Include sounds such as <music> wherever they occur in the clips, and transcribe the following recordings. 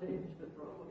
change the throttle.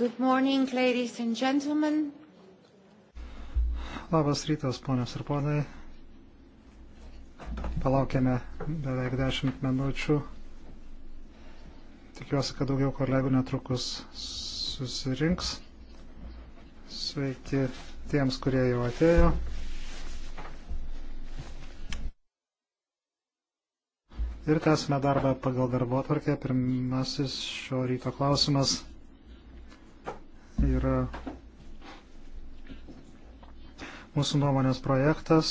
Good morning, ladies and gentlemen. Labas rytas, ponios ir ponai. Palaukėme beveik 10 minučių. Tikiuosi, kad daugiau kolegų netrukus susirinks. Sveiki tiems, kurie jau atėjo. Ir tęsime darbą pagal darbo atvarkę. Pirmasis šio ryto klausimas yra mūsų nuomonės projektas.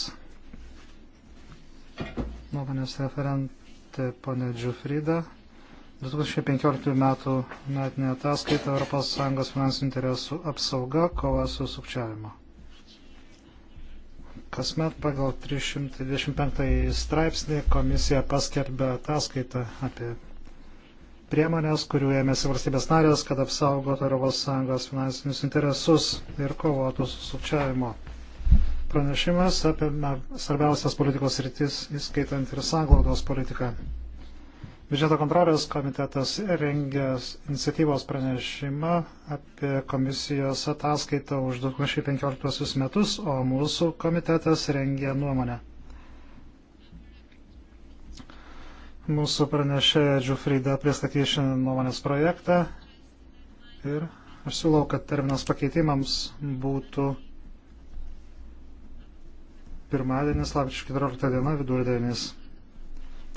Nuomonės referentė ponė Džiufrida. 2015 metų metinė ataskaita ES finansinių interesų apsauga, kova su sukčiavimu. Kasmet pagal 325 straipsnį komisija paskelbė ataskaitą apie priemonės, kurių ėmėsi valstybės narės, kad apsaugotų ES finansinius interesus ir kovotų su sukčiavimu. Pranešimas apie svarbiausias politikos rytis, įskaitant ir sanglaudos politiką. Biudžeto kontrolės komitetas rengia iniciatyvos pranešimą apie komisijos ataskaitą už 2015 metus, o mūsų komitetas rengia nuomonę. Mūsų pranešėja Džufrida pristatys šiandien nuomonės projektą ir aš siūlau, kad terminas pakeitimams būtų pirmadienis, lapkričio 14 diena, vidurdienis.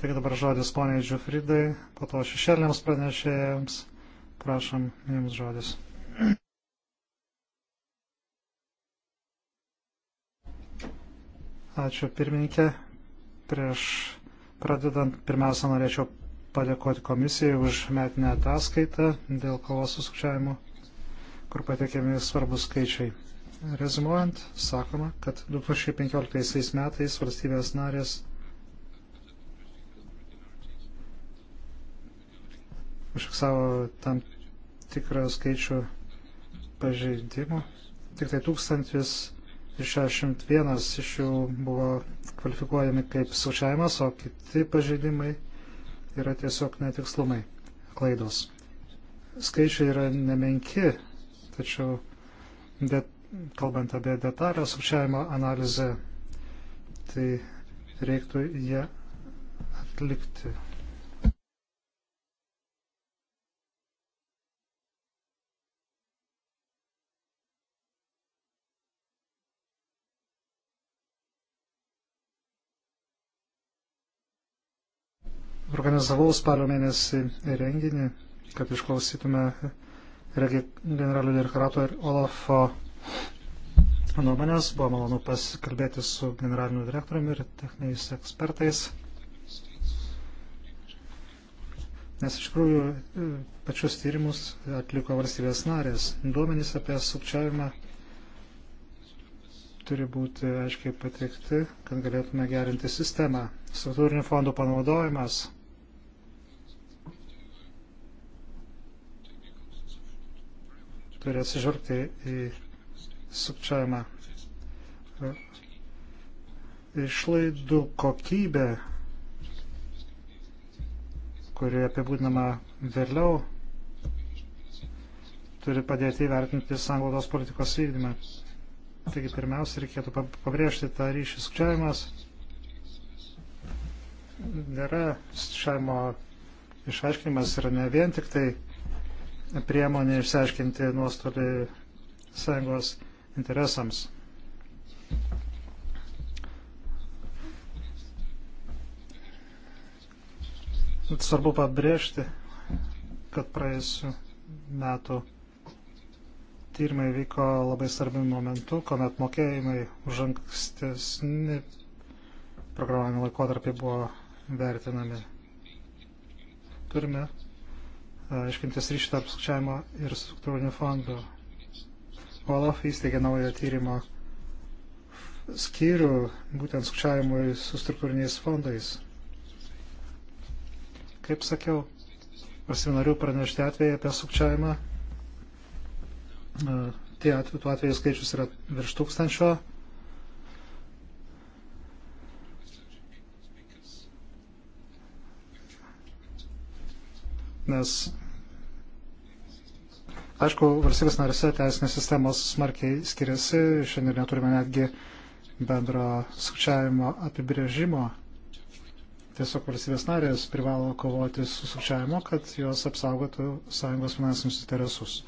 Taigi dabar žodis poniai Džufridai, po to šešėlėms pranešėjams. Prašom, jums žodis. Ačiū pirmininkė. Prieš Pradedant, pirmiausia, norėčiau padėkoti komisijai už metinę ataskaitą dėl kovos su sukčiavimu, kur pateikiami svarbus skaičiai. Rezumuojant, sakoma, kad 2015 metais valstybės narės užfiksavo tam tikrą skaičių pažeidimų. Tik tai tūkstantis 61 iš jų buvo kvalifikuojami kaip sučiavimas, o kiti pažeidimai yra tiesiog netikslumai, klaidos. Skaičiai yra nemenki, tačiau de, kalbant apie detalę sučiavimo analizę, tai reiktų ją atlikti. organizavau spalio mėnesį renginį, kad išklausytume regi generalinio direktorato ir Olafo nuomonės. Buvo malonu pasikalbėti su generaliniu direktoriumi ir techniniais ekspertais. Nes iš tikrųjų e, pačius tyrimus atliko valstybės narės. Duomenys apie sukčiavimą turi būti aiškiai pateikti, kad galėtume gerinti sistemą. Struktūrinių fondų panaudojimas turi atsižvelgti į sukčiavimą. Išlaidų kokybė, kuri apibūdinama vėliau, turi padėti įvertinti sanglaudos politikos vykdymą. Taigi pirmiausia, reikėtų pabrėžti tą ryšį sukčiavimas. Nėra sukčiavimo išaiškinimas, yra ne vien tik tai priemonė išsiaiškinti nuostolį sąjungos interesams. Svarbu pabrėžti, kad praėjusiu metu tyrimai vyko labai svarbiu momentu, kuomet mokėjimai už ankstesnį programavimo laikotarpį buvo vertinami. Turime aiškintis ryšį tarp sukčiavimo ir struktūrinių fondų. Olaf įsteigė naują tyrimo skyrių būtent sukčiavimui su struktūriniais fondais. Kaip sakiau, pasivinarių pranešti atvejai apie sukčiavimą. E, tie atvejų, atvejų skaičius yra virš tūkstančio nes aišku, valstybės narise teisinės sistemos smarkiai skiriasi, šiandien neturime netgi bendro sukčiavimo apibrėžimo. Tiesiog valstybės narės privalo kovoti su sukčiavimu, kad jos apsaugotų sąjungos finansinius interesus.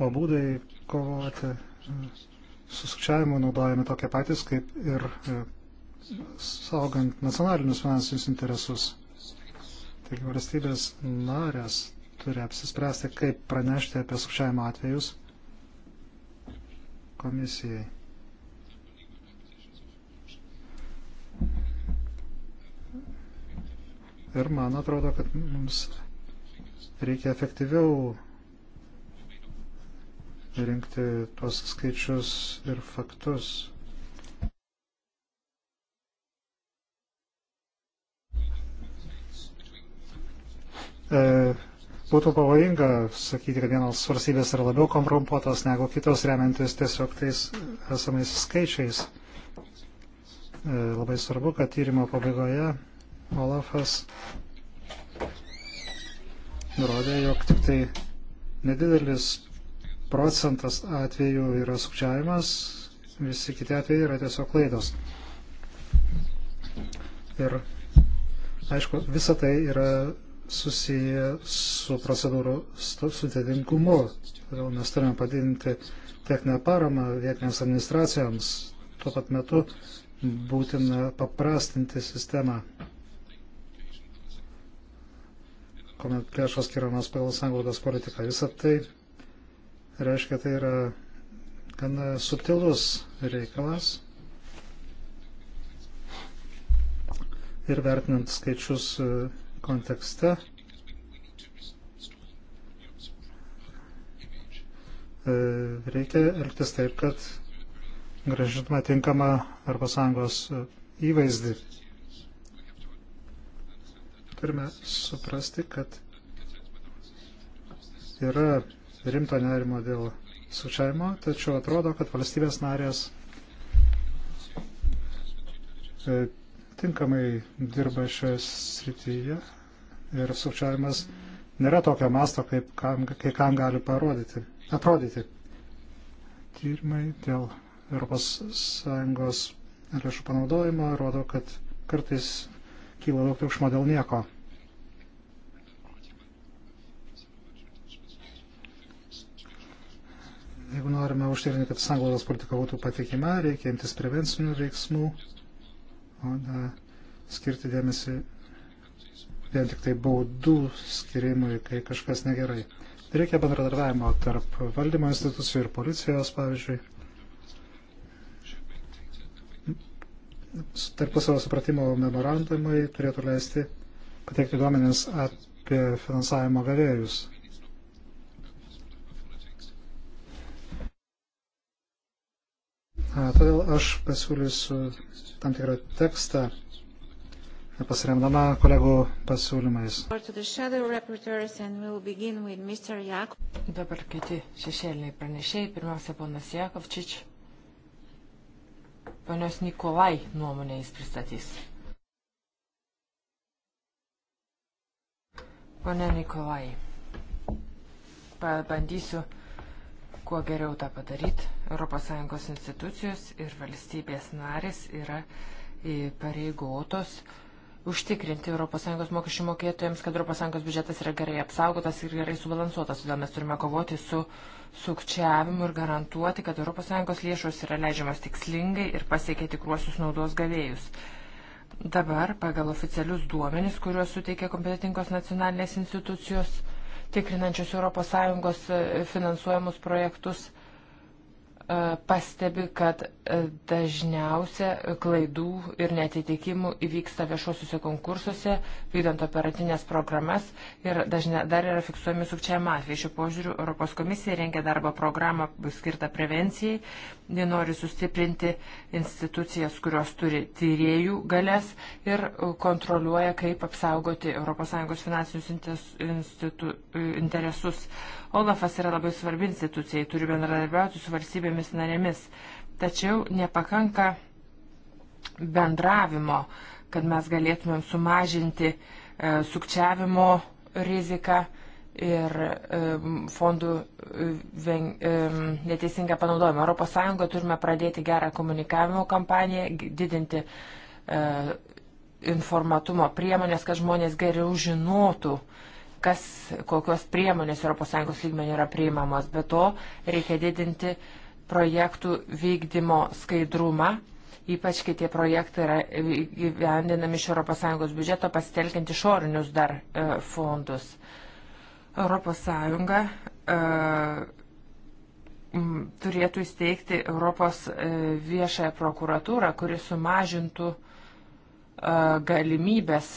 O būdai kovoti su sukčiavimu naudojami tokie patys, kaip ir e, saugant nacionalinius finansinius interesus. Taigi valstybės narės turi apsispręsti, kaip pranešti apie sukčiavimo atvejus komisijai. Ir man atrodo, kad mums reikia efektyviau rinkti tuos skaičius ir faktus. e, būtų pavojinga sakyti, kad vienos valstybės yra labiau komprompuotos negu kitos remiantis tiesiog tais esamais skaičiais. E, labai svarbu, kad tyrimo pabaigoje Olafas nurodė, jog tik tai nedidelis procentas atvejų yra sukčiavimas, visi kiti atvejai yra tiesiog klaidos. Ir aišku, visa tai yra susiję su procedūrų sudėtingumu. Todėl mes turime padidinti techninę paramą vietinėms administracijoms. Tuo pat metu būtina paprastinti sistemą, kuomet lėšos skiriamas pagal sanglaudos politiką. Visą tai reiškia, tai yra gana subtilus reikalas. Ir vertinant skaičius kontekste e, reikia elgtis taip, kad gražintume tinkamą ES įvaizdį. Turime suprasti, kad yra rimto nerimo dėl sučiaimo, tačiau atrodo, kad valstybės narės e, tinkamai dirba šioje srityje ir sukčiavimas nėra tokio masto, kaip kam, kai kam gali parodyti, atrodyti. Tyrimai dėl ES lėšų panaudojimo rodo, kad kartais kyla daug triukšmo dėl nieko. Jeigu norime užtikrinti, kad sanglaudos politika būtų patikima, reikia imtis prevencinių veiksmų o ne skirti dėmesį vien tik tai baudų skirimui, kai kažkas negerai. Reikia bendradarbiavimo tarp valdymo institucijų ir policijos, pavyzdžiui. Tarpusavio supratimo memorandumai turėtų leisti pateikti duomenis apie finansavimo gavėjus. Todėl aš pasiūlysiu tam tikrą tekstą pasiremdama kolegų pasiūlymais. Dabar kiti šešėliniai pranešėjai. Pirmiausia, ponas Jakovčič. Ponios Nikolai nuomonė jis pristatys. Pone Nikolai, pabandysiu kuo geriau tą padaryti. ES institucijos ir valstybės narės yra pareigotos užtikrinti ES mokesčių mokėtojams, kad ES biudžetas yra gerai apsaugotas ir gerai subalansuotas. Todėl mes turime kovoti su sukčiavimu ir garantuoti, kad ES lėšos yra leidžiamas tikslingai ir pasiekia tikruosius naudos gavėjus. Dabar pagal oficialius duomenis, kuriuos suteikia kompetitingos nacionalinės institucijos, tikrinančius ES e, finansuojamus projektus. E, pastebi, kad e, dažniausia klaidų ir netitikimų įvyksta viešuosiuose konkursuose, vykdant operatinės programas ir dažnia, dar yra fiksuojami sukčiavimo atvejai. Šiuo požiūriu Europos komisija rengia darbo programą skirtą prevencijai. Jie nori sustiprinti institucijas, kurios turi tyriejų galės ir kontroliuoja, kaip apsaugoti ES finansinius institu, interesus Olafas yra labai svarbi institucija, turi bendradarbiauti su valstybėmis narėmis, tačiau nepakanka bendravimo, kad mes galėtumėm sumažinti e, sukčiavimo riziką ir e, fondų e, ven, e, neteisingą panaudojimą. ES turime pradėti gerą komunikavimo kampaniją, didinti e, informatumo priemonės, kad žmonės geriau žinotų, e, kas, kokios priemonės ES lygmenių yra priimamos. Be to, reikia didinti projektų vykdymo skaidrumą, ypač kai tie projektai yra gyvendinami iš ES biudžeto pasitelkiant išorinius dar e, fondus. ES e, turėtų įsteigti Europos e, viešąją prokuratūrą, kuri sumažintų e, galimybės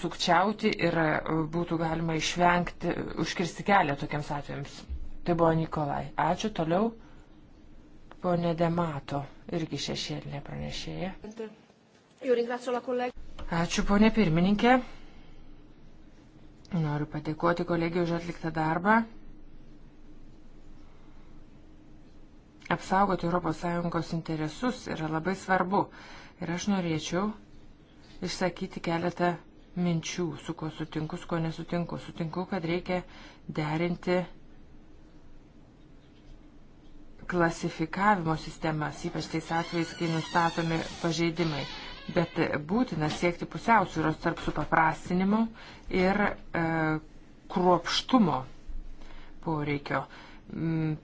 sukčiauti ir e, būtų galima išvengti, užkirsti kelią tokiems atvejams. Tai buvo Nikolai. Ačiū toliau. Pone Demato, irgi šešėlinė pranešėja. Ačiū, ponė pirmininkė. Noriu padėkoti kolegijai už atliktą darbą. Apsaugoti ES interesus yra labai svarbu. Ir aš norėčiau išsakyti keletą minčių, su kuo sutinku, su kuo nesutinku. Sutinku, kad reikia derinti klasifikavimo sistemas, ypač tais atvejais, kai nustatomi pažeidimai. Bet būtina siekti pusiausvyros tarp supaprastinimo ir e, kruopštumo poreikio. Mm,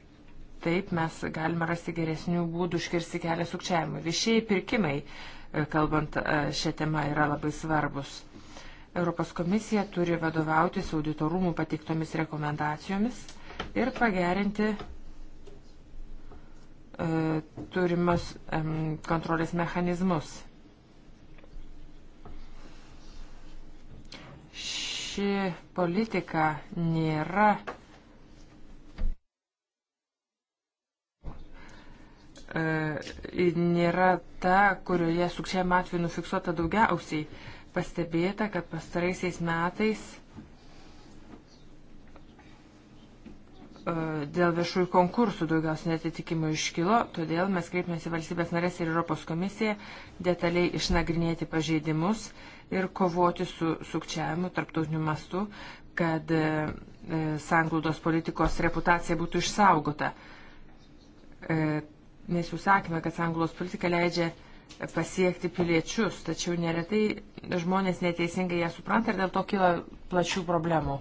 taip mes galime rasti geresnių būdų užkirsti kelią sukčiavimui. Viešieji pirkimai, e, kalbant e, šią temą, yra labai svarbus Europos komisija turi vadovautis auditorumų pateiktomis rekomendacijomis ir pagerinti e, turimas e, kontrolės mechanizmus. Ši politika nėra e, nėra ta, kurioje sukčiavimo atveju nufiksuota daugiausiai pastebėta, kad pastaraisiais metais e, dėl viešųjų konkursų daugiausiai netitikimų iškilo, todėl mes kreipėmės į valstybės narės ir Europos komisiją detaliai išnagrinėti pažeidimus ir kovoti su sukčiavimu tarptautiniu mastu, kad e, e sanglaudos politikos reputacija būtų išsaugota. E, mes jau sakėme, kad sanglaudos politika leidžia pasiekti piliečius, tačiau neretai žmonės neteisingai ją supranta ir dėl to kyla plačių problemų.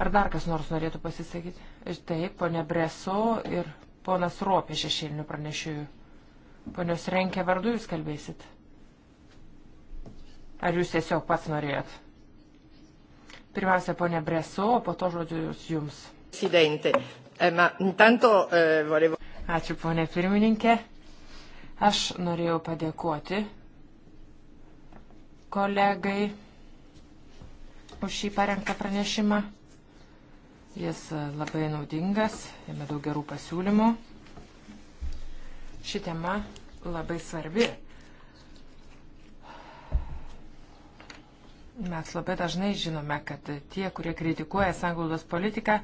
Ar dar kas nors norėtų pasisakyti? Ir taip, ponė Breso ir ponas Ropė šešėlinių pranešėjų. Ponios Renkė vardu jūs kalbėsit? Ar jūs tiesiog pats norėjot? Pirmiausia, ponė Breso, po to žodžius jums. Eh, eh, Ačiū, ponė pirmininkė. Aš norėjau padėkoti kolegai už šį parengtą pranešimą. Jis labai naudingas, jame daug gerų pasiūlymų. Ši tema labai svarbi. Mes labai dažnai žinome, kad tie, kurie kritikuoja sanglaudos politiką,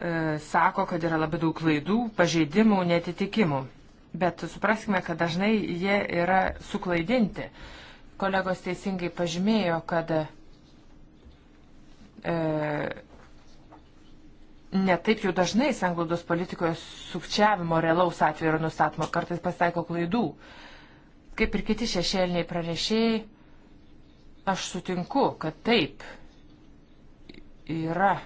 E, sako, kad yra labai daug klaidų, pažeidimų, netitikimų. Bet supraskime, kad dažnai jie yra suklaidinti. Kolegos teisingai pažymėjo, kad e, netaip jau dažnai sanglaudos politikoje sukčiavimo realaus atveju yra nustatoma, kartais pasitaiko klaidų. Kaip ir kiti šešėliniai pranešėjai, aš sutinku, kad taip yra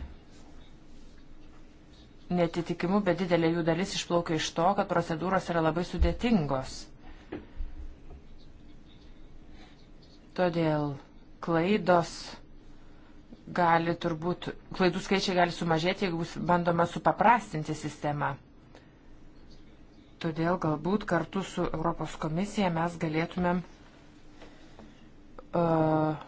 netitikimų, bet didelė jų dalis išplaukia iš to, kad procedūros yra labai sudėtingos. Todėl klaidos gali turbūt, klaidų skaičiai gali sumažėti, jeigu bus bandoma supaprastinti sistemą. Todėl galbūt kartu su Europos komisija mes galėtumėm uh,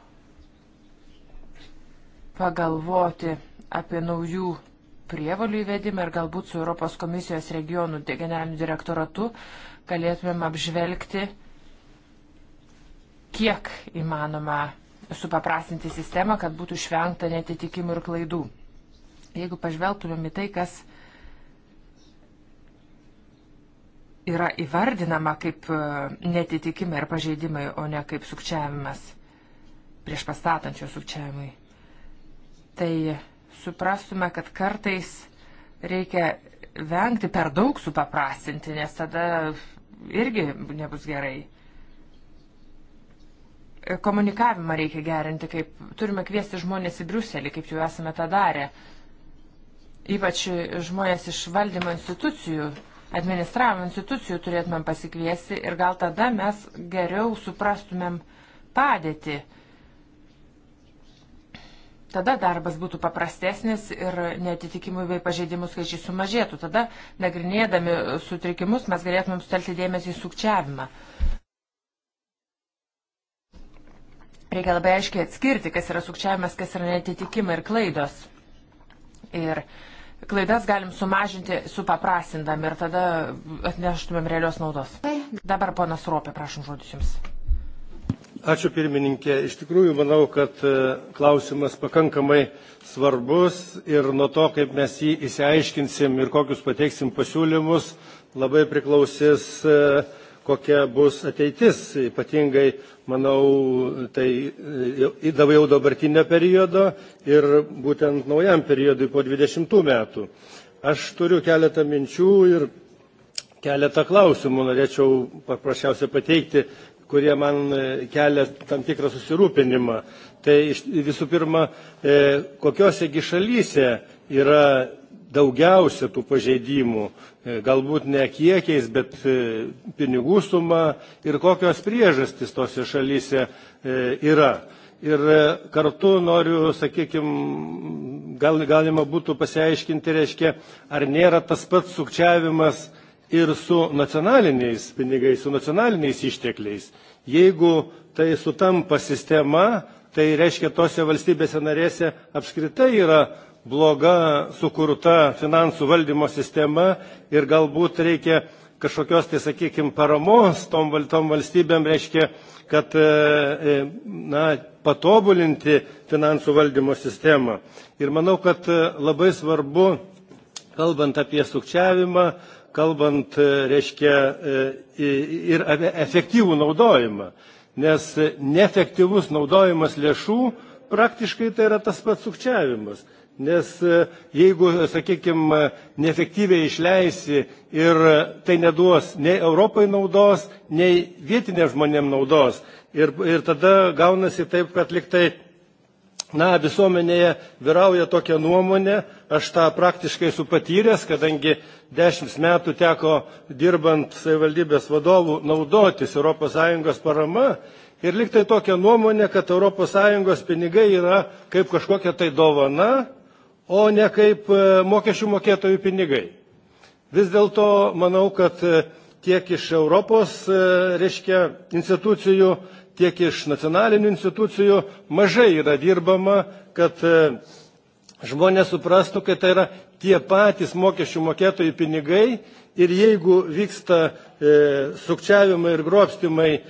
pagalvoti apie naujų prievalių įvedimą ir galbūt su Europos komisijos regionų generaliniu direktoratu galėtumėm apžvelgti, kiek įmanoma supaprastinti sistemą, kad būtų išvengta netitikimų ir klaidų. Jeigu pažvelgtumėm į tai, kas yra įvardinama kaip e, netitikimai ir pažeidimai, o ne kaip sukčiavimas prieš pastatančio sukčiavimui. Tai suprastume, kad kartais reikia vengti per daug supaprastinti, nes tada irgi nebus gerai. Komunikavimą reikia gerinti, kaip turime kviesti žmonės į Briuselį, kaip jau esame tą darę. Ypač žmonės iš valdymo institucijų, administravimo institucijų turėtumėm pasikviesti ir gal tada mes geriau suprastumėm padėtį Tada darbas būtų paprastesnis ir netitikimų bei pažeidimų skaičiai sumažėtų. Tada, nagrinėdami sutrikimus, mes galėtumėm sutelti dėmesį į sukčiavimą. Reikia labai aiškiai atskirti, kas yra sukčiavimas, kas yra netitikimai ir klaidos. Ir klaidas galim sumažinti, supaprastindami ir tada atneštumėm realios naudos. Dabar ponas Ropė, prašom žodžius jums. Ačiū pirmininkė. Iš tikrųjų, manau, kad e, klausimas pakankamai svarbus ir nuo to, kaip mes jį įsiaiškinsim ir kokius pateiksim pasiūlymus, labai priklausys, e, kokia bus ateitis. Ypatingai, manau, tai e, įdavau dabartinio periodo ir būtent naujam periodui po 20 metų. Aš turiu keletą minčių ir keletą klausimų norėčiau paprasčiausiai pateikti kurie man e, kelia tam tikrą susirūpinimą. Tai visų pirma, e, kokiosegi šalyse yra daugiausia tų pažeidimų, e, galbūt ne kiekiais, bet pinigų suma ir kokios priežastys tose šalyse yra. Ir kartu noriu, sakykime, gal, galima būtų pasiaiškinti, reiškia, ar nėra tas pats sukčiavimas ir su nacionaliniais pinigais, su nacionaliniais ištekliais. Jeigu tai sutampa sistema, tai reiškia tose valstybėse narėse apskritai yra bloga sukurta finansų valdymo sistema ir galbūt reikia kažkokios, tai sakykime, paramos tom, tom valstybėm, reiškia, kad e, e, na, patobulinti finansų valdymo sistemą. Ir manau, kad e, labai svarbu, kalbant apie sukčiavimą, kalbant, e, reiškia, e, ir apie efektyvų naudojimą, nes neefektyvus naudojimas lėšų praktiškai tai yra tas pats sukčiavimas. Nes e, jeigu, sakykime, neefektyviai išleisi ir tai neduos nei Europai naudos, nei vietinė žmonėm naudos. Ir, ir tada gaunasi taip, kad liktai Na, visuomenėje vyrauja tokia nuomonė, aš tą praktiškai esu patyręs, kadangi dešimt metų teko dirbant savivaldybės vadovų naudotis ES parama ir liktai tokia nuomonė, kad ES pinigai yra kaip kažkokia tai dovana, o ne kaip e, mokesčių mokėtojų pinigai. Vis dėlto manau, kad e, tiek iš Europos, e, reiškia, institucijų tiek iš nacionalinių institucijų mažai yra dirbama, kad e, žmonės suprastų, kad tai yra tie patys mokesčių mokėtojų pinigai ir jeigu vyksta e, sukčiavimai ir grobstimai e,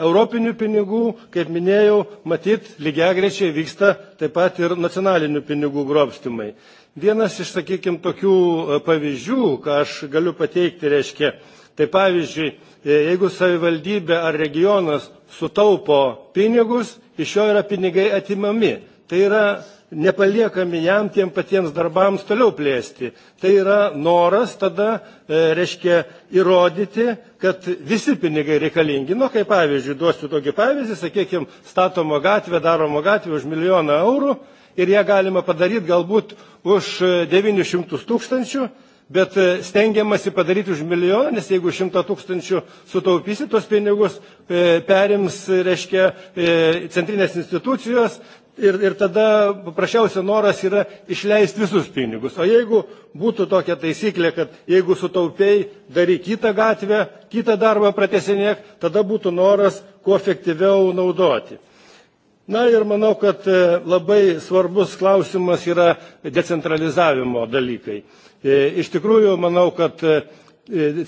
europinių pinigų, kaip minėjau, matyt, lygiagrečiai vyksta taip pat ir nacionalinių pinigų grobstimai. Vienas iš, sakykime, tokių e, pavyzdžių, ką aš galiu pateikti, reiškia, Tai pavyzdžiui, e, jeigu savivaldybė ar regionas sutaupo pinigus, iš jo yra pinigai atimami. Tai yra nepaliekami jam tiem patiems darbams toliau plėsti. Tai yra noras tada, e, reiškia, įrodyti, kad visi pinigai reikalingi. Nu, kaip pavyzdžiui, duosiu tokį pavyzdį, sakykime, statomo gatvė, daromo gatvė už milijoną eurų ir ją galima padaryti galbūt už 900 e, tūkstančių, bet e, stengiamasi padaryti už milijoną, nes jeigu šimtą tūkstančių sutaupysi tos pinigus, e, perims, reiškia, e, centrinės institucijos, ir, ir tada paprasčiausia noras yra išleisti visus pinigus. O jeigu būtų tokia taisyklė, kad jeigu sutaupiai daryk kitą gatvę, kitą darbą pratesinėk, tada būtų noras kuo efektyviau naudoti. Na ir manau, kad e, labai svarbus klausimas yra decentralizavimo dalykai. E, iš tikrųjų, manau, kad e,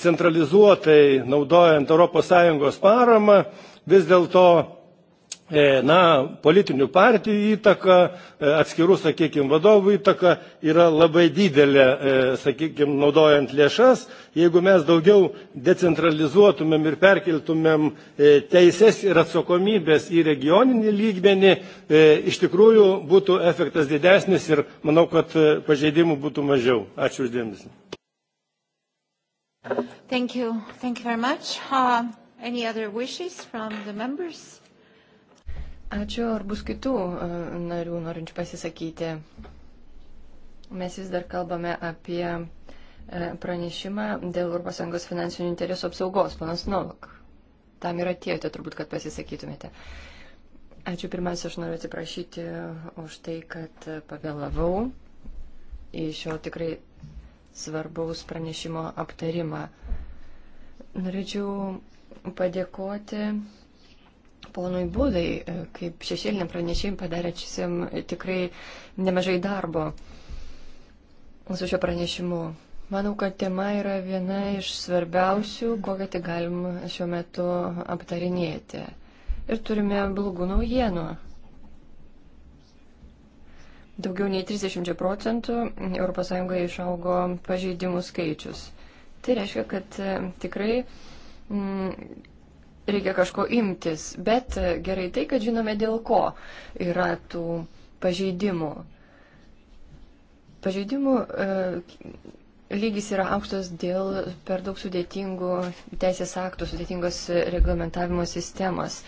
centralizuotai naudojant ES paramą vis dėlto E, na, politinių partijų įtaka, e, atskirų, sakykime, vadovų įtaka yra labai didelė, e, sakykime, naudojant lėšas. Jeigu mes daugiau decentralizuotumėm ir perkeltumėm teises ir atsakomybės į regioninį lygmenį, iš tikrųjų būtų efektas didesnis ir manau, kad pažeidimų būtų mažiau. Ačiū uždėmesi. Thank you. Thank you very much. Uh, any other wishes from the members? Ačiū, ar bus kitų e, narių norinčių pasisakyti? Mes vis dar kalbame apie e, pranešimą dėl ES finansinių interesų apsaugos, panas Novak. Tam ir atėjote turbūt, kad pasisakytumėte. Ačiū pirmiausia, aš noriu atsiprašyti už tai, kad pavėlavau į šio tikrai svarbaus pranešimo aptarimą. Norėčiau padėkoti ponui Budai, e, kaip šešėlinė pranešėjim padarė šiam tikrai nemažai darbo su šio pranešimu. Manau, kad tema yra viena iš svarbiausių, kokią tik galim šiuo metu aptarinėti. Ir turime blogų naujienų. Daugiau nei 30 procentų ES išaugo pažeidimų skaičius. Tai reiškia, kad e, tikrai mm, reikia kažko imtis, bet e, gerai tai, kad žinome, dėl ko yra tų pažeidimų. Pažeidimų e, lygis yra aukštas dėl per daug sudėtingų teisės aktų, sudėtingos reglamentavimo sistemos.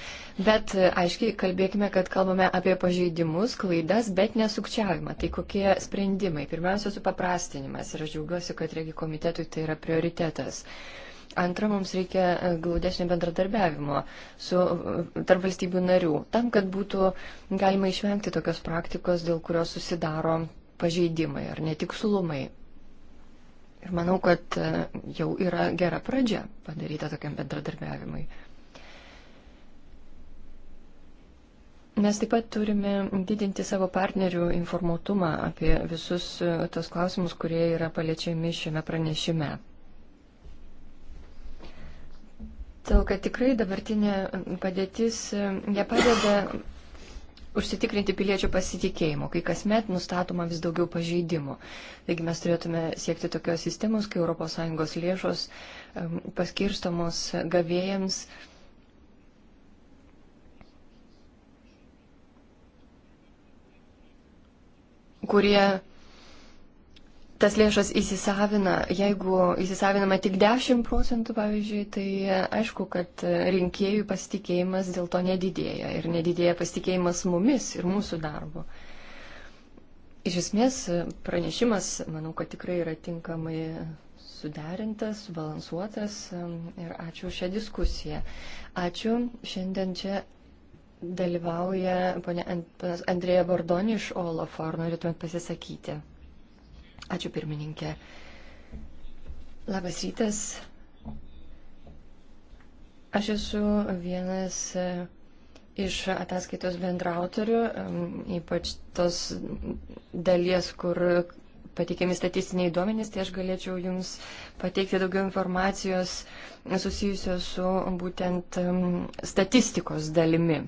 Bet e, aiškiai kalbėkime, kad kalbame apie pažeidimus, klaidas, bet nesukčiavimą. Tai kokie sprendimai? Pirmiausia, supaprastinimas. Ir aš džiaugiuosi, kad regi komitetui tai yra prioritetas. E, Antra, mums reikia e, glaudesnio bendradarbiavimo su, e, tarp valstybių narių, tam, kad būtų galima išvengti tokios praktikos, dėl kurios susidaro pažeidimai ar netikslumai. Ir manau, kad e, jau yra gera pradžia padaryta tokiam bendradarbiavimui. Mes taip pat turime didinti savo partnerių informuotumą apie visus tos klausimus, kurie yra paliečiami šiame pranešime. Todėl, kad tikrai dabartinė padėtis nepadeda užsitikrinti piliečių pasitikėjimo, kai kasmet nustatoma vis daugiau pažeidimų. Taigi mes turėtume siekti tokios sistemos, kai ES lėšos e, paskirstomos gavėjams. kurie tas lėšas įsisavina. Jeigu įsisavinama tik 10 procentų, pavyzdžiui, tai aišku, kad rinkėjų pasitikėjimas dėl to nedidėja ir nedidėja pasitikėjimas mumis ir mūsų darbu. Iš esmės, pranešimas, manau, kad tikrai yra tinkamai suderintas, subalansuotas ir ačiū šią diskusiją. Ačiū. Šiandien čia dalyvauja ponia Andrėja Bordoni iš Olafo. Ar norėtumėt pasisakyti? Ačiū pirmininkė. Labas rytas. Aš esu vienas e, iš ataskaitos bendrautorių, ypač tos dalies, kur pateikiami statistiniai duomenys, tai aš galėčiau Jums pateikti daugiau informacijos susijusios su būtent statistikos dalimi.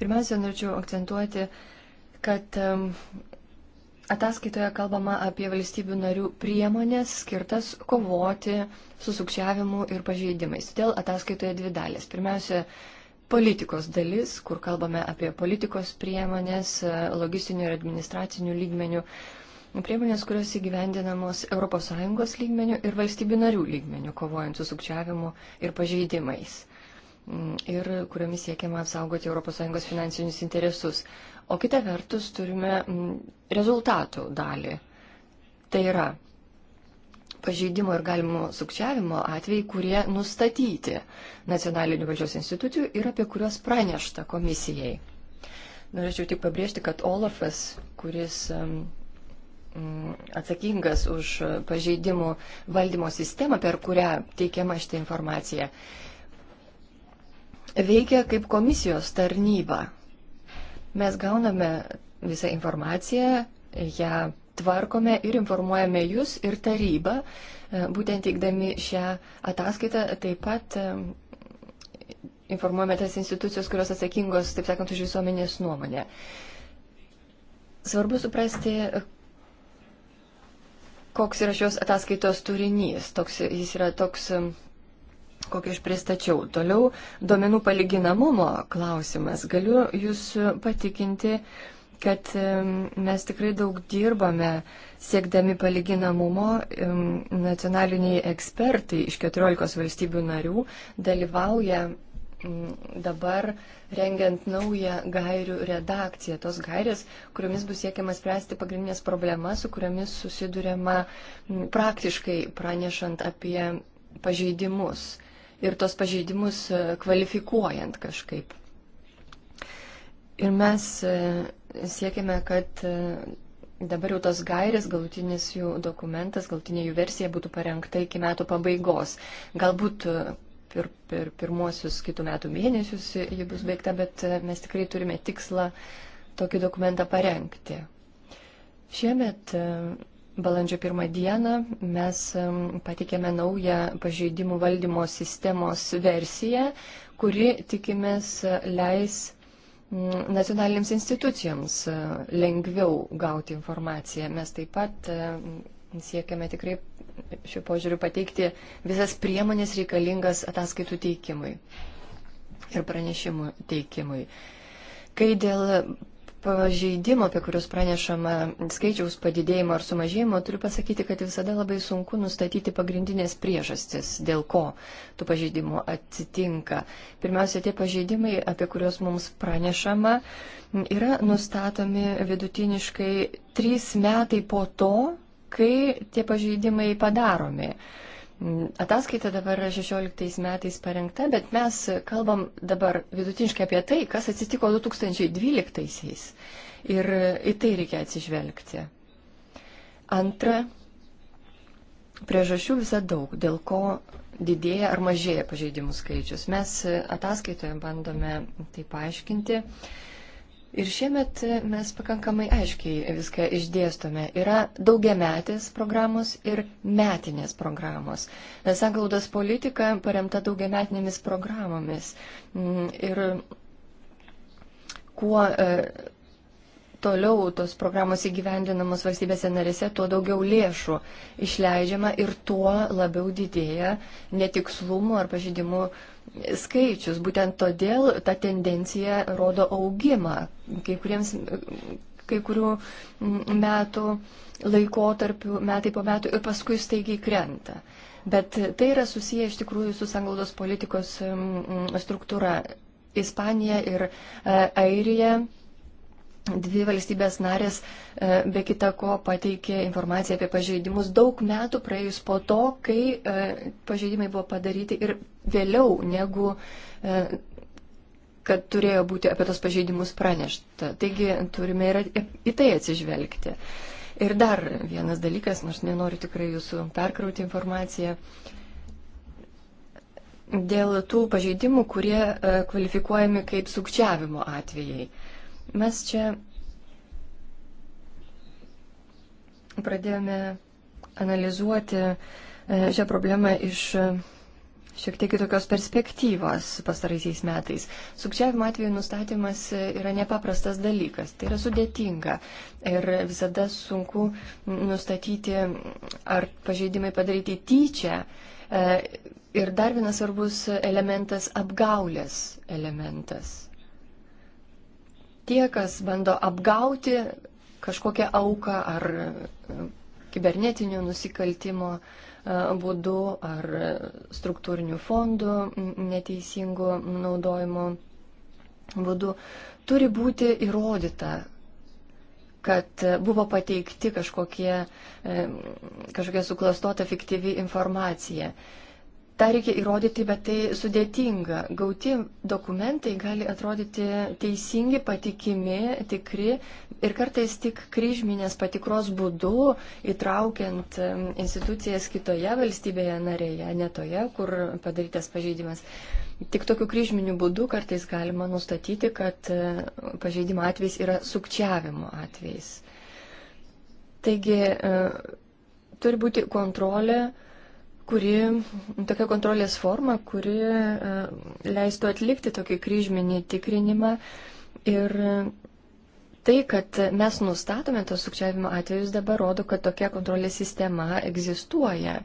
Pirmiausia, norėčiau akcentuoti, kad Ataskaitoje kalbama apie valstybių narių priemonės skirtas kovoti su sukčiavimu ir pažeidimais. Todėl ataskaitoje dvi dalės. Pirmiausia, politikos dalis, kur kalbame apie politikos priemonės, logistinių ir administracinių lygmenių, priemonės, kurios įgyvendinamos ES lygmenių ir valstybių narių lygmenių, kovojant su sukčiavimu ir pažeidimais. Mm, ir kuriomis siekiama apsaugoti ES finansinius interesus. O kita vertus turime mm, rezultatų dalį. Tai yra pažeidimo ir galimo sukčiavimo atvejai, kurie nustatyti nacionalinių valdžios institucijų ir apie kuriuos pranešta komisijai. Norėčiau tik pabrėžti, kad Olafas, kuris mm, atsakingas už pažeidimų valdymo sistemą, per kurią teikiama šitą informaciją, veikia kaip komisijos tarnyba. Mes gauname visą informaciją, ją tvarkome ir informuojame jūs ir tarybą, e, būtent teikdami šią ataskaitą, taip pat e, informuojame tas institucijos, kurios atsakingos, taip sakant, už visuomenės nuomonę. Svarbu suprasti, koks yra šios ataskaitos turinys. Toks, jis yra toks kokį aš pristačiau. Toliau duomenų palyginamumo klausimas. Galiu Jūs patikinti, kad mes tikrai daug dirbame siekdami palyginamumo. Nacionaliniai ekspertai iš 14 valstybių narių dalyvauja dabar rengiant naują gairių redakciją, tos gairės, kuriomis bus siekiama spręsti pagrindinės problemas, su kuriomis susidurėma praktiškai pranešant apie pažeidimus ir tos pažeidimus e, kvalifikuojant kažkaip. Ir mes e, siekiame, kad e, dabar jau tos gairės, galutinis jų dokumentas, galutinė jų versija būtų parengta iki metų pabaigos. Galbūt per, per pirmuosius kitų metų mėnesius ji bus baigta, bet mes tikrai turime tikslą tokį dokumentą parengti. Šiemet Balandžio pirmą dieną mes patikėme naują pažeidimų valdymo sistemos versiją, kuri tikimės leis nacionalinėms institucijoms e, lengviau gauti informaciją. Mes taip pat e, siekiame tikrai šiuo požiūriu pateikti visas priemonės reikalingas ataskaitų teikimui ir pranešimų teikimui. Kai dėl pažeidimų, apie kurius pranešama, skaičiaus padidėjimo ar sumažėjimo, turiu pasakyti, kad visada labai sunku nustatyti pagrindinės priežastis, dėl ko tų pažeidimų atsitinka. Pirmiausia, tie pažeidimai, apie kuriuos mums pranešama, yra nustatomi vidutiniškai trys metai po to, kai tie pažeidimai padaromi. Uh, Ataskaita dabar 16 metais parengta, bet mes kalbam dabar vidutiniškai apie tai, kas atsitiko 2012-aisiais. Ir į tai reikia atsižvelgti. Antra, priežasčių visada daug, dėl ko didėja ar mažėja pažeidimų skaičius. Mes ataskaitoje bandome tai paaiškinti. Uh, Ir šiemet mes pakankamai aiškiai viską išdėstome. Yra daugiametės programos ir metinės programos. Sanglaudos politika paremta daugiametinėmis programomis. Mm, ir kuo e, toliau tos programos įgyvendinamos valstybėse narėse, tuo daugiau lėšų išleidžiama ir tuo labiau didėja netikslumų ar pažydimų skaičius. Būtent todėl ta tendencija rodo augimą. Kai, kuriems, kai kurių metų laikotarpių, metai po metų ir paskui staigiai krenta. Bet tai yra susiję iš tikrųjų su sanglaudos politikos mm, struktūra. Ispanija ir e, Airija Dvi valstybės narės e, be kita ko pateikė informaciją apie pažeidimus daug metų praėjus po to, kai e, pažeidimai buvo padaryti ir vėliau negu e, kad turėjo būti apie tos pažeidimus pranešta. Taigi turime ir į tai atsižvelgti. Ir dar vienas dalykas, nors nenoriu tikrai jūsų perkrauti informaciją. Dėl tų pažeidimų, kurie kvalifikuojami kaip sukčiavimo atvejai. Mes čia pradėjome analizuoti e, šią problemą iš e, šiek tiek kitokios perspektyvos pastaraisiais metais. Sukčiavimo atveju nustatymas yra nepaprastas dalykas, tai yra sudėtinga ir visada sunku nustatyti, ar pažeidimai padaryti tyčia. E, ir dar vienas svarbus elementas - apgaulės elementas tie, kas bando apgauti kažkokią auką ar e, kibernetinio nusikaltimo e, būdu ar struktūrinių fondų neteisingų naudojimo būdu, turi būti įrodyta, kad buvo pateikti kažkokie, e, kažkokia suklastota fiktyvi informacija tą reikia įrodyti, bet tai sudėtinga. Gauti dokumentai gali atrodyti teisingi, patikimi, tikri ir kartais tik kryžminės patikros būdu, įtraukiant institucijas kitoje valstybėje narėje, ne toje, kur padarytas pažeidimas. Tik tokiu kryžminiu būdu kartais galima nustatyti, kad e, pažeidimo atvejs yra sukčiavimo atvejs. Taigi e, turi būti kontrolė kuri, tokia kontrolės forma, kuri e, leistų atlikti tokį kryžminį tikrinimą. Ir tai, kad mes nustatome tos sukčiavimo atvejus, dabar rodo, kad tokia kontrolės sistema egzistuoja.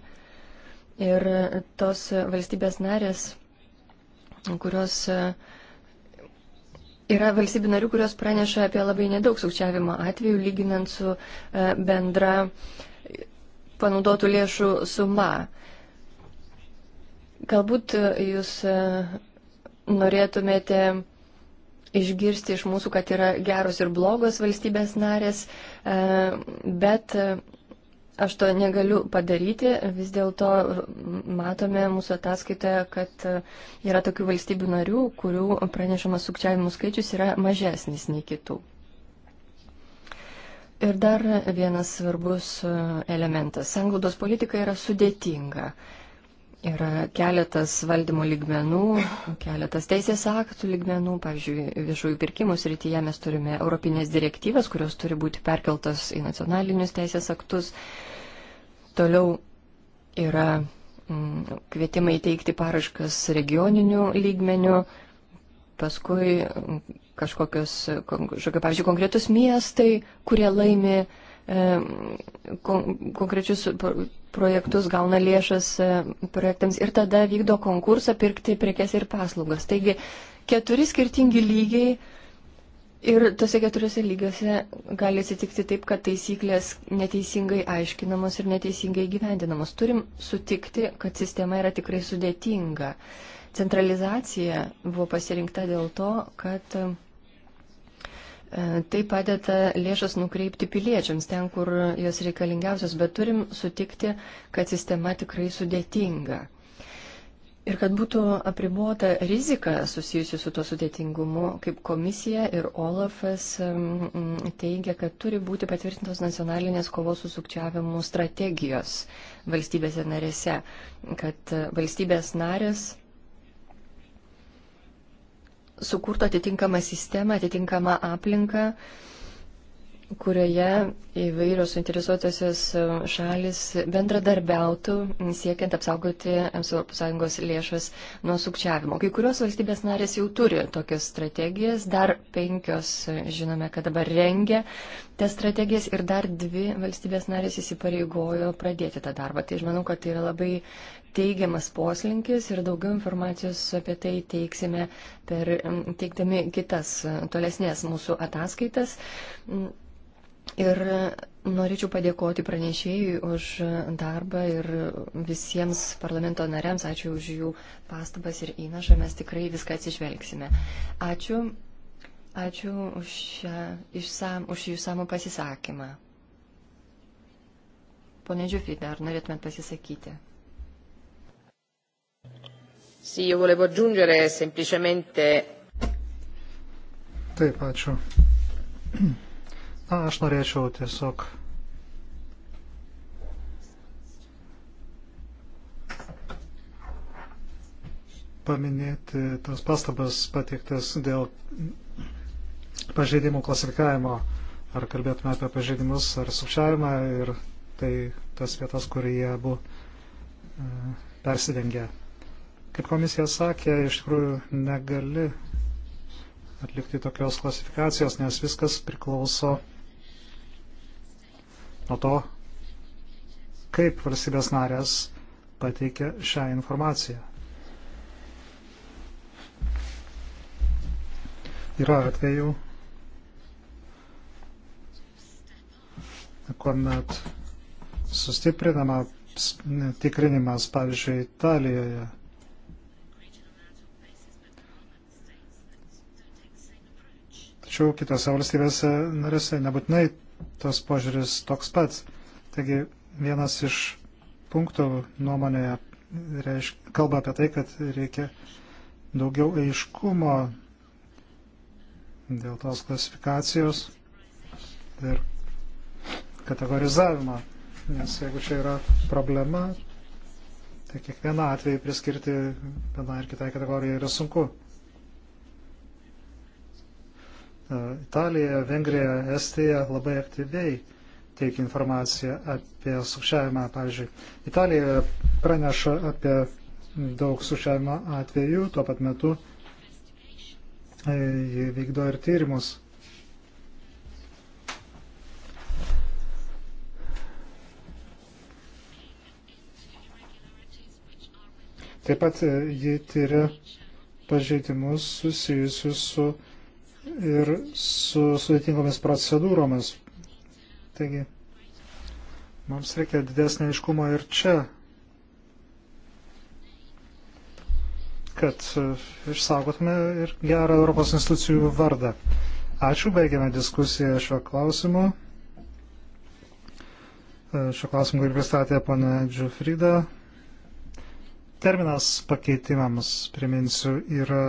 Ir tos valstybės narės, kurios e, yra valstybių narių, kurios praneša apie labai nedaug sukčiavimo atvejų, lyginant su e, bendra panaudotų lėšų suma. Galbūt e, jūs e, norėtumėte išgirsti iš mūsų, kad yra geros ir blogos valstybės narės, e, bet aš to negaliu padaryti. Vis dėlto matome mūsų ataskaitoje, kad yra tokių valstybių narių, kurių pranešamas sukčiavimų skaičius yra mažesnis nei kitų. Ir dar vienas svarbus elementas. Sanglaudos politika yra sudėtinga. Yra keletas valdymo lygmenų, keletas teisės aktų lygmenų. Pavyzdžiui, viešųjų pirkimų srityje mes turime europinės direktyvas, kurios turi būti perkeltos į nacionalinius teisės aktus. Toliau yra mm, kvietimai teikti paraškas regioninių lygmenių. Paskui mm, kažkokios, kažkokie, pavyzdžiui, konkretus miestai, kurie laimi uh, E, konkrečius projektus, gauna lėšas e, projektams ir tada vykdo konkursą pirkti prekes ir paslaugas. Taigi keturi skirtingi lygiai ir tose keturiose lygiuose gali atsitikti taip, kad taisyklės neteisingai aiškinamos ir neteisingai gyvendinamos. Turim sutikti, kad sistema yra tikrai sudėtinga. Centralizacija buvo pasirinkta dėl to, kad E, tai padeda lėšas nukreipti piliečiams ten, kur jos reikalingiausios, bet turim sutikti, kad sistema tikrai sudėtinga. Ir kad būtų apribuota rizika susijusi su to sudėtingumu, kaip komisija ir Olafas teigia, kad turi būti patvirtintos nacionalinės kovos su sukčiavimu strategijos valstybėse narėse, kad valstybės narės sukurtų atitinkamą sistemą, atitinkamą aplinką, kurioje įvairios suinteresuotosios e, šalis bendradarbiautų siekiant apsaugoti ES lėšas nuo sukčiavimo. Kai kurios valstybės narės jau turi tokias strategijas, dar penkios e, žinome, kad dabar rengia tas strategijas ir dar dvi valstybės narės įsipareigojo pradėti tą darbą. Tai aš manau, kad tai yra labai teigiamas poslinkis ir daugiau informacijos apie tai teiksime per teikdami kitas e, tolesnės mūsų ataskaitas. Ir e, norėčiau padėkoti pranešėjui už darbą ir visiems parlamento nariams. Ačiū už jų pastabas ir įnašą. Mes tikrai viską atsižvelgsime. Ačiū. Ačiū už, išsam, už jų samų pasisakymą. Pone Džiufi, dar norėtumėt pasisakyti? Sì, io volevo aggiungere semplicemente. Taip, ačiū. Na, aš norėčiau tiesiog paminėti tas pastabas pateiktas dėl pažeidimų klasifikavimo, ar kalbėtume apie pažeidimus ar sukčiavimą ir tai tas vietas, kur jie abu e, persidengia. Kaip komisija sakė, iš tikrųjų negali atlikti tokios klasifikacijos, nes viskas priklauso nuo to, kaip valstybės narės pateikia šią informaciją. Yra atvejų, kuomet sustiprinama tikrinimas, pavyzdžiui, Italijoje Tačiau kitose valstybėse narėse nebūtinai tas požiūris toks pats. Taigi vienas iš punktų nuomonėje reišk, kalba apie tai, kad reikia daugiau aiškumo dėl tos klasifikacijos ir kategorizavimo. Nes jeigu čia yra problema, tai kiekvieną atvejį priskirti vienai ar kitai kategorijai yra sunku. E, Italija, Vengrija, Estija labai aktyviai teikia informaciją apie sukčiavimą. Pavyzdžiui, Italija praneša apie daug sukčiavimo atvejų, tuo pat metu e, jie vykdo ir tyrimus. Taip pat e, jie tyria pažeidimus susijusius su ir su sudėtingomis procedūromis. Taigi, mums reikia didesnį aiškumą ir čia, kad išsaugotume ir gerą Europos institucijų vardą. Ačiū, baigiame diskusiją šio klausimu. Šio klausimu, kurį pristatė pana Džiufrida. Terminas pakeitimams, priminsiu, yra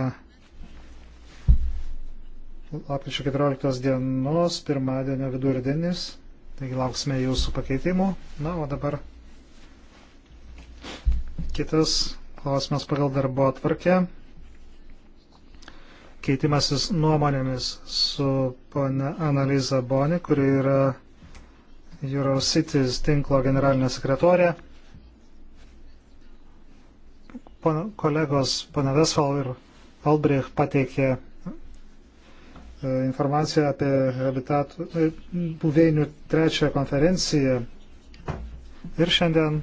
lapkričio 14 dienos, pirmadienio vidurdienis. Taigi lauksime jūsų pakeitimų. Na, o dabar kitas klausimas pagal darbo atvarkę. Keitimasis nuomonėmis su pone Analiza Boni, kuri yra Eurocities tinklo generalinė sekretorė. Pana, kolegos pana Vesval ir Albrecht pateikė informaciją apie habitatų, e, buveinių trečią konferenciją. Ir šiandien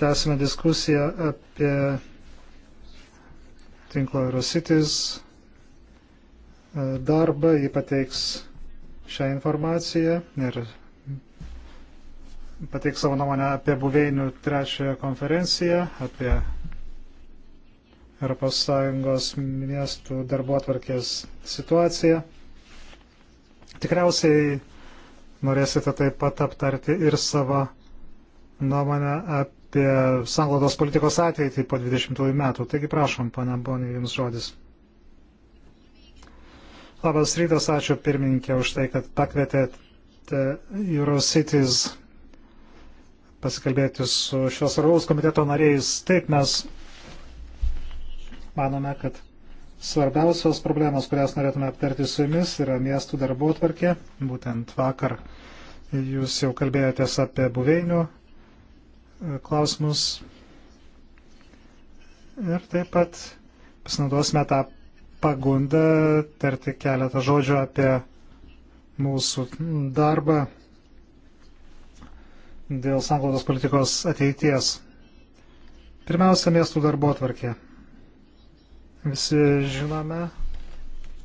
tęsime diskusiją apie tinklo Rositis e, darbą, jį pateiks šią informaciją ir pateiks savo nuomonę apie buveinių trečiąją konferenciją, apie ES miestų darbuotvarkės situaciją. Tikriausiai norėsite taip pat aptarti ir savo nuomonę apie sanglaudos politikos ateitį po 20 metų. Taigi prašom, pana Bonė, jums žodis. Labas rytas, ačiū pirmininkė už tai, kad pakvietėte Eurocities pasikalbėti su šios svarbaus komiteto nariais. Taip mes Manome, kad svarbiausios problemos, kurias norėtume aptarti su jumis, yra miestų darbo atvarkė. Būtent vakar jūs jau kalbėjotės apie buveinių e, klausimus. Ir taip pat pasinaudosime tą pagundą tarti keletą žodžių apie mūsų darbą dėl sanglaudos politikos ateities. Pirmiausia, miestų darbo atvarkė visi žinome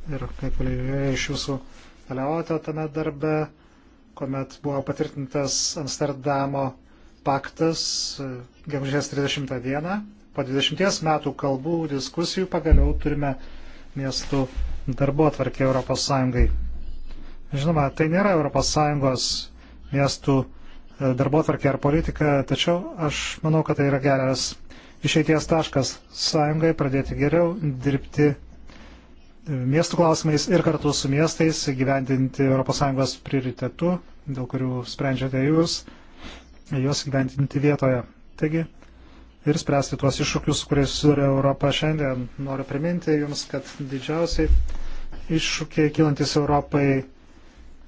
ir kai kurie iš jūsų dalyvavote tame darbe, kuomet buvo patvirtintas Amsterdamo paktas e, gegužės 30 dieną. Po 20 metų kalbų, diskusijų pagaliau turime miestų darbo atvarkė Europos Sąjungai. Žinoma, tai nėra Europos Sąjungos miestų e, darbo atvarkė ar politika, tačiau aš manau, kad tai yra geras išeities taškas sąjungai pradėti geriau dirbti e, miestų klausimais ir kartu su miestais gyvendinti ES prioritetų, dėl kurių sprendžiate jūs, juos gyvendinti vietoje. Taigi, ir spręsti tuos iššūkius, kuriais susiduria Europa šiandien. Noriu priminti Jums, kad didžiausiai iššūkiai kilantis Europai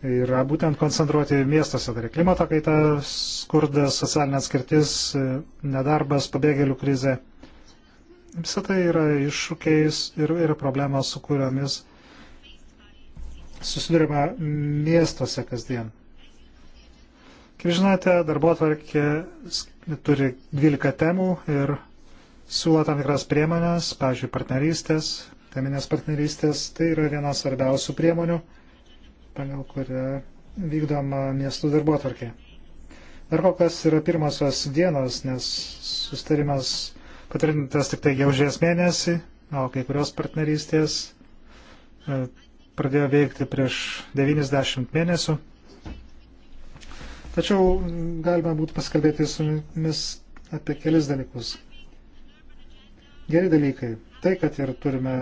yra būtent koncentruoti miestuose, tai yra klimato kaita, skurdas, socialinė atskirtis, nedarbas, pabėgėlių krize. Visą tai yra iššūkiais ir, ir problemos, su kuriomis susidurime miestuose kasdien. Kaip žinote, darbo atvarkė turi 12 temų ir siūlo tam tikras priemonės, pavyzdžiui, partnerystės, teminės partnerystės, tai yra viena svarbiausių priemonių pagal kurią vykdoma miestų darbotvarkė. Dar kol kas yra pirmosios dienos, nes sustarimas patvirtintas tik tai gegužės mėnesį, o kai kurios partnerystės e, pradėjo veikti prieš 90 mėnesių. Tačiau galima būtų paskalbėti su jumis apie kelis dalykus. Geri dalykai. Tai, kad ir turime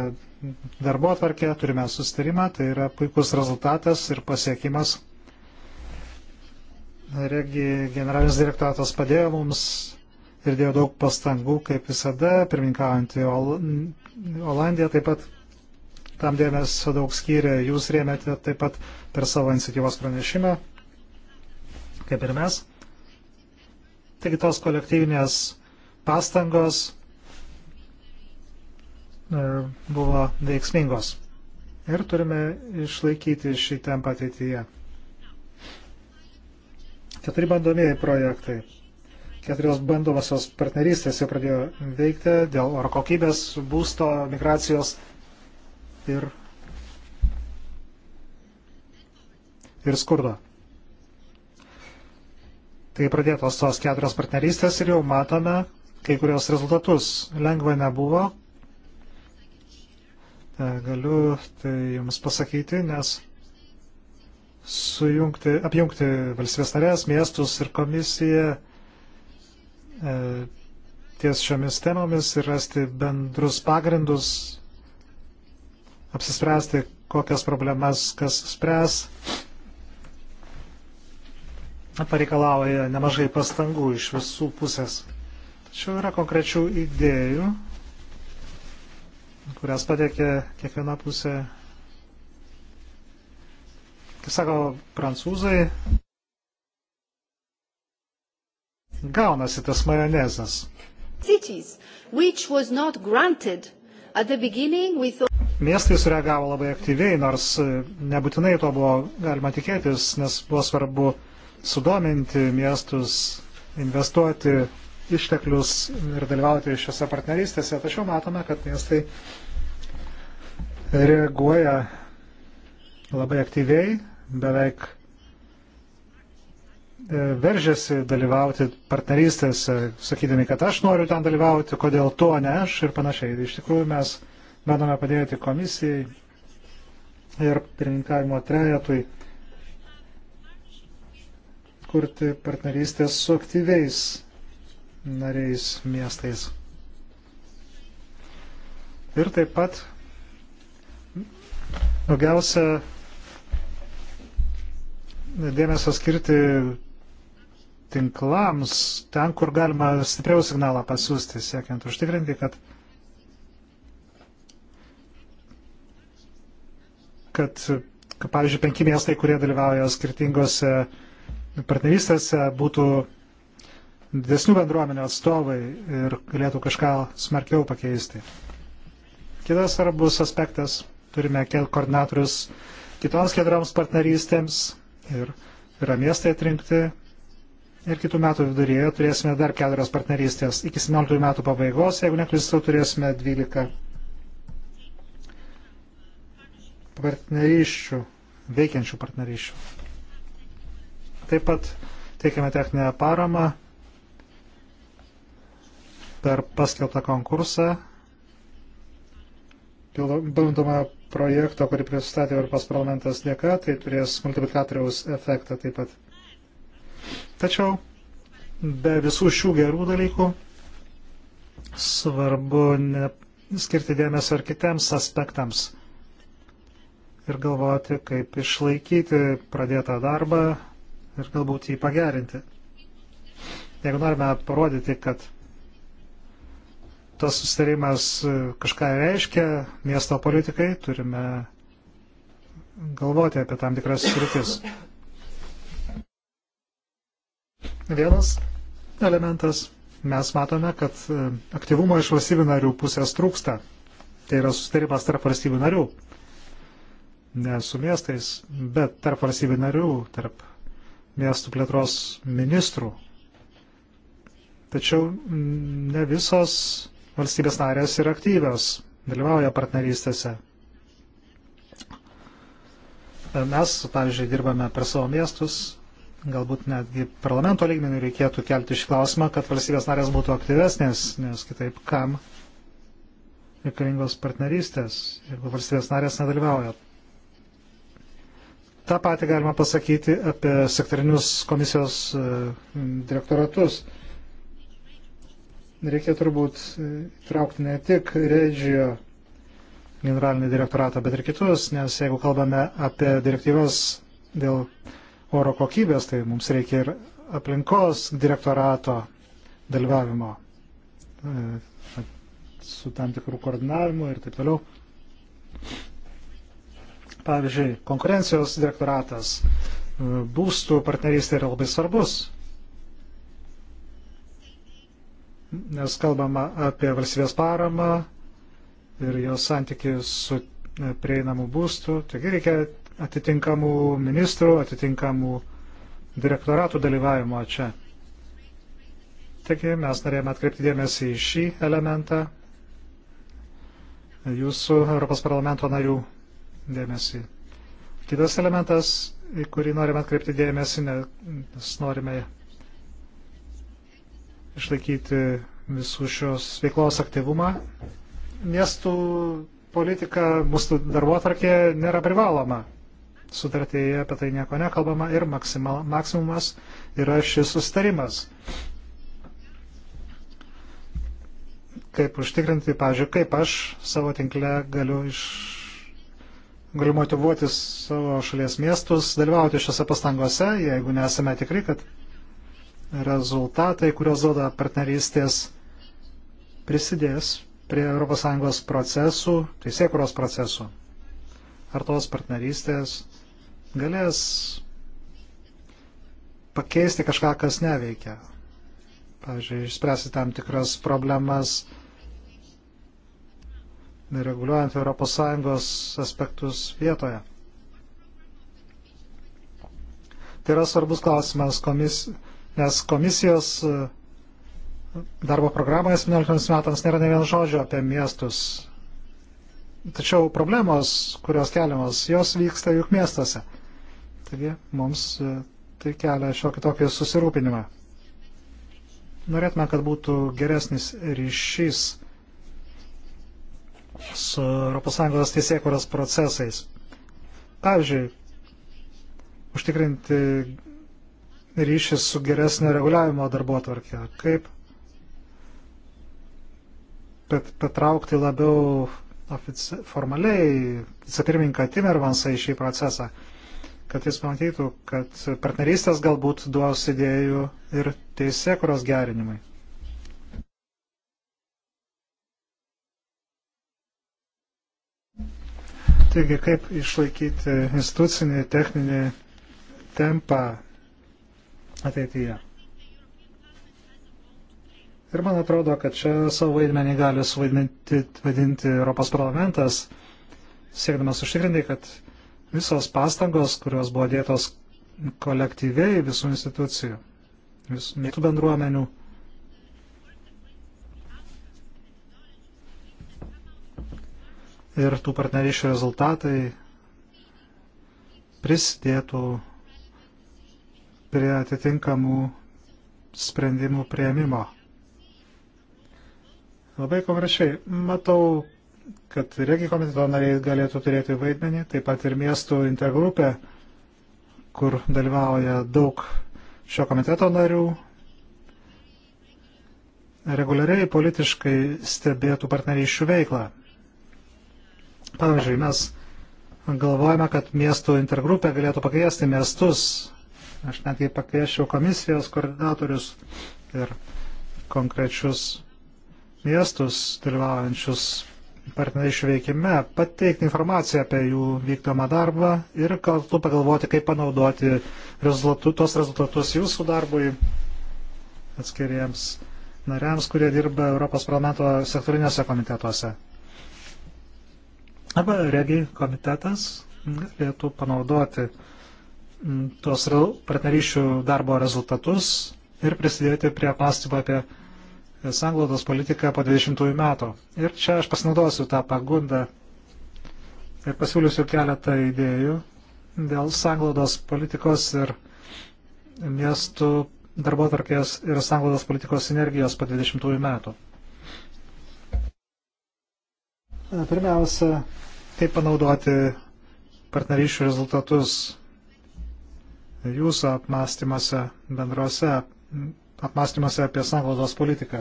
darbo atvarkę, turime sustarimą, tai yra puikus rezultatas ir pasiekimas. Regi generalinis direktoratas padėjo mums ir dėjo daug pastangų, kaip visada, pirmininkaujantį Ol Olandiją taip pat tam dėmesio daug skyrė, jūs rėmėte taip pat per savo iniciatyvos pranešimą, kaip ir mes. Taigi tos kolektyvinės pastangos E, buvo veiksmingos. Ir turime išlaikyti šį tempą ateityje. Keturi bandomieji projektai. Keturios bandomosios partnerystės jau pradėjo veikti dėl oro kokybės, būsto, migracijos ir, ir skurdo. Tai pradėtos tos keturios partnerystės ir jau matome kai kurios rezultatus. Lengva nebuvo, E, galiu tai jums pasakyti, nes sujungti, apjungti valstybės narės, miestus ir komisiją e, ties šiomis temomis ir rasti bendrus pagrindus, apsispręsti, kokias problemas kas spręs, pareikalauja nemažai pastangų iš visų pusės. Tačiau yra konkrečių idėjų kurias patiekė kiekviena pusė. Kaip sako prancūzai, gaunasi tas majonezas. Cities, Miestai sureagavo labai aktyviai, nors e, nebūtinai to buvo galima tikėtis, nes buvo svarbu sudominti miestus, investuoti išteklius ir dalyvauti šiuose partnerystėse, tačiau matome, kad miestai reaguoja labai aktyviai, beveik e, veržiasi dalyvauti partnerystėse, sakydami, kad aš noriu ten dalyvauti, kodėl to ne aš ir panašiai. Iš tikrųjų mes bandome padėti komisijai ir pirmininkavimo trejetui kurti partnerystės su aktyviais nariais miestais. Ir taip pat daugiausia dėmesio skirti tinklams, ten, kur galima stipriau signalą pasiūsti, siekiant užtikrinti, kad, kad, kad pavyzdžiui, penki miestai, kurie dalyvauja skirtingose partnerystėse, būtų didesnių bendruomenių atstovai ir galėtų kažką smarkiau pakeisti. Kitas svarbus aspektas - turime koordinatorius kitoms keturioms partnerystėms ir yra miestai atrinkti. Ir kitų metų viduryje turėsime dar keturias partnerystės. Iki 17 metų pabaigos, jeigu neklystu, turėsime 12 partnerysčių, veikiančių partnerysčių. Taip pat teikiame techninę paramą per paskelbtą konkursą, bandoma projekto, kurį pristatė Europos parlamentas dėka, tai turės multiplikatoriaus efektą taip pat. Tačiau be visų šių gerų dalykų svarbu skirti dėmesio ir kitiems aspektams ir galvoti, kaip išlaikyti pradėtą darbą ir galbūt jį pagerinti. Jeigu norime parodyti, kad tas susitarimas e, kažką reiškia miesto politikai, turime galvoti apie tam tikras sritis. Vienas elementas, mes matome, kad e, aktyvumo iš valstybių narių pusės trūksta. Tai yra susitarimas tarp valstybių narių. Ne su miestais, bet tarp valstybių narių, tarp miestų plėtros ministrų. Tačiau ne visos valstybės narės yra aktyvios, dalyvauja partnerystėse. E, mes, pavyzdžiui, dirbame per savo miestus, galbūt netgi parlamento lygmenių reikėtų kelti šį klausimą, kad valstybės narės būtų aktyvesnės, nes kitaip kam reikalingos partnerystės, jeigu valstybės narės nedalyvauja. Ta pati galima pasakyti apie sektorinius komisijos e, direktoratus. Uh, reikia turbūt traukti ne tik Regio generalinį direktoratą, bet ir kitus, nes jeigu kalbame apie direktyvas dėl oro kokybės, tai mums reikia ir aplinkos direktorato dalyvavimo e, su tam tikrų koordinavimu ir taip toliau. Pavyzdžiui, konkurencijos direktoratas e, būstų partnerystė yra labai svarbus nes kalbama apie valstybės paramą ir jos santyki su e, prieinamu būstu. Taigi reikia atitinkamų ministrų, atitinkamų direktoratų dalyvavimo čia. Taigi mes norėjome atkreipti dėmesį į šį elementą, jūsų Europos parlamento narių dėmesį. Kitas elementas, į kurį norime atkreipti dėmesį, nes norime išlaikyti visų šios veiklos aktyvumą. Miestų politika mūsų darbo tarkė nėra privaloma. Sutartėje apie tai nieko nekalbama ir maksimal, maksimumas yra šis sustarimas. Kaip užtikrinti, pavyzdžiui, kaip aš savo tinkle galiu, iš, galiu motivuoti savo šalies miestus, dalyvauti šiose pastangose, jeigu nesame tikri, kad rezultatai, kuriuos duoda partnerystės, prisidės prie ES procesų, teisėkuros procesų. Ar tos partnerystės galės pakeisti kažką, kas neveikia. Pavyzdžiui, išspręsti tam tikras problemas, nereguliuojant ES aspektus vietoje. Tai yra svarbus klausimas komisijai nes komisijos e, darbo programoje 17 metams nėra ne vien žodžio apie miestus. Tačiau problemos, kurios keliamos, jos vyksta juk miestuose. Taigi mums e, tai kelia šiokį tokį susirūpinimą. Norėtume, kad būtų geresnis ryšys su ES teisėkuros procesais. Pavyzdžiui, užtikrinti ryšis su geresnio reguliavimo darbo atvarkė. Kaip patraukti labiau ofici, formaliai vicepirmininką Timervansą į šį procesą, kad jis matytų, kad partnerystės galbūt duos idėjų ir teisėkuros gerinimai. Taigi, kaip išlaikyti institucinį, techninį tempą ateityje. Ir man atrodo, kad čia savo vaidmenį gali suvaidinti Europos parlamentas, siekdamas užtikrinti, kad visos pastangos, kurios buvo dėtos kolektyviai visų institucijų, visų bendruomenių, ir tų partnerysčių rezultatai prisidėtų prie atitinkamų sprendimų prieimimo. Labai konkrečiai, matau, kad regi komiteto nariai galėtų turėti vaidmenį, taip pat ir miestų intergrupė, kur dalyvauja daug šio komiteto narių, reguliariai politiškai stebėtų partnerysčių veiklą. Pavyzdžiui, mes galvojame, kad miestų intergrupė galėtų pakviesti miestus Aš netgi pakviešiau komisijos koordinatorius ir konkrečius miestus dalyvaujančius partneriai išveikime, pateikti informaciją apie jų vykdomą darbą ir kartu pagalvoti, kaip panaudoti rezultatu, tos rezultatus jūsų darbui atskiriems nariams, kurie dirba Europos parlamento sektorinėse komitetuose. Arba regi komitetas galėtų panaudoti uh, tuos partnerysčių darbo rezultatus ir prisidėti prie pastabą apie e, sanglaudos politiką po 20 metų. Ir čia aš pasinaudosiu tą pagundą ir pasiūlysiu keletą idėjų dėl sanglaudos politikos ir miestų darbo tarkės ir sanglaudos politikos sinergijos po 20 metų. E, pirmiausia, kaip panaudoti partnerysčių rezultatus jūsų apmąstymuose, bendruose apmąstymuose apie sanglaudos politiką.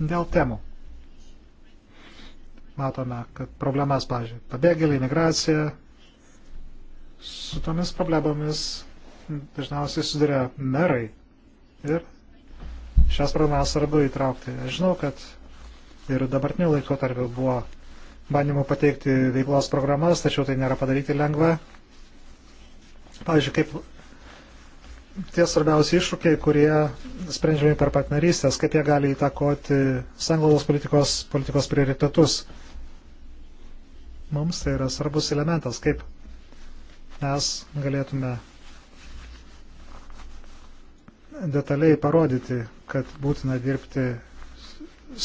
Dėl temų. Matome, kad problemas, pavyzdžiui, pabėgėliai, migracija, su tomis problemomis dažniausiai sudarė merai. Ir šias problemas svarbu įtraukti. Aš žinau, kad ir dabartiniu laikotarpiu buvo bandymų pateikti veiklos programas, tačiau tai nėra padaryti lengva. Pavyzdžiui, kaip tie svarbiausi iššūkiai, kurie sprendžiami per partnerystės, kaip jie gali įtakoti sanglaudos politikos, politikos prioritetus. Mums tai yra svarbus elementas, kaip mes galėtume detaliai parodyti, kad būtina dirbti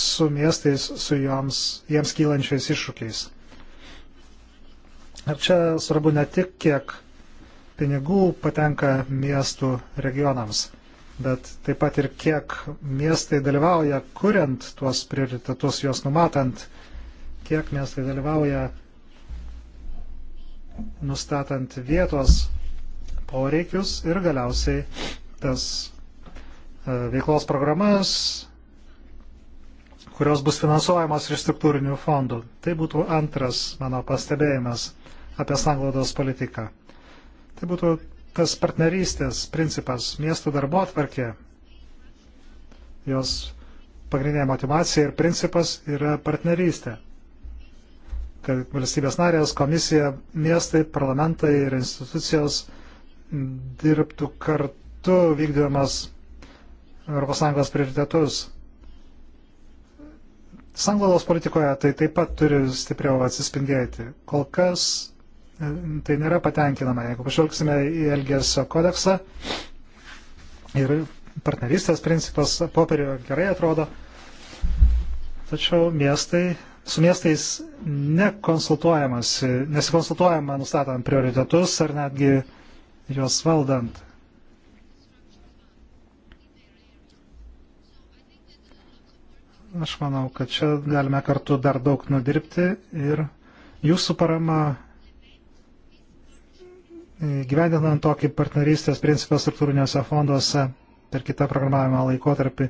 su miestais, su joms, jiems kylančiais iššūkiais. Ir čia svarbu ne tik, kiek pinigų patenka miestų regionams, bet taip pat ir kiek miestai dalyvauja, kuriant tuos prioritetus, juos numatant, kiek miestai dalyvauja nustatant vietos poreikius ir galiausiai tas e, veiklos programas, kurios bus finansuojamos iš struktūrinių fondų. Tai būtų antras mano pastebėjimas apie sanglaudos politiką. Tai būtų tas partnerystės principas miestų darbo atvarkė. Jos pagrindinė motivacija ir principas yra partnerystė. Kad valstybės narės, komisija, miestai, parlamentai ir institucijos dirbtų kartu vykdydamas ES prioritetus. Sanglaudos politikoje tai taip pat turi stipriau atsispindėti. Kol kas tai nėra patenkinama. Jeigu pažvelgsime į Elgesio kodeksą ir partnerystės principas popierio gerai atrodo, tačiau miestai, su miestais nekonsultuojamas, nesikonsultuojama nustatant prioritetus ar netgi juos valdant. Aš manau, kad čia galime kartu dar daug nudirbti ir jūsų parama gyvendinant tokį partnerystės principą struktūrinėse fonduose per kitą programavimo laikotarpį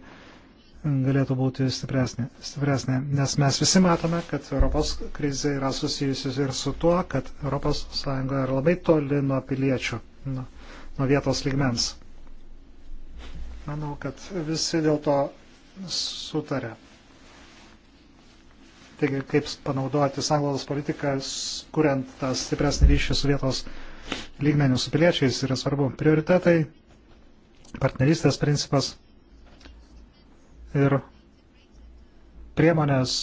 galėtų būti stipresnė, stipresnė. Nes mes visi matome, kad Europos krizė yra susijusi ir su tuo, kad ES yra labai toli nuo piliečių, nuo, nuo vietos ligmens. Manau, kad visi dėl to sutarė. Taigi, kaip panaudoti sanglaudos politiką, kuriant tą stipresnį ryšį su vietos ligmens lygmenių su piliečiais yra svarbu. Prioritetai, partnerystės principas ir priemonės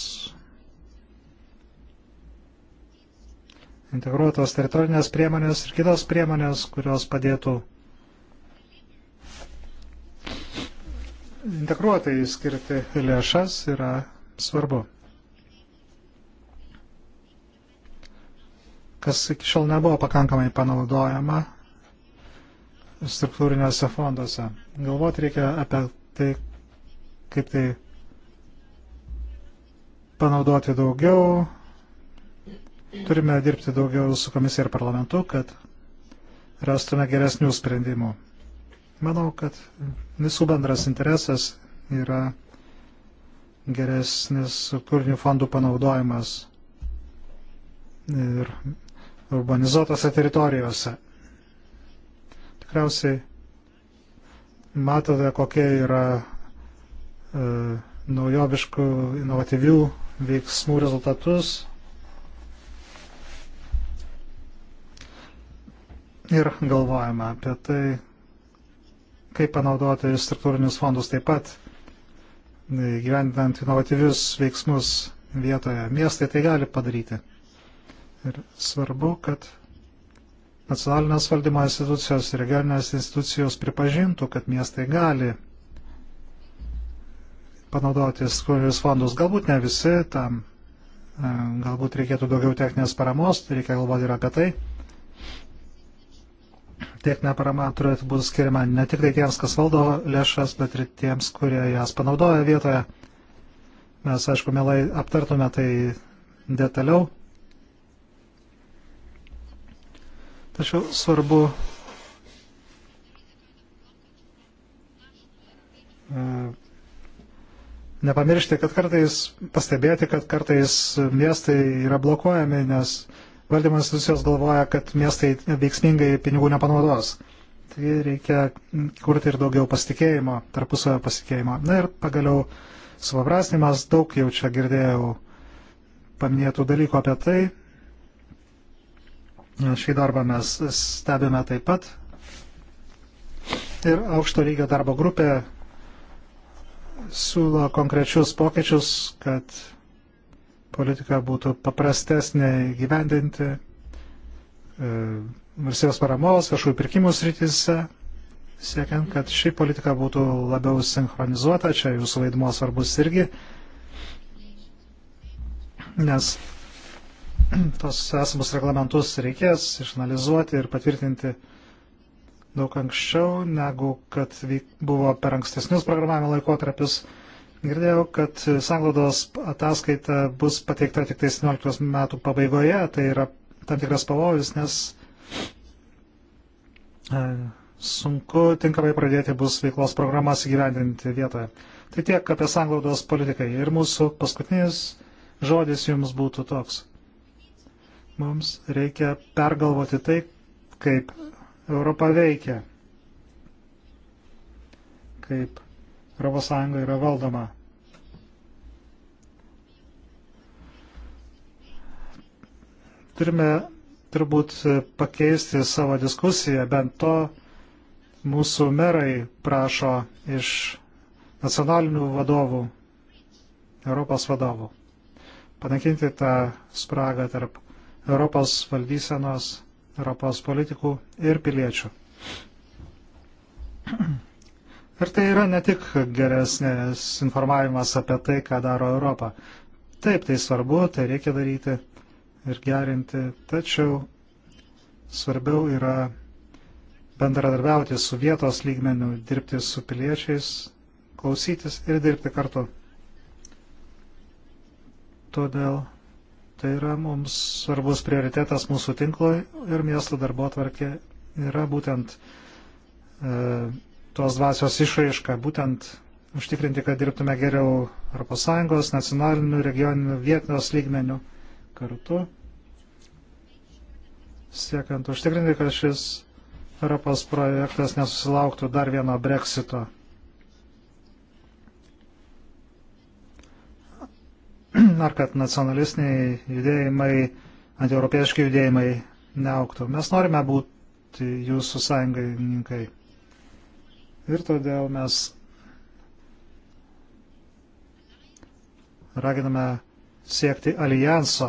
integruotos teritorinės priemonės ir kitos priemonės, kurios padėtų integruotai skirti lėšas yra svarbu. kas iki šiol nebuvo pakankamai panaudojama struktūriniuose fonduose. Galvoti reikia apie tai, kaip tai panaudoti daugiau. Turime dirbti daugiau su komisija ir parlamentu, kad rastume geresnių sprendimų. Manau, kad visų bendras interesas yra geresnis kūrinių fondų panaudojimas ir urbanizuotose teritorijose. Tikriausiai matote, kokie yra e, naujoviškų, inovatyvių veiksmų rezultatus. Ir galvojame apie tai, kaip panaudoti struktūrinius fondus taip pat, e, gyvendinant inovatyvius veiksmus vietoje. Miestai tai gali padaryti. Ir svarbu, kad nacionalinės valdymo institucijos ir regioninės institucijos pripažintų, kad miestai gali panaudoti skolinius fondus. Galbūt ne visi tam, e, galbūt reikėtų daugiau techninės paramos, tai reikia galvoti ir apie tai. Techninė parama turėtų būti skiriama ne tik tai tiems, kas valdo lėšas, bet ir tiems, kurie jas panaudoja vietoje. Mes, aišku, mielai aptartume tai detaliau. Tačiau svarbu e, nepamiršti, kad kartais pastebėti, kad kartais miestai yra blokuojami, nes valdymo institucijos galvoja, kad miestai veiksmingai pinigų nepanaudos. Tai reikia kurti ir daugiau pasitikėjimo, tarpusavio pasitikėjimo. Na ir pagaliau supaprastinimas, daug jau čia girdėjau paminėtų dalykų apie tai, Šį darbą mes stebime taip pat. Ir aukšto lygio darbo grupė siūlo konkrečius pokyčius, kad politika būtų paprastesnė gyvendinti e, valstybės paramos, viešųjų pirkimų srityse, siekiant, kad ši politika būtų labiau sinchronizuota, čia jūsų vaidmuo svarbus irgi, nes <clears throat> tos esamus reglamentus reikės išanalizuoti ir patvirtinti daug anksčiau, negu kad buvo per ankstesnius programavimo laikotarpius. Girdėjau, kad sanglaudos ataskaita bus pateikta tik tai 17 metų pabaigoje, tai yra tam tikras pavojus, nes e, sunku tinkamai pradėti bus veiklos programas įgyvendinti vietoje. Tai tiek apie sanglaudos politikai. Ir mūsų paskutinis žodis jums būtų toks. Mums reikia pergalvoti tai, kaip Europa veikia, kaip ES yra valdoma. Turime turbūt pakeisti savo diskusiją, bent to mūsų merai prašo iš nacionalinių vadovų, Europos vadovų. Panaikinti tą spragą tarp Europos valdysenos, Europos politikų ir piliečių. <clears throat> Ir tai yra ne tik geresnės informavimas apie tai, ką daro Europa. Taip, tai svarbu, tai reikia daryti ir gerinti, tačiau svarbiau yra bendradarbiauti su vietos lygmeniu, dirbti su piliečiais, klausytis ir dirbti kartu. Todėl Tai yra mums svarbus prioritetas mūsų tinklo ir miesto darbo atvarkė yra būtent e, tos dvasios išraiška, būtent užtikrinti, kad dirbtume geriau ES, nacionalinių, regioninių, vietinės lygmenių kartu, siekiant užtikrinti, kad šis Europos projektas nesusilauktų dar vieno breksito. <clears throat> ar kad nacionalistiniai judėjimai, antieuropieški judėjimai neauktų. Mes norime būti jūsų sąjungininkai. Ir todėl mes raginame siekti alijanso,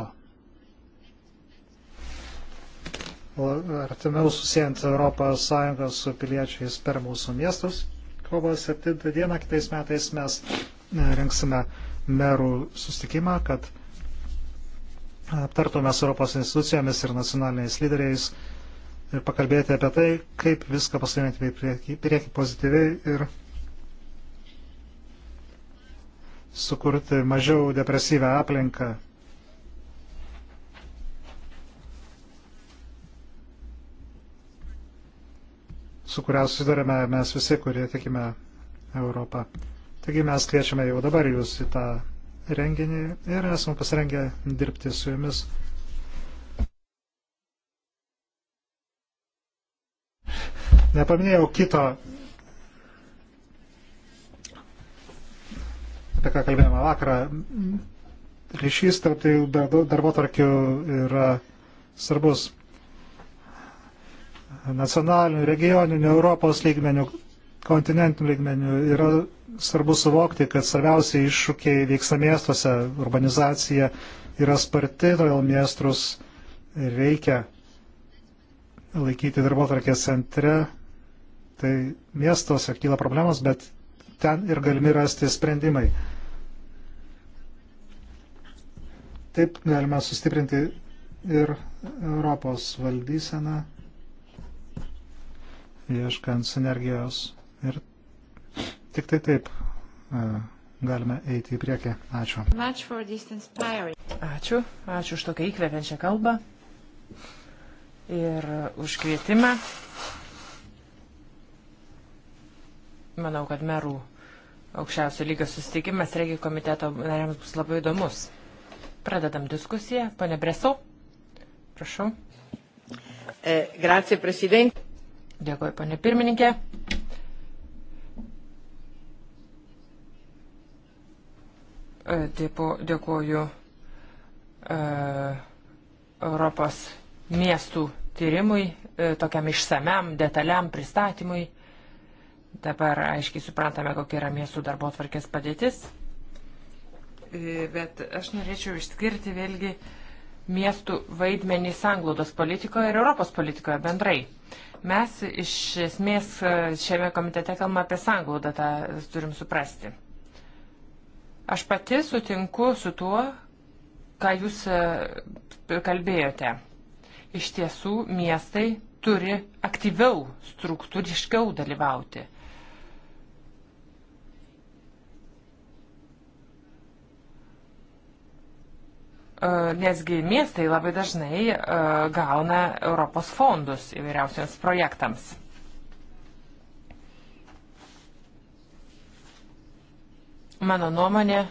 artimiau susijant Europos Sąjungą su piliečiais per mūsų miestus. Kovo 7 dieną kitais metais mes e, rengsime merų sustikimą, kad aptartume su Europos institucijomis ir nacionaliniais lyderiais ir pakalbėti apie tai, kaip viską pasirinkti į priekį, priekį pozityviai ir sukurti mažiau depresyvę aplinką. su kuria susidarėme mes visi, kurie tikime Europą. Taigi mes kviečiame jau dabar jūs į tą renginį ir esame pasirengę dirbti su jumis. Nepaminėjau kito, apie ką kalbėjome vakarą. Ryšys tarp tai darbo tarkių yra svarbus nacionalinių, regioninių, Europos lygmenių kontinentiniu lygmeniu yra svarbu suvokti, kad svarbiausia iššūkiai vyksta miestuose, urbanizacija yra sparti, todėl miestrus reikia laikyti darbo tarkės centre. Tai miestuose kyla problemos, bet ten ir galimi rasti sprendimai. Taip galime sustiprinti ir Europos valdyseną, ieškant sinergijos Ir tik tai taip e, galime eiti į priekį. Ačiū. Ačiū. Ačiū už tokią įkvepiančią kalbą ir už kvietimą. Manau, kad merų aukščiausio lygio susitikimas regi komiteto nariams bus labai įdomus. Pradedam diskusiją. Pane Bresau, prašau. E, grazie, prezident. Dėkuoju, pane pirmininkė. E, Dėkuoju e, Europos miestų tyrimui, e, tokiam išsamiam, detaliam pristatymui. Dabar aiškiai suprantame, kokia yra miestų darbo tvarkės padėtis. Bet aš norėčiau išskirti vėlgi miestų vaidmenį sanglaudos politikoje ir Europos politikoje bendrai. Mes iš esmės šiame komitete kalbame apie sanglaudą, tą turim suprasti. Aš pati sutinku su tuo, ką jūs e, kalbėjote. Iš tiesų, miestai turi aktyviau, struktūriškiau dalyvauti. E, nesgi miestai labai dažnai e, gauna Europos fondus įvairiausiams projektams. Mano nuomonė,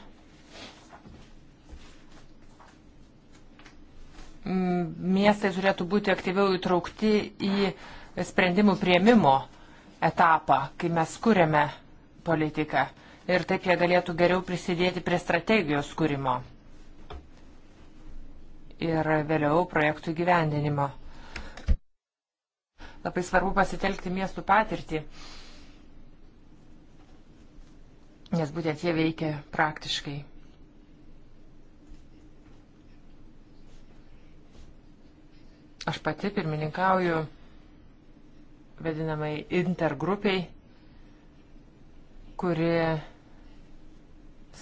miestai turėtų būti aktyviau įtraukti į sprendimų prieimimo etapą, kai mes kūrėme politiką ir taip jie galėtų geriau prisidėti prie strategijos kūrimo ir vėliau projektų gyvendinimo. Labai svarbu pasitelkti miestų patirtį nes būtent jie veikia praktiškai. Aš pati pirmininkauju vadinamai intergrupiai, kuri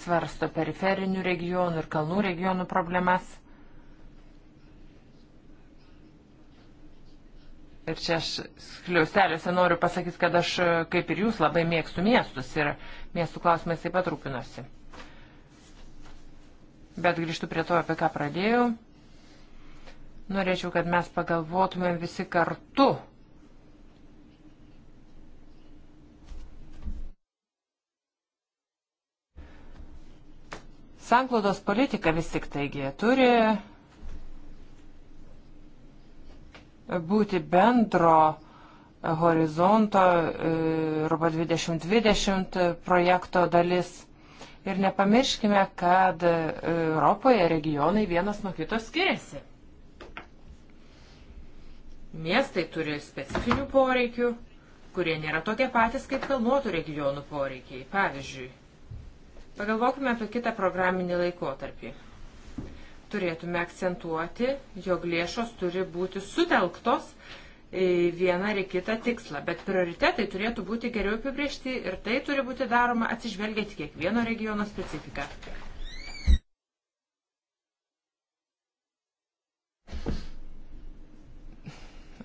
svarsto periferinių regionų ir kalnų regionų problemas. Ir čia aš skliausteliuose noriu pasakyti, kad aš, kaip ir jūs, labai mėgstu miestus ir miestų klausimais taip pat rūpinosi. Bet grįžtu prie to, apie ką pradėjau. Norėčiau, kad mes pagalvotumėm visi kartu. Sanklodos politika vis tik taigi turi būti bendro horizonto e, Europa 2020 projekto dalis. Ir nepamirškime, kad e, Europoje regionai vienas nuo kito skiriasi. Miestai turi specifinių poreikių, kurie nėra tokie patys kaip kalnuotų regionų poreikiai. Pavyzdžiui, pagalvokime apie kitą programinį laikotarpį. Turėtume akcentuoti, jog lėšos turi būti sutelktos vieną ar kitą tikslą, bet prioritetai turėtų būti geriau apibriešti ir tai turi būti daroma atsižvelgiant kiekvieno regiono specifiką.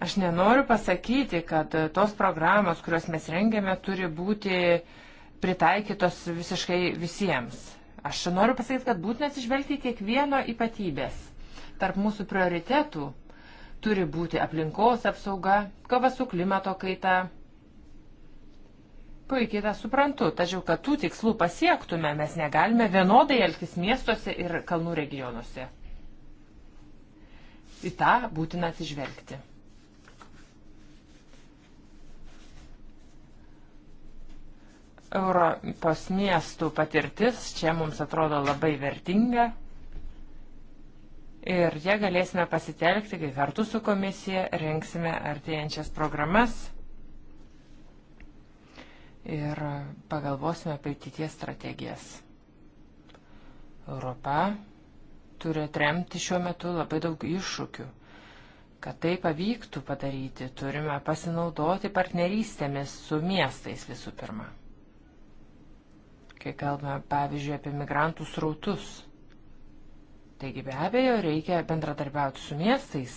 Aš nenoriu pasakyti, kad tos programos, kuriuos mes rengiame, turi būti pritaikytos visiškai visiems. Aš noriu pasakyti, kad būtina atsižvelgti kiekvieno ypatybės. Tarp mūsų prioritetų Turi būti aplinkos apsauga, kova su klimato kaita. Puikiai tą suprantu, tačiau kad tų tikslų pasiektume, mes negalime vienodai elgtis miestuose ir kalnų regionuose. Į tą būtina atsižvelgti. Europos miestų patirtis čia mums atrodo labai vertinga ir jie galėsime pasitelkti, kai kartu su komisija renksime artėjančias programas ir pagalvosime apie ateities strategijas. Europa turi atremti šiuo metu labai daug iššūkių. Kad tai pavyktų padaryti, turime pasinaudoti partnerystėmis su miestais visų pirma. Kai kalbame, pavyzdžiui, apie migrantų srautus – Taigi be abejo reikia bendradarbiauti su miestais.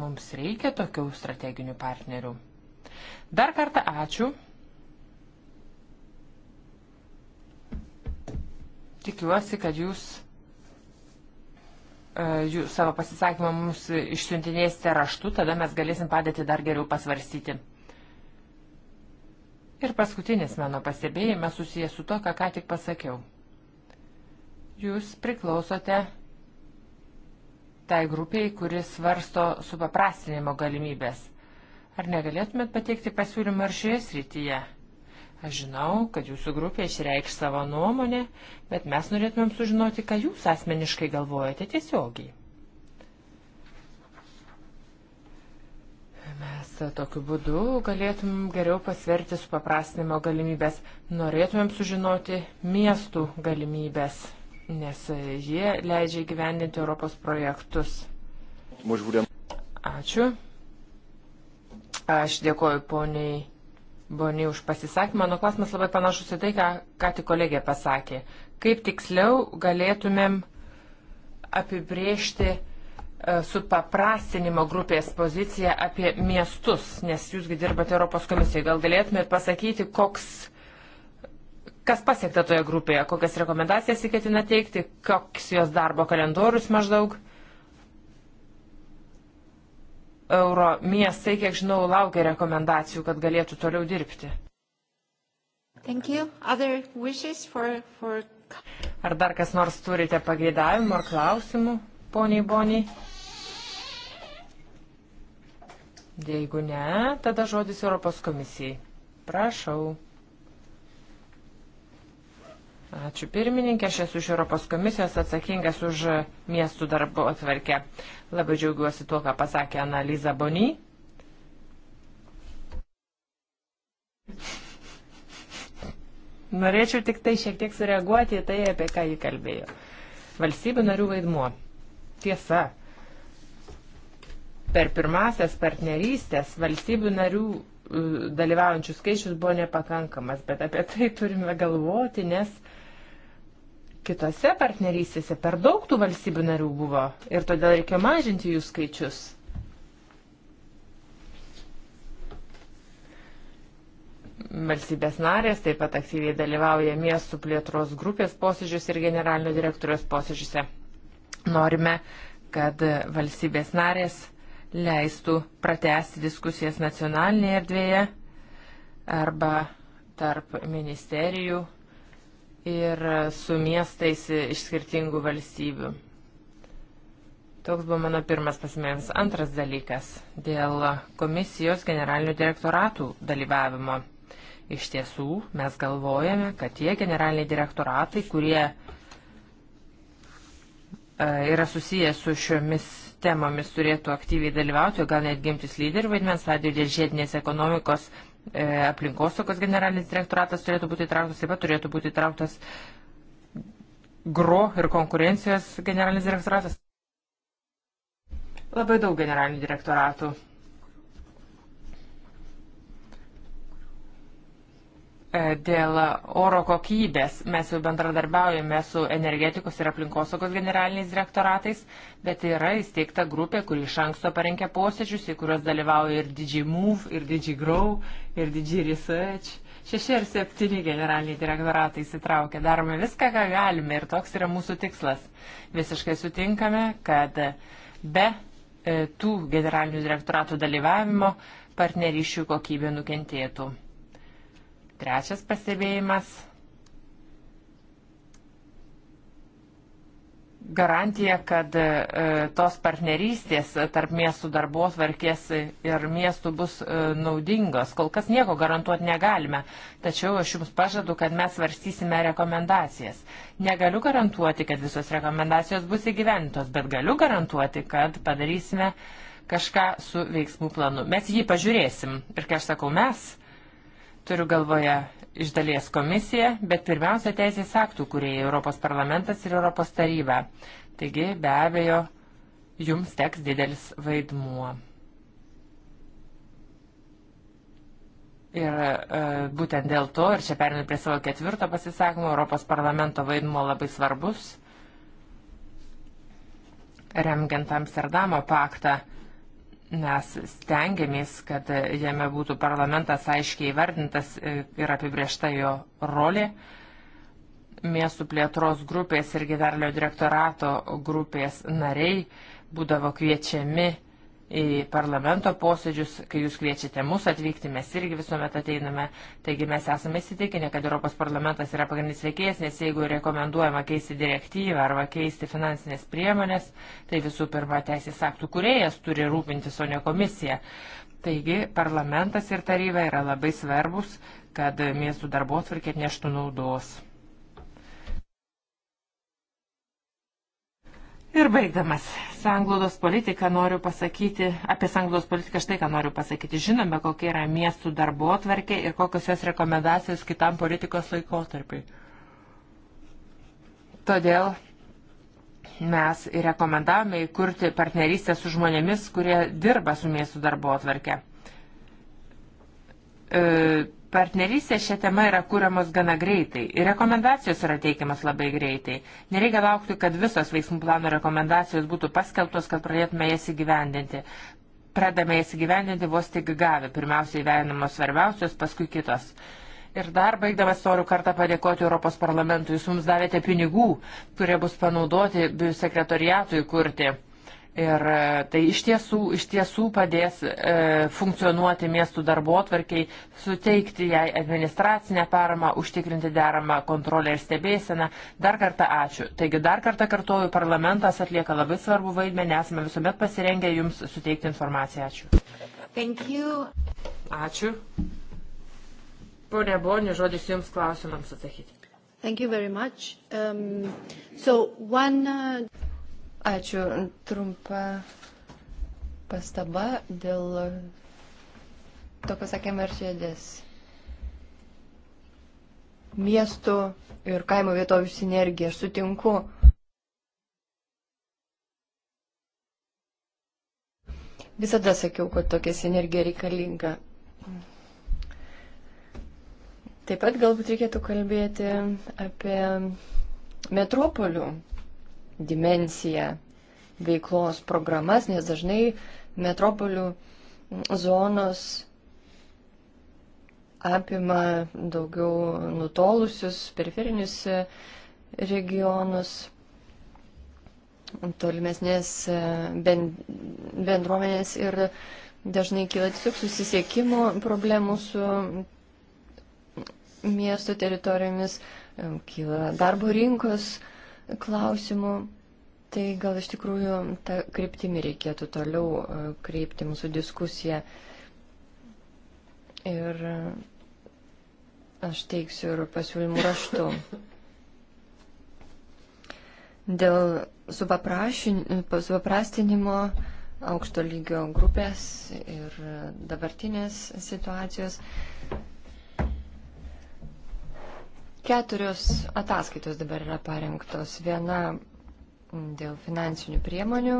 Mums reikia tokių strateginių partnerių. Dar kartą ačiū. Tikiuosi, kad jūs e, jų savo pasisakymą mums išsiuntinėsite raštu, tada mes galėsim padėti dar geriau pasvarstyti. Ir paskutinis mano pastebėjimas susijęs su to, ką ką tik pasakiau. Jūs priklausote tai grupiai, kuris svarsto supaprastinimo galimybės. Ar negalėtumėt pateikti pasiūlymą ir šioje srityje? Aš žinau, kad jūsų grupė išreikš savo nuomonę, bet mes norėtumėm sužinoti, ką jūs asmeniškai galvojate tiesiogiai. Mes tokiu būdu galėtum geriau pasverti su paprastinimo galimybės. Norėtumėm sužinoti miestų galimybės, nes jie leidžia įgyvendinti Europos projektus. Ačiū. Aš dėkoju poniai Boni už pasisakymą. Mano klausimas labai panašus į tai, ką, ką tik kolegė pasakė. Kaip tiksliau galėtumėm apibriežti E, supaprastinimo grupės poziciją apie miestus, nes jūsgi dirbate Europos komisijoje. Gal galėtumėt pasakyti, koks, kas pasiekta toje grupėje, kokias rekomendacijas įketina teikti, koks jos darbo kalendorius maždaug. Euro miestai, kiek žinau, laukia rekomendacijų, kad galėtų toliau dirbti. For, for... Ar dar kas nors turite pageidavimų ar klausimų? poniai Boniai? Jeigu ne, tada žodis Europos komisijai. Prašau. Ačiū pirmininkė, aš esu iš Europos komisijos atsakingas už miestų darbo atverkę. Labai džiaugiuosi tuo, ką pasakė Analiza Bony. Norėčiau tik tai šiek tiek sureaguoti į tai, apie ką jį kalbėjo. Valstybių narių vaidmuo tiesa. Per pirmasias partnerystės valstybių narių e, dalyvaujančių skaičius buvo nepakankamas, bet apie tai turime galvoti, nes kitose partnerystėse per daug tų valstybių narių buvo ir todėl reikia mažinti jų skaičius. Valstybės narės taip pat aktyviai dalyvauja miestų plėtros grupės posėdžius ir generalinio direktorijos posėdžiuose. Norime, kad valstybės narės leistų pratesti diskusijas nacionalinėje erdvėje arba tarp ministerijų ir su miestais iš skirtingų valstybių. Toks buvo mano pirmas pasimėjimas. Antras dalykas - dėl komisijos generalinių direktoratų dalyvavimo. Iš tiesų, mes galvojame, kad tie generaliniai direktoratai, kurie E, yra susijęs su šiomis temomis, turėtų aktyviai dalyvauti, gal net gimtis lyderių vaidmens stadijoje dėl žiedinės ekonomikos e, aplinkosaugos generalinis direktoratas turėtų būti įtrauktas, taip pat turėtų būti įtrauktas GRO ir konkurencijos generalinis direktoratas. Labai daug generalinių direktoratų E, dėl oro kokybės. Mes jau bendradarbiaujame su energetikos ir aplinkosaugos generaliniais direktoratais, bet yra įsteigta grupė, kuri iš anksto parengia posėdžius, į kuriuos dalyvauja ir DigiMove, ir DigiGrow, ir DigiResearch. Šeši ar septyni generaliniai direktoratai įsitraukia. Darome viską, ką galime ir toks yra mūsų tikslas. Visiškai sutinkame, kad be e, tų generalinių direktoratų dalyvavimo partnerysčių kokybė nukentėtų. Trečias pastebėjimas garantija, kad e, tos partnerystės tarp miestų darbos varkės ir miestų bus e, naudingos. Kol kas nieko garantuoti negalime, tačiau aš Jums pažadu, kad mes svarstysime rekomendacijas. Negaliu garantuoti, kad visos rekomendacijos bus įgyventos, bet galiu garantuoti, kad padarysime kažką su veiksmų planu. Mes jį pažiūrėsim. Ir kai aš sakau mes, Turiu galvoje iš dalies komisiją, bet pirmiausia teisės aktų, kurie Europos parlamentas ir Europos taryba. Taigi, be abejo, jums teks didelis vaidmuo. Ir e, būtent dėl to, ir čia perinu prie savo ketvirto pasisakymo, Europos parlamento vaidmuo labai svarbus. Remgiant Amsterdamo paktą, Mes stengiamės, kad jame būtų parlamentas aiškiai įvardintas e, ir apibriešta jo rolė. Miestų plėtros grupės ir gyvenlio direktorato grupės nariai būdavo kviečiami į parlamento posėdžius, kai jūs kviečiate mus atvykti, mes irgi visuomet ateiname. Taigi mes esame įsitikinę, kad Europos parlamentas yra pagrindinis veikėjas, nes jeigu rekomenduojama keisti direktyvą arba keisti finansinės priemonės, tai visų pirma teisės aktų kuriejas turi rūpintis, o ne komisija. Taigi parlamentas ir taryba yra labai svarbus, kad miestų darbos virkėt neštų naudos. Ir baigdamas, sanglaudos politiką noriu pasakyti, apie sanglaudos politiką štai ką noriu pasakyti. Žinome, kokia yra miestų darbo atvarkė ir kokios jos rekomendacijos kitam politikos laikotarpiai. Todėl mes rekomendavome įkurti partnerystę su žmonėmis, kurie dirba su miestų darbo atvarkė. E, Partnerystė šią temą yra kūriamos gana greitai ir rekomendacijos yra teikiamas labai greitai. Nereikia laukti, kad visos veiksmų plano rekomendacijos būtų paskelbtos, kad pradėtume jas įgyvendinti. Pradame jas įgyvendinti vos tik gavę. Pirmiausiai įvertinamos svarbiausios, paskui kitos. Ir dar baigdamas noriu kartą padėkoti Europos parlamentui. Jūs mums davėte pinigų, kurie bus panaudoti sekretoriatui kurti. Ir e, tai iš tiesų, iš tiesų padės e, funkcionuoti miestų darbotvarkiai, suteikti jai administracinę paramą, užtikrinti deramą kontrolę ir stebėseną. Dar kartą ačiū. Taigi dar kartą kartuoju, parlamentas atlieka labai svarbu vaidmenį, esame visuomet pasirengę jums suteikti informaciją. Ačiū. Ačiū. Pone Boni, žodis jums klausimams atsakyti. Um, so one, uh... Ačiū. Trumpa pastaba dėl to, ką sakė Mercedes. Miestų ir kaimo vietovių sinergija. Aš sutinku. Visada sakiau, kad tokia sinergija reikalinga. Taip pat galbūt reikėtų kalbėti apie metropolių dimensiją veiklos programas, nes dažnai metropolių zonos apima daugiau nutolusius periferinius regionus, tolimesnės e, bendruomenės ir dažnai kyla tiesiog susisiekimo problemų su miesto teritorijomis, e, kyla darbo rinkos problemų klausimų. Tai gal iš tikrųjų tą kryptimį reikėtų toliau e, kreipti mūsų diskusiją. Ir e, aš teiksiu ir pasiūlymų raštu. Dėl supaprastinimo aukšto lygio grupės ir e, dabartinės situacijos Keturios ataskaitos dabar yra parengtos. Viena mm, dėl finansinių priemonių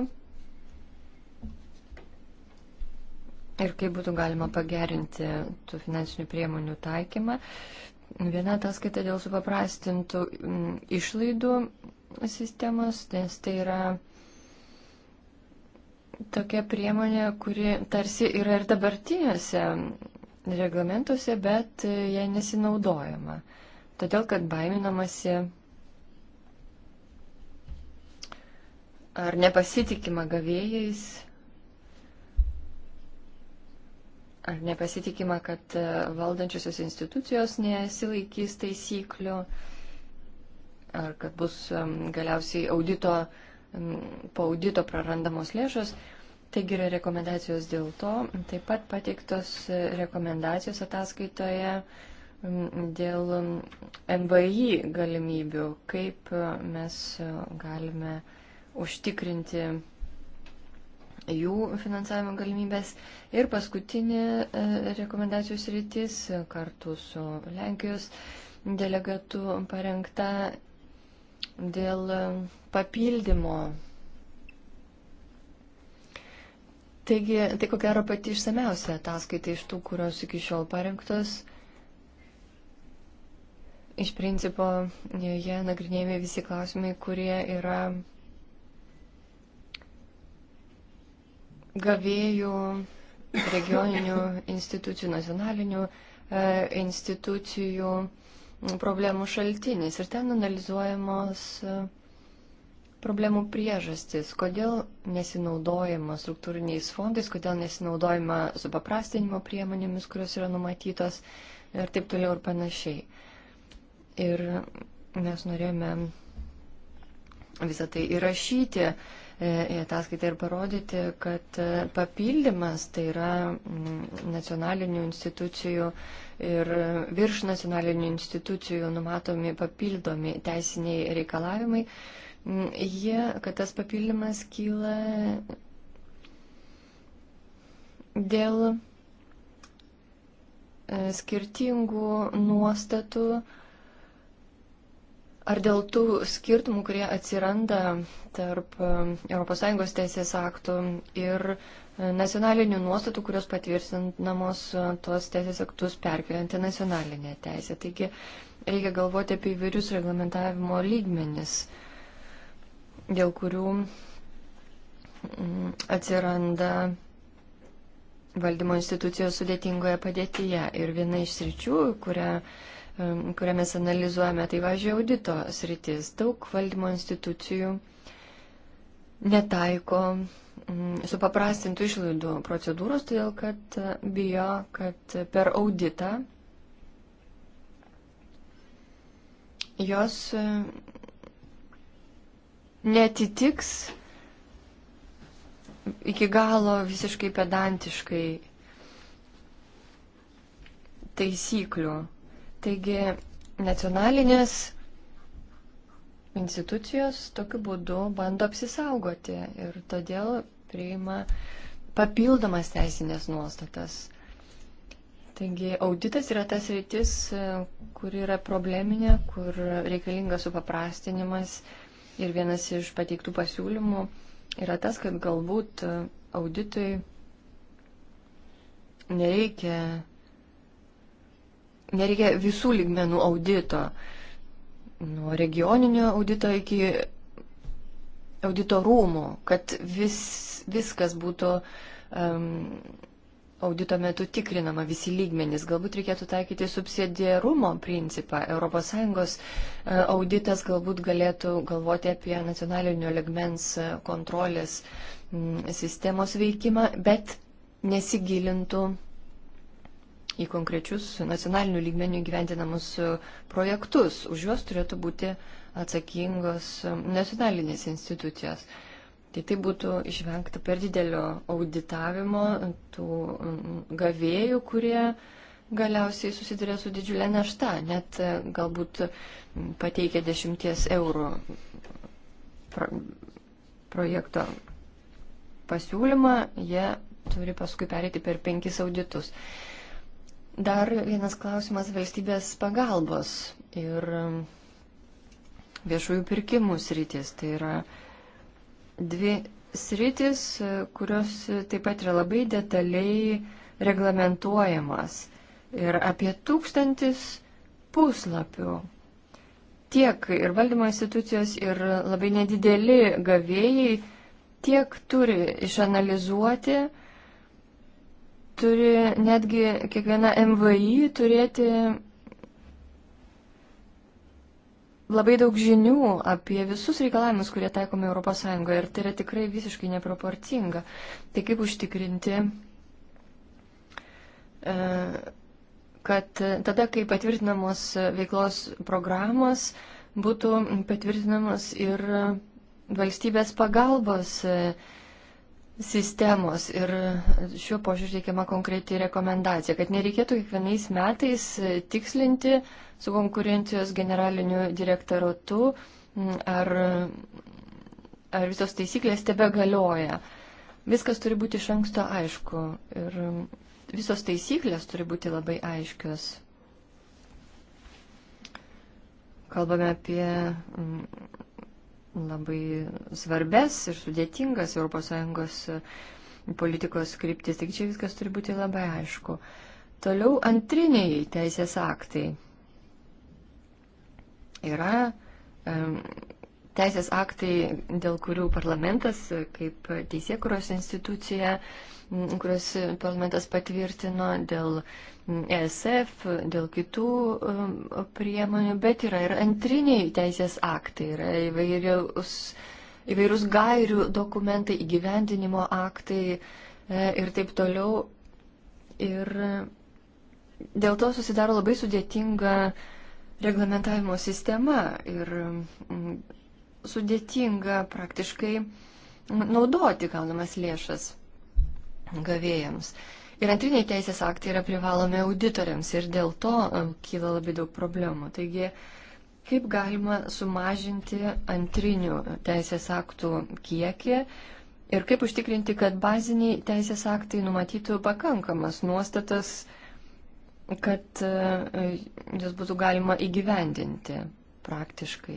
ir kaip būtų galima pagerinti tų finansinių priemonių taikymą. Viena ataskaita dėl supaprastintų mm, išlaidų sistemos, nes tai yra tokia priemonė, kuri tarsi yra ir dabartiniuose reglamentuose, bet e, jai nesinaudojama. Uh, Todėl, kad baiminamasi ar nepasitikima gavėjais, ar nepasitikima, kad e, valdančiosios institucijos nesilaikys taisyklių, ar kad bus galiausiai audito, po audito prarandamos lėšos. Taigi yra rekomendacijos dėl to. Taip pat pateiktos e, rekomendacijos ataskaitoje dėl MVI galimybių, kaip e, mes e, galime užtikrinti jų finansavimo galimybės. Ir paskutinė e, rekomendacijos rytis kartu su Lenkijos delegatu parengta dėl papildymo. Taigi, tai ko gero pati išsameusia ataskaita iš tų, kurios iki šiol parengtos. Iš principo, joje nagrinėjami visi klausimai, kurie yra gavėjų regioninių institucijų, nacionalinių e, institucijų problemų šaltinis. Ir ten analizuojamos e, problemų priežastis, kodėl nesinaudojama struktūriniais fondais, kodėl nesinaudojama supaprastinimo priemonėmis, kurios yra numatytos ir taip toliau ir panašiai. Ir mes norėjome visą tai įrašyti e, į ataskaitą ir parodyti, kad e, papildymas tai yra mm, nacionalinių institucijų ir virš nacionalinių institucijų numatomi papildomi teisiniai reikalavimai. Mm, jie, kad tas papildymas kyla dėl e, skirtingų nuostatų, Ar dėl tų skirtumų, kurie atsiranda tarp ES teisės aktų ir e, nacionalinių nuostatų, kurios patvirtinamos e, tuos teisės aktus perkeliant į nacionalinę teisę. Taigi reikia galvoti apie įvairius reglamentavimo lygmenis, dėl kurių mm, atsiranda valdymo institucijos sudėtingoje padėtyje. Ir viena iš sričių, kurią kurią mes analizuojame, tai važiuoja audito sritis. Daug valdymo institucijų netaiko supaprastintų išlaidų procedūros, todėl kad e, bijo, kad per auditą jos e, netitiks iki galo visiškai pedantiškai taisyklių Taigi nacionalinės institucijos tokiu būdu bando apsisaugoti ir todėl priima papildomas teisinės nuostatas. Taigi auditas yra tas rytis, kur yra probleminė, kur reikalingas supaprastinimas ir vienas iš pateiktų pasiūlymų yra tas, kad galbūt auditui nereikia nereikia visų lygmenų audito, nuo regioninio audito iki audito rūmų, kad vis, viskas būtų um, audito metu tikrinama visi lygmenys. Galbūt reikėtų taikyti subsidiarumo principą. ES e, auditas galbūt galėtų galvoti apie nacionalinio ligmens e, kontrolės sistemos veikimą, bet nesigilintų į konkrečius nacionalinių lygmenių gyventinamus e, projektus. Už juos turėtų būti atsakingos e, nacionalinės institucijos. Tai tai būtų išvengta per didelio auditavimo tų gavėjų, kurie galiausiai susiduria su didžiulė našta, net e, galbūt pateikia dešimties eurų pro, projekto pasiūlymą, jie turi paskui pereiti per penkis auditus. Dar vienas klausimas valstybės pagalbos ir um, viešųjų pirkimų sritis. Tai yra dvi sritis, kurios taip pat yra labai detaliai reglamentuojamas. Ir apie tūkstantis puslapių. Tiek ir valdymo institucijos, ir labai nedideli gavėjai tiek turi išanalizuoti, turi netgi kiekviena MVI turėti labai daug žinių apie visus reikalavimus, kurie taikomi ES ir tai yra tikrai visiškai neproporcinga. Tai kaip užtikrinti, e, kad tada, kai patvirtinamos veiklos programos, būtų patvirtinamos ir valstybės pagalbos e, sistemos ir šiuo požiūriu teikiama konkreti rekomendacija, kad nereikėtų kiekvienais metais tikslinti su konkurencijos generaliniu direktoratu, ar, ar visos taisyklės tebe galioja. Viskas turi būti iš anksto aišku ir visos taisyklės turi būti labai aiškios. Kalbame apie labai svarbes ir sudėtingas ES politikos kryptis, tik čia viskas turi būti labai aišku. Toliau antriniai teisės aktai. Yra um, teisės aktai, dėl kurių parlamentas kaip teisėkuros institucija, kurios parlamentas patvirtino dėl uh, ESF, dėl kitų um, priemonių, bet yra ir antriniai teisės aktai, yra įvairiaus, įvairūs gairių dokumentai, įgyvendinimo aktai e, ir taip toliau. Ir dėl to susidaro labai sudėtinga reglamentavimo sistema ir mm, sudėtinga praktiškai naudoti gaunamas lėšas gavėjams. Ir antriniai teisės aktai yra privalomi auditoriams ir dėl to um, kyla labai daug problemų. Taigi, kaip galima sumažinti antrinių teisės aktų kiekį ir kaip užtikrinti, kad baziniai teisės aktai numatytų pakankamas nuostatas, kad uh, jas būtų galima įgyvendinti praktiškai.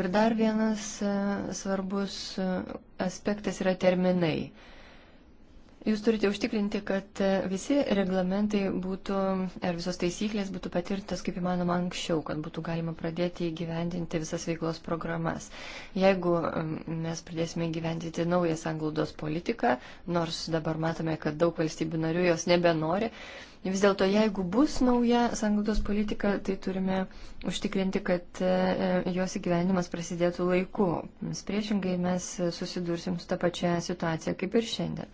Ir dar vienas uh, svarbus uh, aspektas yra terminai. Jūs turite užtikrinti, kad visi reglamentai būtų, ar visos taisyklės būtų patirtas kaip įmanoma anksčiau, kad būtų galima pradėti įgyvendinti visas veiklos programas. Jeigu um, mes pradėsime įgyvendinti naują sanglaudos politiką, nors dabar matome, kad daug valstybių narių jos nebenori, Vis dėlto, jeigu bus nauja sanglaudos politika, tai turime užtikrinti, kad e, e, jos įgyvenimas prasidėtų laiku. Mes priešingai mes susidursim su tą pačią situaciją kaip ir šiandien.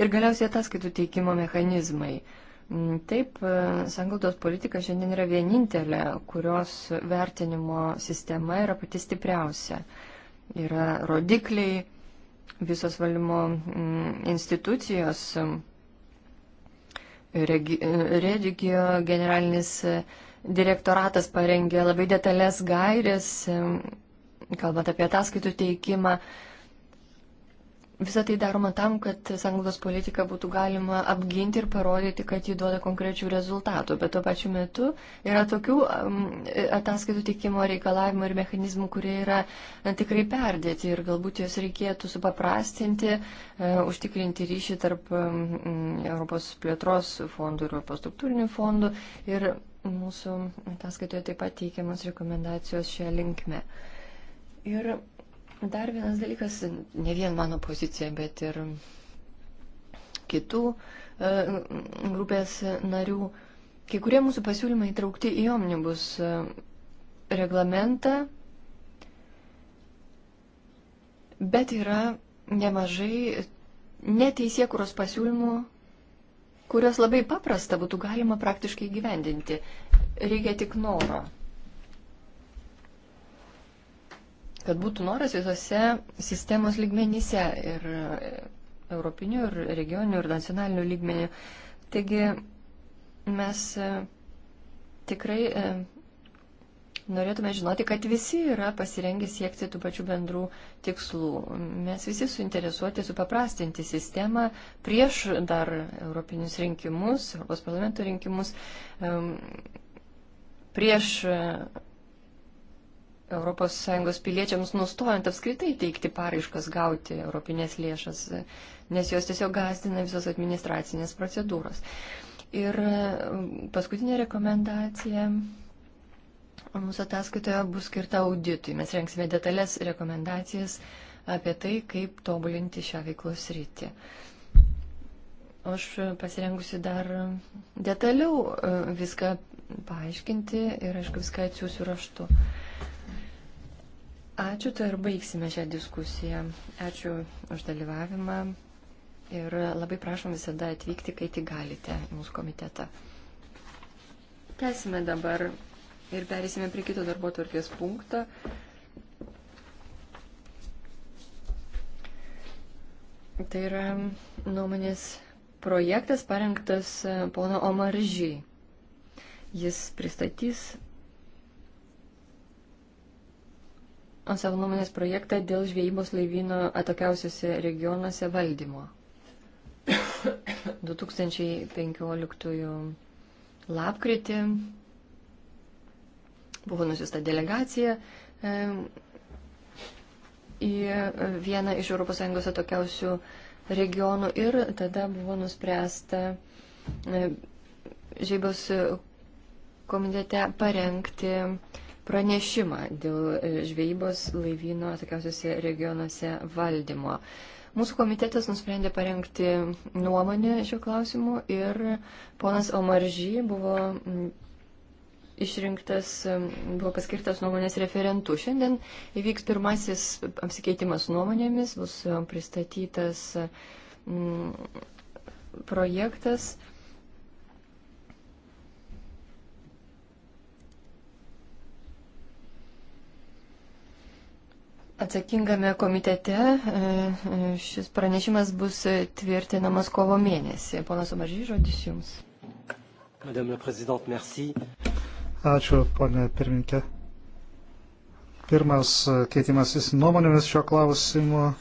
Ir galiausiai ataskaitų teikimo mechanizmai. Mm, taip, e, sanglaudos politika šiandien yra vienintelė, kurios vertinimo sistema yra pati stipriausia. Yra rodikliai, visos valdymo mm, institucijos, e, regi, e, redigio generalinis direktoratas parengė labai detalės gairės, kalbant apie ataskaitų teikimą. Visą tai daroma tam, kad sanglaudos politiką būtų galima apginti ir parodyti, kad ji duoda konkrečių rezultatų, bet tuo pačiu metu yra tokių ataskaitų teikimo reikalavimų ir mechanizmų, kurie yra tikrai perdėti ir galbūt juos reikėtų supaprastinti, e, užtikrinti ryšį tarp Europos plėtros fondų ir Europos struktūrinių fondų ir mūsų ataskaitoje taip pat teikiamas rekomendacijos šią linkmę. Ir Dar vienas dalykas, ne vien mano pozicija, bet ir kitų e, grupės narių. Kai kurie mūsų pasiūlymai įtraukti į omnibus e, reglamentą, bet yra nemažai neteisėkuros pasiūlymų, kuriuos labai paprasta būtų galima praktiškai gyvendinti. Reikia tik noro. kad būtų noras visose sistemos lygmenyse ir e, europinių, ir regioninių, ir nacionalinių lygmenių. Taigi mes e, tikrai e, norėtume žinoti, kad visi yra pasirengę siekti tų pačių bendrų tikslų. Mes visi suinteresuoti supaprastinti sistemą prieš dar europinius rinkimus, Europos parlamento rinkimus, prieš ES piliečiams nustojant apskritai teikti paraiškas gauti europinės lėšas, nes jos tiesiog gazdina visos administracinės procedūros. Ir um, paskutinė rekomendacija mūsų ataskaitoje bus skirta auditui. Mes renksime detalės rekomendacijas apie tai, kaip tobulinti šią veiklos rytį. Aš pasirengusi dar detaliau uh, viską paaiškinti ir, aišku, viską atsiųsiu raštu. Uh, Ačiū, tai ir baigsime šią diskusiją. Ačiū už dalyvavimą ir labai prašom visada atvykti, kai tik galite į mūsų komitetą. Tęsime dabar ir perėsime prie kito darbo tvarkės punkto. Tai yra nuomonės projektas parengtas pono Omaržy. Jis pristatys savo nuomonės projektą dėl žvejybos laivyno atokiausiuose regionuose valdymo. 2015 <coughs> lapkritį buvo nusista delegacija į vieną iš ES atokiausių regionų ir tada buvo nuspręsta žvejybos komitete parengti pranešimą dėl e, žvejybos laivyno atokiausiuose regionuose valdymo. Mūsų komitetas nusprendė parengti nuomonę šiuo klausimu ir ponas Omaržy buvo išrinktas, buvo paskirtas nuomonės referentu. Šiandien įvyks pirmasis apsikeitimas nuomonėmis, bus e, pristatytas projektas. Atsakingame komitete e, e, šis pranešimas bus tvirtinamas kovo mėnesį. Ponas Omaržys, žodis Jums. Madame la Prezidente, merci. Ačiū, ponė pirminkė. Pirmas keitimasis nuomonėmis šio klausimu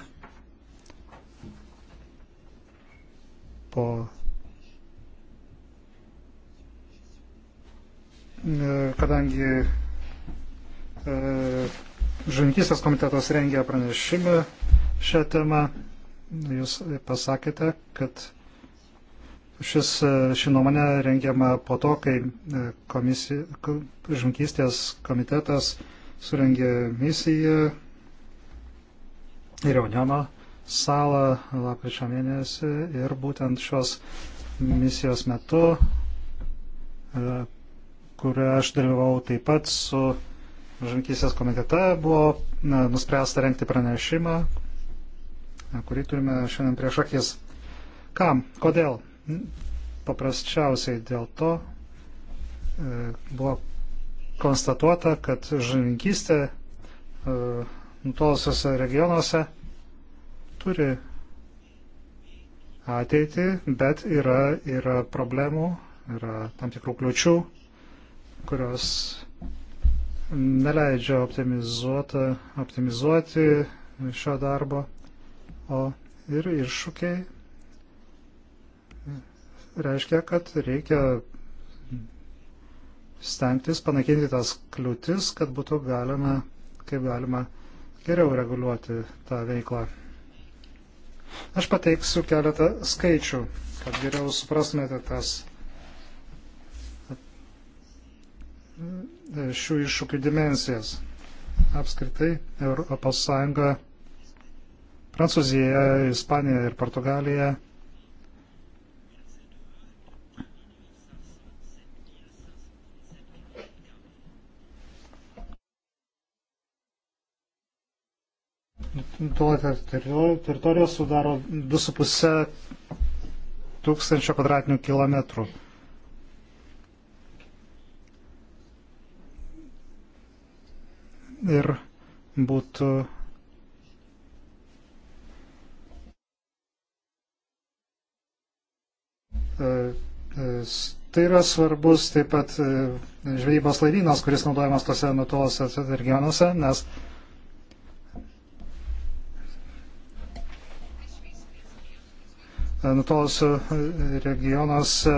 po e, kadangi e, Žuvininkystės komitetas rengia pranešimą šią temą. Jūs pasakėte, kad šis, ši nuomonė rengiama po to, kai e, žuvininkystės komitetas surengė misiją į Reuniono salą lapkričio mėnesį ir būtent šios misijos metu, e, kurioje aš dalyvau taip pat su žankysės komitete buvo na, nuspręsta renkti pranešimą, kurį turime šiandien prieš akis. Kam? Kodėl? Paprasčiausiai dėl to e, buvo konstatuota, kad žankystė e, nutolusiuose regionuose turi ateitį, bet yra, yra problemų, yra tam tikrų kliučių, kurios neleidžia optimizuoti šio darbo, o ir iššūkiai reiškia, kad reikia stengtis panaikinti tas kliūtis, kad būtų galima, kaip galima geriau reguliuoti tą veiklą. Aš pateiksiu keletą skaičių, kad geriau suprasmėte tas E, šių iššūkių dimensijas. Apskritai ES, Prancūzija, Ispanija ir Portugalija teritorija sudaro 2,5 tūkstančio kvadratinių kilometrų. ir būtų e, e, Tai yra svarbus taip pat e, žvejybos laivynas, kuris naudojamas tose nutolose regionuose, nes nutolose regionuose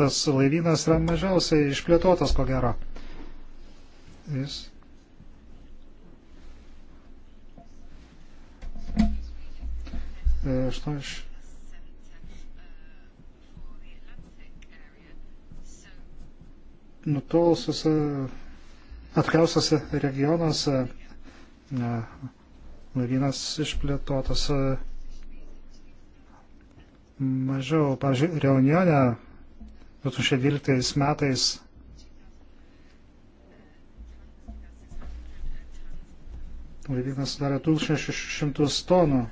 tas laivynas yra mažiausiai išplėtotas, ko gero. Jis 8, nutolusiuose, atkausiuose regionuose laivynas išplėtotas mažiau. Pavyzdžiui, Reunione 2012 metais laivynas sudarė 1600 tonų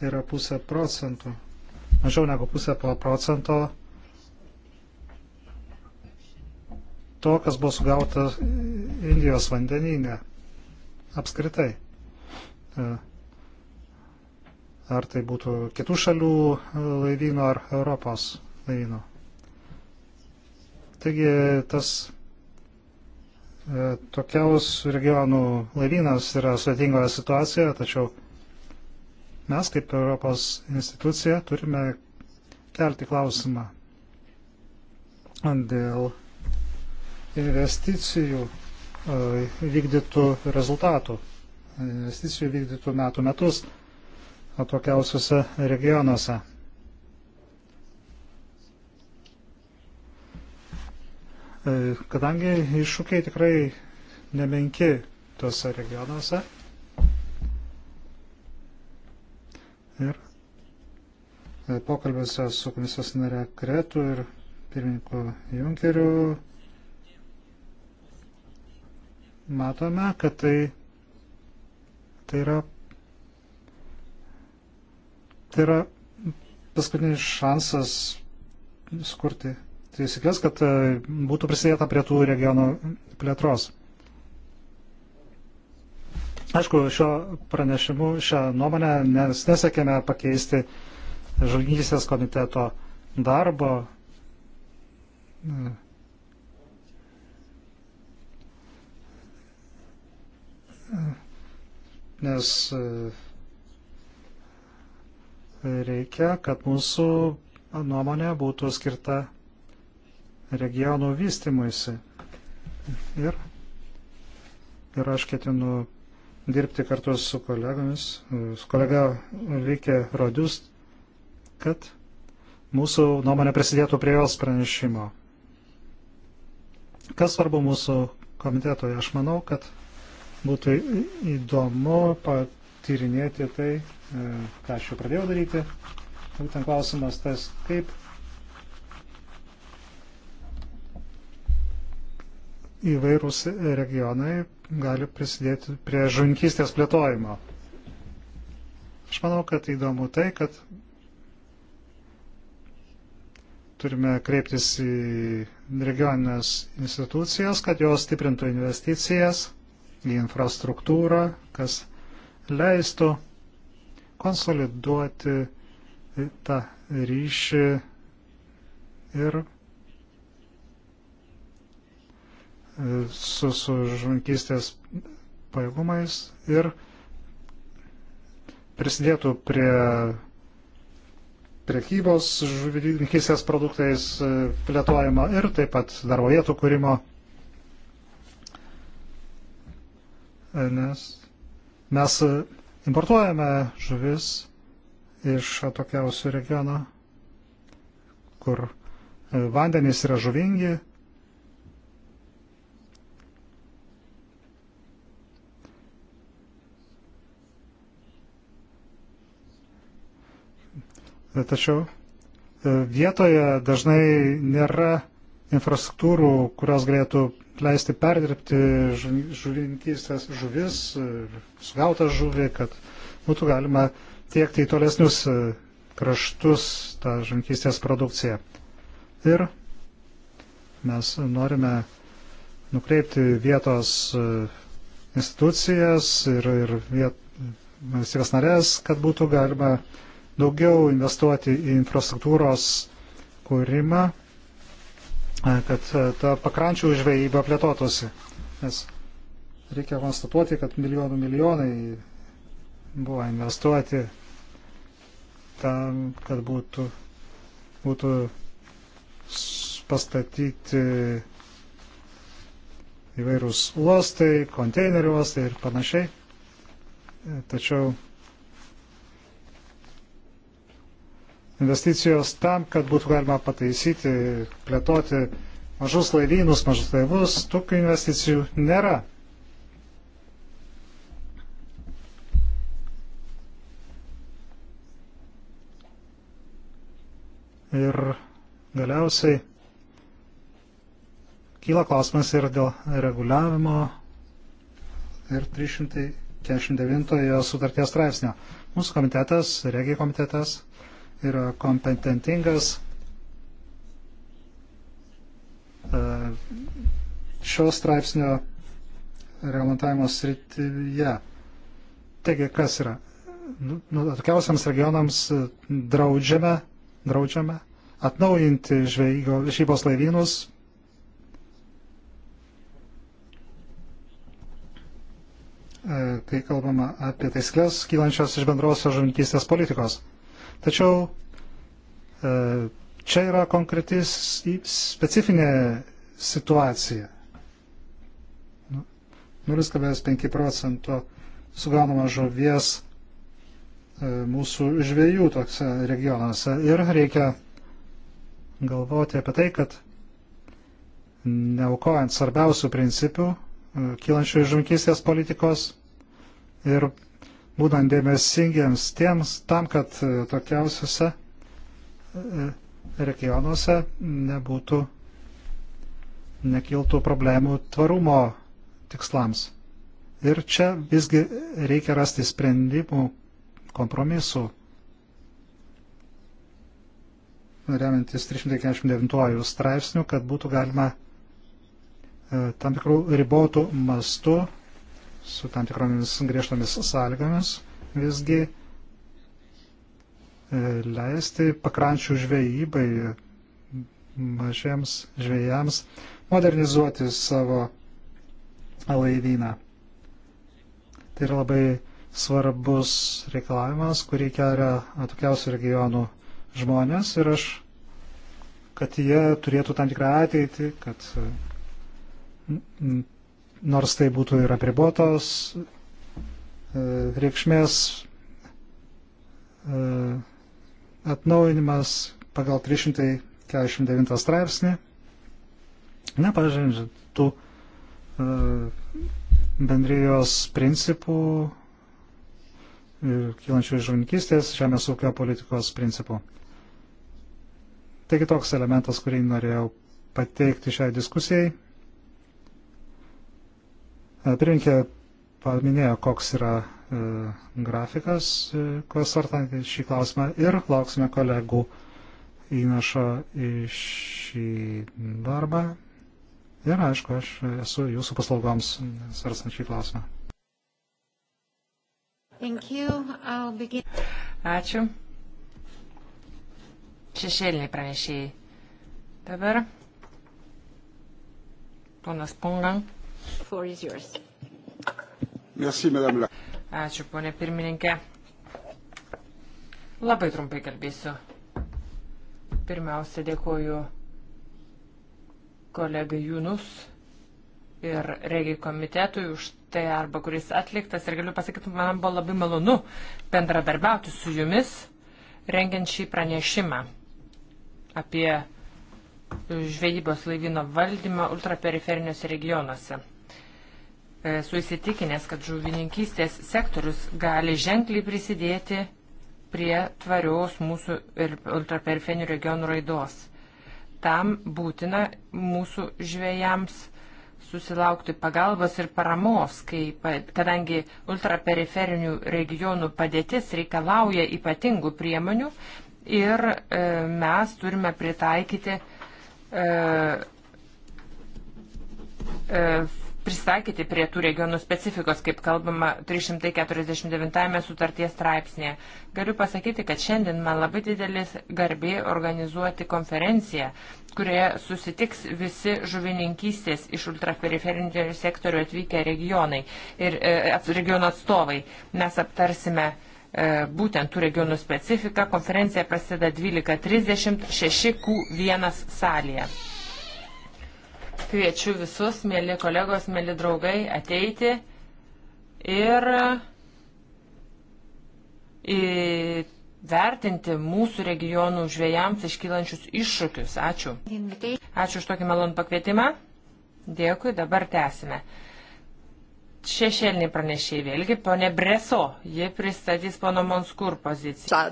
tai yra pusę procentų. Mažiau negu pusę procento to, kas buvo sugauta Indijos vandenyne apskritai. E, ar tai būtų kitų šalių e, laivyno ar Europos laivyno. Taigi tas e, tokiaus regionų laivynas yra sudėtingoje situacijoje, tačiau Mes kaip Europos institucija turime kelti klausimą dėl investicijų e, vykdytų rezultatų, investicijų vykdytų metų metus atokiausiuose regionuose. E, kadangi iššūkiai tikrai nemenki tuose regionuose, pokalbiuose su komisijos nare Kretu ir pirmininku Junkeriu matome, kad tai, tai yra tai yra paskutinis šansas skurti taisyklės, kad e, būtų prisidėta prie tų regionų plėtros. Aišku, šio pranešimu, šią nuomonę nes nesiekėme pakeisti uh, žalgysės komiteto darbo. Nes reikia, kad mūsų nuomonė būtų skirta regionų vystimuisi. Ir, ir aš ketinu dirbti kartu su kolegomis, su kolega Vykė Rodus, kad mūsų nuomonė prisidėtų prie jos pranešimo. Kas svarbu mūsų komitetui? Aš manau, kad būtų įdomu patyrinėti tai, e, ką aš jau pradėjau daryti. Būtent klausimas tas, kaip įvairūs regionai gali prisidėti prie žunkystės plėtojimo. Aš manau, kad įdomu tai, kad turime kreiptis į regioninės institucijas, kad jos stiprintų investicijas į infrastruktūrą, kas leistų konsoliduoti tą ryšį ir e, su, su žvankystės pajėgumais ir prisidėtų prie priekybos žuvininkystės produktais e, plėtojimo ir taip pat darbo vietų kūrimo. E, nes mes importuojame žuvis iš atokiausių regionų, kur e, vandenys yra žuvingi E, tačiau e, vietoje dažnai nėra infrastruktūrų, kurios galėtų leisti perdirbti žuvininkystės žuvis, e, sugautą žuvį, kad būtų galima tiekti į tolesnius kraštus tą žuvininkystės produkciją. Ir mes norime nukreipti vietos institucijas ir, ir viet, valstybės narės, kad būtų galima uh, daugiau investuoti į infrastruktūros kūrimą, kad ta pakrančių žvejyba plėtotųsi. Nes reikia konstatuoti, kad milijonų milijonai buvo investuoti tam, kad būtų, būtų pastatyti įvairūs uostai, konteinerių uostai ir panašiai. Tačiau investicijos tam, kad būtų galima pataisyti, plėtoti mažus laivynus, mažus laivus, tokių investicijų nėra. Ir galiausiai kyla klausimas ir dėl reguliavimo ir 349 sutarties straipsnio. Mūsų komitetas, regijų komitetas yra kompetentingas e, šio straipsnio reglamentavimo srityje. Taigi, kas yra? Nu, nu atkiausiams regionams e, draudžiame, draudžiame atnaujinti žvejybos laivynus. E, kai kalbama apie taisyklės kylančios iš bendrosios žuvininkystės politikos. Tačiau e, čia yra konkretis specifinė situacija. 0,5 nu, procento sugaunama žuvies e, mūsų žvėjų tokse regionuose. Ir reikia galvoti apie tai, kad neaukojant svarbiausių principų, e, kylančių iš žunkystės politikos ir būnant dėmesingiems tiems, tam, kad e, tokiausiuose e, regionuose nebūtų, nekiltų problemų tvarumo tikslams. Ir čia visgi reikia rasti sprendimų, kompromisų, remiantis 349 straipsnių, kad būtų galima e, tam tikrų ribotų mastų su tam tikromis griežtomis sąlygomis visgi e, leisti pakrančių žvejybai mažiems žvėjams modernizuoti savo laivyną. Tai yra labai svarbus reikalavimas, kurį kelia atokiausių regionų žmonės ir aš, kad jie turėtų tam tikrą ateitį, kad nors tai būtų ir apribotos e, reikšmės e, atnaujinimas pagal 349 straipsnį, nepažindžiant tų e, bendrijos principų ir kylančių iš žuvininkystės žemės ūkio politikos principų. Taigi toks elementas, kurį norėjau pateikti šiai diskusijai. E, Pirinkė paminėjo, koks yra e, grafikas, e, kas svartant šį klausimą ir lauksime kolegų įnašo į šį darbą. Ir aišku, aš esu jūsų paslaugoms svarstant šį klausimą. Ačiū. Šešėliniai pranešėjai. Dabar ponas Pungan. Merci, madame. Ačiū, ponė pirmininkė. Labai trumpai kalbėsiu. Pirmiausia, dėkoju kolegai Junus ir regiai komitetui už tai arba kuris atliktas. Ir galiu pasakyti, man buvo labai malonu bendradarbiauti su jumis, rengiant šį pranešimą apie žvejybos laivyno valdymą ultraperiferinėse regionuose. E, esu įsitikinęs, kad žuvininkystės sektorius gali ženkliai prisidėti prie tvarios mūsų ultraperifeninių regionų raidos. Tam būtina mūsų žvėjams susilaukti pagalbos ir paramos, kai, kadangi ultraperiferinių regionų padėtis reikalauja ypatingų priemonių ir e, mes turime pritaikyti e, e, pristaikyti prie tų regionų specifikos, kaip kalbama 349 sutarties straipsnėje. Galiu pasakyti, kad šiandien man labai didelis garbė organizuoti konferenciją, kurioje susitiks visi žuvininkystės iš ultraperiferinių sektorių atvykę regionai ir e, regiono atstovai. Mes aptarsime e, būtent tų regionų specifiką. Konferencija prasideda 12.30 6Q1 salėje kviečiu visus, mėly kolegos, mėly draugai, ateiti ir vertinti mūsų regionų žvėjams iškylančius iššūkius. Ačiū. Ačiū už tokį malonų pakvietimą. Dėkui, dabar tęsime. Šešėlinį pranešėjai vėlgi, ponė Breso, ji pristatys pono Monskur poziciją.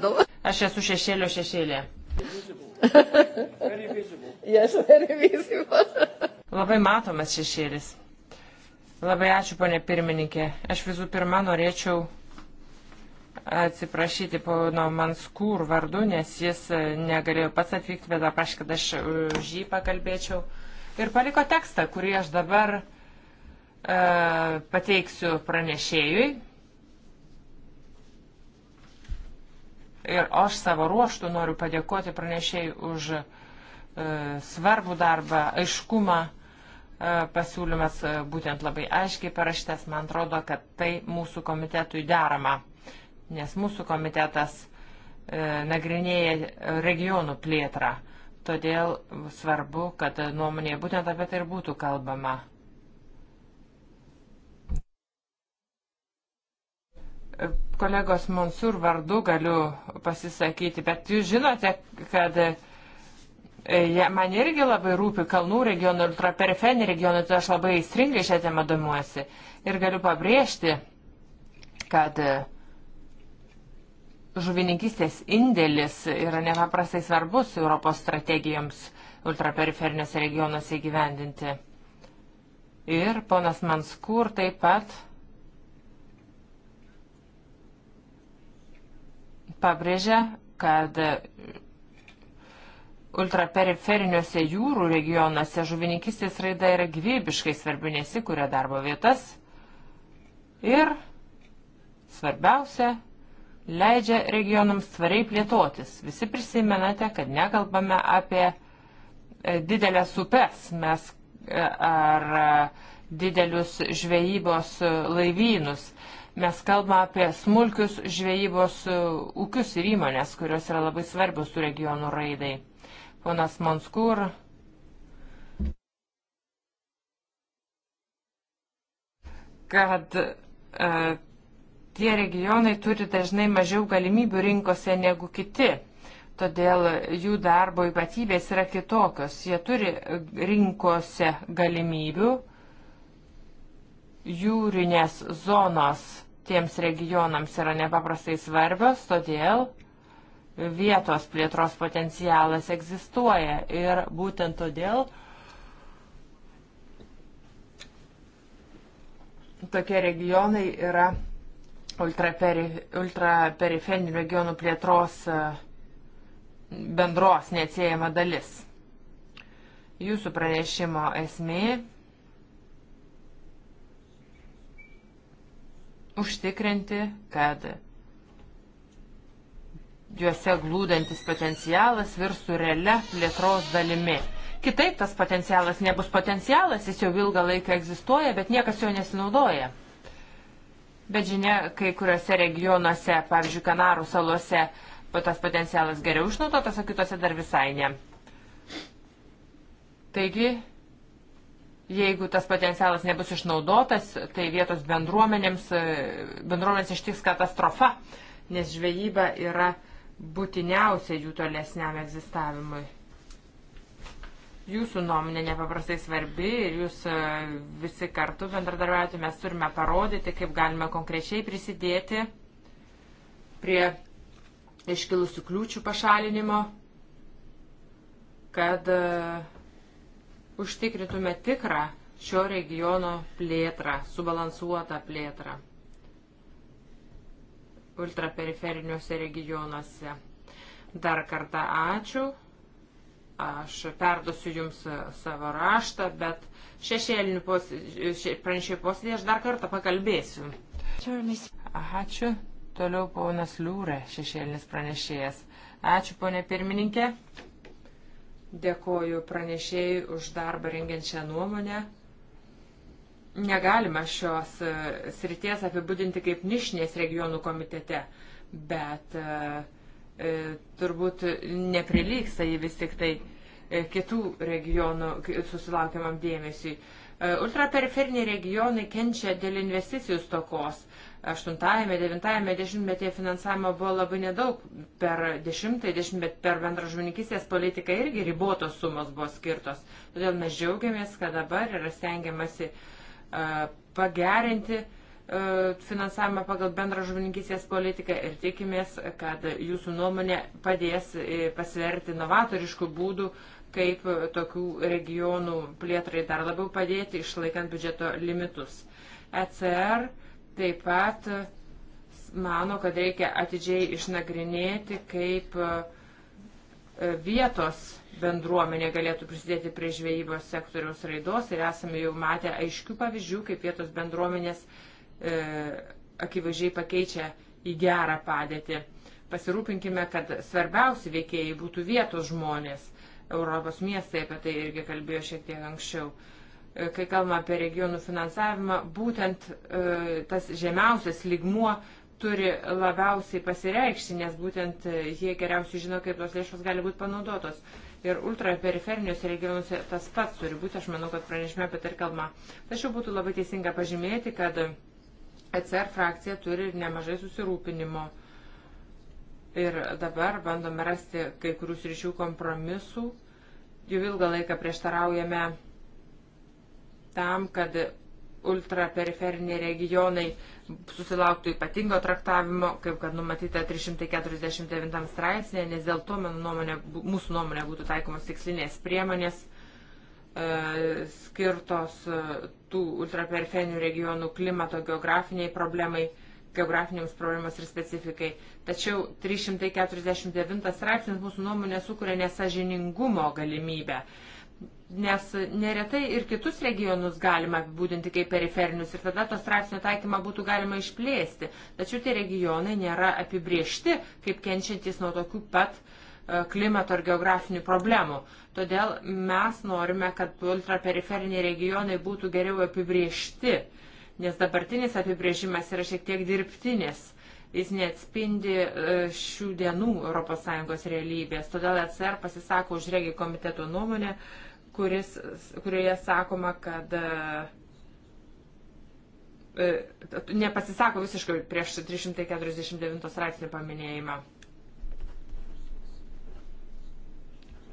Aš esu šešėlio šešėlė. Very <laughs> visible. yes, very visible. Labai matomas šešėlis. Labai ačiū, ponė pirmininkė. Aš visų pirma norėčiau atsiprašyti pono Manskūr vardu, nes jis e, negalėjo pats atvykti, bet aprašė, kad aš e, už jį pakalbėčiau. Ir paliko tekstą, kurį aš dabar e, pateiksiu pranešėjui. Ir aš savo ruoštų noriu padėkoti pranešėjui už e, svarbų darbą, aiškumą pasiūlymas būtent labai aiškiai parašytas, man atrodo, kad tai mūsų komitetui derama, nes mūsų komitetas e, nagrinėja e, regionų plėtrą. Todėl svarbu, kad nuomonėje būtent apie tai ir būtų kalbama. E, kolegos Monsur vardu galiu pasisakyti, bet jūs žinote, kad E, man irgi labai rūpi kalnų regionų ir ultraperiferinį regioną, tai aš labai įstringai šią temą domiuosi. Ir galiu pabrėžti, kad e, žuvininkystės indėlis yra nepaprastai svarbus Europos strategijoms ultraperiferinėse regionuose įgyvendinti. Ir ponas Manskur taip pat pabrėžia, kad ultraperiferiniuose jūrų regionuose žuvininkistės raida yra gyvybiškai svarbi, nesikuria darbo vietas ir, svarbiausia, leidžia regionams tvariai plėtotis. Visi prisimenate, kad nekalbame apie e, didelės upes, mes e, ar e, didelius žvejybos laivynus. Mes kalbame apie smulkius žvejybos ūkius ir įmonės, kurios yra labai svarbios tų regionų raidai. Ponas Manskur. Kad e, tie regionai turi dažnai mažiau galimybių rinkose negu kiti. Todėl jų darbo ypatybės yra kitokios. Jie turi rinkose galimybių jūrinės zonos tiems regionams yra nepaprastai svarbios, todėl vietos plėtros potencialas egzistuoja ir būtent todėl tokie regionai yra ultraperiferinių ultraperi, regionų plėtros e, bendros neatsiejama dalis. Jūsų pranešimo esmė užtikrinti, kad juose glūdantis potencialas virstų realia plėtros dalimi. Kitaip tas potencialas nebus potencialas, jis jau ilgą laiką egzistuoja, bet niekas jo nesinaudoja. Bet žinia, kai kuriuose regionuose, pavyzdžiui, Kanarų salose, tas potencialas geriau išnaudotas, o kitose dar visai ne. Taigi, jeigu tas potencialas nebus išnaudotas, tai vietos bendruomenėms, e, bendruomenės ištiks katastrofa, nes žvejyba yra būtiniausia jų tolesniam egzistavimui. Jūsų nuomonė nepaprastai svarbi ir jūs e, visi kartu bendradarbiauti mes turime parodyti, kaip galime konkrečiai prisidėti prie iškilusių kliūčių pašalinimo, kad e, užtikrintume tikrą šio regiono plėtrą, subalansuotą plėtrą ultraperiferiniuose regionuose. Dar kartą ačiū. Aš perduosiu Jums savo raštą, bet šešėlinių pos... še... pranešėjų posėdį aš dar kartą pakalbėsiu. Ačiū. Toliau ponas Liūrė, šešėlinis pranešėjas. Ačiū, ponė pirmininkė. Dėkoju pranešėjai už darbą rengiančią nuomonę. Negalima šios e, srities apibūdinti kaip nišinės regionų komitete, bet e, e, turbūt neprilyksta jį vis tik tai kitų regionų susilaukiamam dėmesiui. Ultraperiferiniai regionai kenčia dėl investicijų stokos. 8-ame, 9-ame dešimtmetyje finansavimo buvo labai nedaug. Per 10-ąjį dešimtmetį per bendrą žuvininkystės politiką irgi ribotos sumos buvo skirtos. Todėl mes džiaugiamės, kad dabar yra stengiamasi uh, pagerinti finansavimą pagal bendrą žuvininkysės politiką ir tikimės, kad jūsų nuomonė padės e, pasverti novatoriškų būdų, kaip tokių regionų plėtrai dar labiau padėti, išlaikant biudžeto limitus. ECR taip pat mano, kad reikia atidžiai išnagrinėti, kaip vietos bendruomenė galėtų prisidėti prie žvejybos sektoriaus raidos ir esame jau matę aiškių pavyzdžių, kaip vietos bendruomenės e, akivaizdžiai pakeičia į gerą padėtį. Pasirūpinkime, kad svarbiausi veikėjai būtų vietos žmonės. Europos miestai apie tai irgi kalbėjo šiek tiek anksčiau. E, kai kalbame apie regionų finansavimą, būtent e, tas žemiausias ligmuo turi labiausiai pasireikšti, nes būtent e, jie geriausiai žino, kaip tos lėšos gali būti panaudotos ir ultraperiferiniuose regionuose tas pats turi būti, aš manau, kad pranešime apie tai ir kalbama. Tačiau būtų labai teisinga pažymėti, kad ECR frakcija turi nemažai susirūpinimo. Ir dabar bandome rasti kai kurių sričių kompromisų. Jau ilgą laiką prieštaraujame tam, kad ultraperiferiniai regionai susilauktų ypatingo traktavimo, kaip kad numatyta 349 straipsnėje, nes dėl to, mano nuomonė, mūsų nuomonė, būtų taikomos tikslinės priemonės e, skirtos e, tų ultraperiferinių regionų klimato geografiniai problemai, geografinėms problemas ir specifikai. Tačiau 349 straipsnis mūsų nuomonė sukuria nesažiningumo galimybę nes neretai ir kitus regionus galima apibūdinti kaip periferinius ir tada to straipsnio taikymą būtų galima išplėsti. Tačiau tie regionai nėra apibriešti kaip kenčiantis nuo tokių pat e, klimato ir geografinių problemų. Todėl mes norime, kad ultraperiferiniai regionai būtų geriau apibriešti, nes dabartinis apibrėžimas yra šiek tiek dirbtinis jis neatspindi e, šių dienų ES realybės. Todėl ECR pasisako už regį komiteto nuomonę, kuris, kurioje sakoma, kad e, e, nepasisako visiškai prieš 349 straipsnį paminėjimą.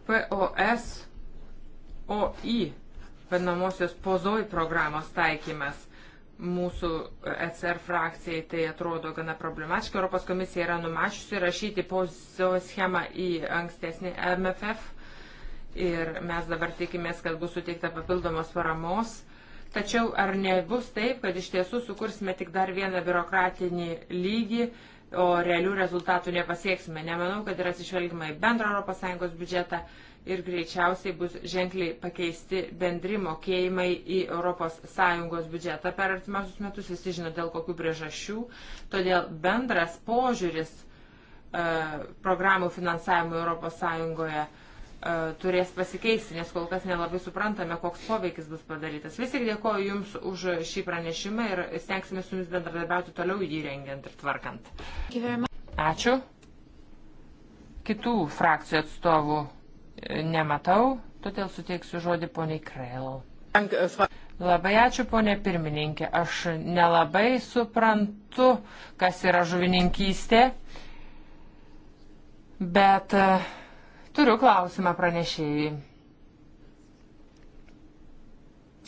POS OI, vadinamosios POZOI programos taikymas mūsų ECR frakcijai tai atrodo gana problematiška. Europos komisija yra numačiusi rašyti POZO schemą į ankstesnį MFF ir mes dabar tikimės, kad bus suteikta papildomos paramos. Tačiau ar nebus taip, kad iš tiesų sukursime tik dar vieną biurokratinį lygį, o realių rezultatų nepasieksime? Nemanau, kad yra atsižvelgima į bendrą ES biudžetą ir greičiausiai bus ženkliai pakeisti bendri mokėjimai į ES biudžetą per artimiausius metus. Visi žino dėl kokių priežasčių. Todėl bendras požiūris e, programų finansavimo ES E, turės pasikeisti, nes kol kas nelabai suprantame, koks poveikis bus padarytas. Vis tik dėkoju Jums už šį pranešimą ir stengsime su Jumis bendradarbiauti toliau jį rengiant ir tvarkant. Ačiū. Kitų frakcijų atstovų e, nematau, todėl suteiksiu žodį poniai Krell. Labai ačiū, ponė pirmininkė. Aš nelabai suprantu, kas yra žuvininkystė, bet uh, Turiu klausimą pranešėjai.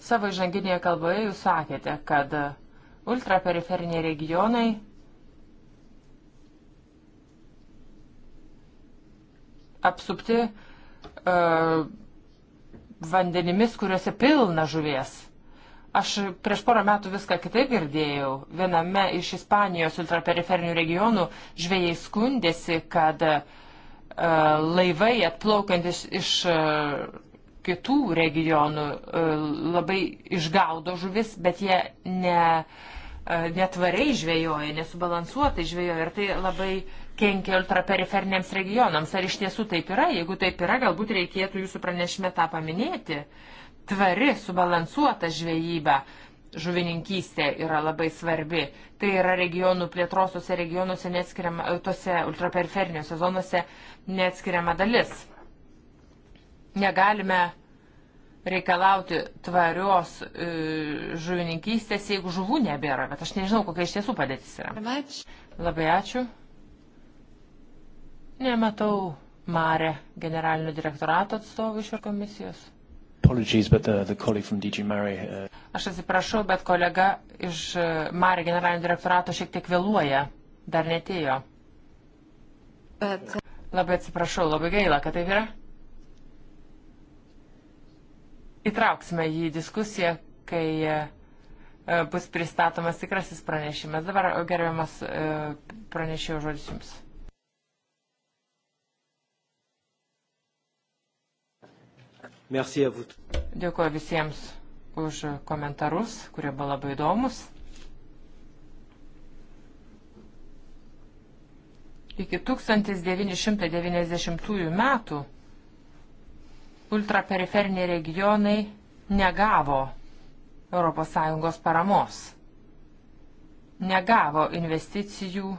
Savo žanginėje kalboje jūs sakėte, kad ultraperiferiniai regionai apsupti uh, vandenimis, kuriuose pilna žuvies. Aš prieš porą metų viską kitaip girdėjau. Viename iš Ispanijos ultraperiferinių regionų žvėjai skundėsi, kad uh, E, laivai atplaukiantis iš e, kitų regionų e, labai išgaudo žuvis, bet jie ne, netvariai žvejoja, nesubalansuotai žvejoja ir tai labai kenkia ultraperiferiniams regionams. Ar iš tiesų taip yra? Jeigu taip yra, galbūt reikėtų jūsų pranešime tą paminėti. Tvari, subalansuota žvejyba žuvininkystė yra labai svarbi. Tai yra regionų plėtros tose regionuose, tose ultraperiferinėse zonose neatskiriama dalis. Negalime reikalauti tvarios e, žuvininkystės, jeigu žuvų nebėra, bet aš nežinau, kokia iš tiesų padėtis yra. Labai ačiū. Nematau Mare generalinio direktorato atstovų iš komisijos. Uh, uh, Aš atsiprašau, bet kolega iš uh, Mare generalinio direktorato šiek tiek vėluoja, dar netėjo. Bet... Labai atsiprašau, labai gaila, kad taip yra. Įtrauksime jį į diskusiją, kai bus pristatomas tikrasis pranešimas. Dabar gerbiamas pranešėjo žodis jums. Merci à vous. Dėkuoju visiems už komentarus, kurie buvo labai įdomus. Iki 1990 metų ultraperiferiniai regionai negavo ES paramos, negavo investicijų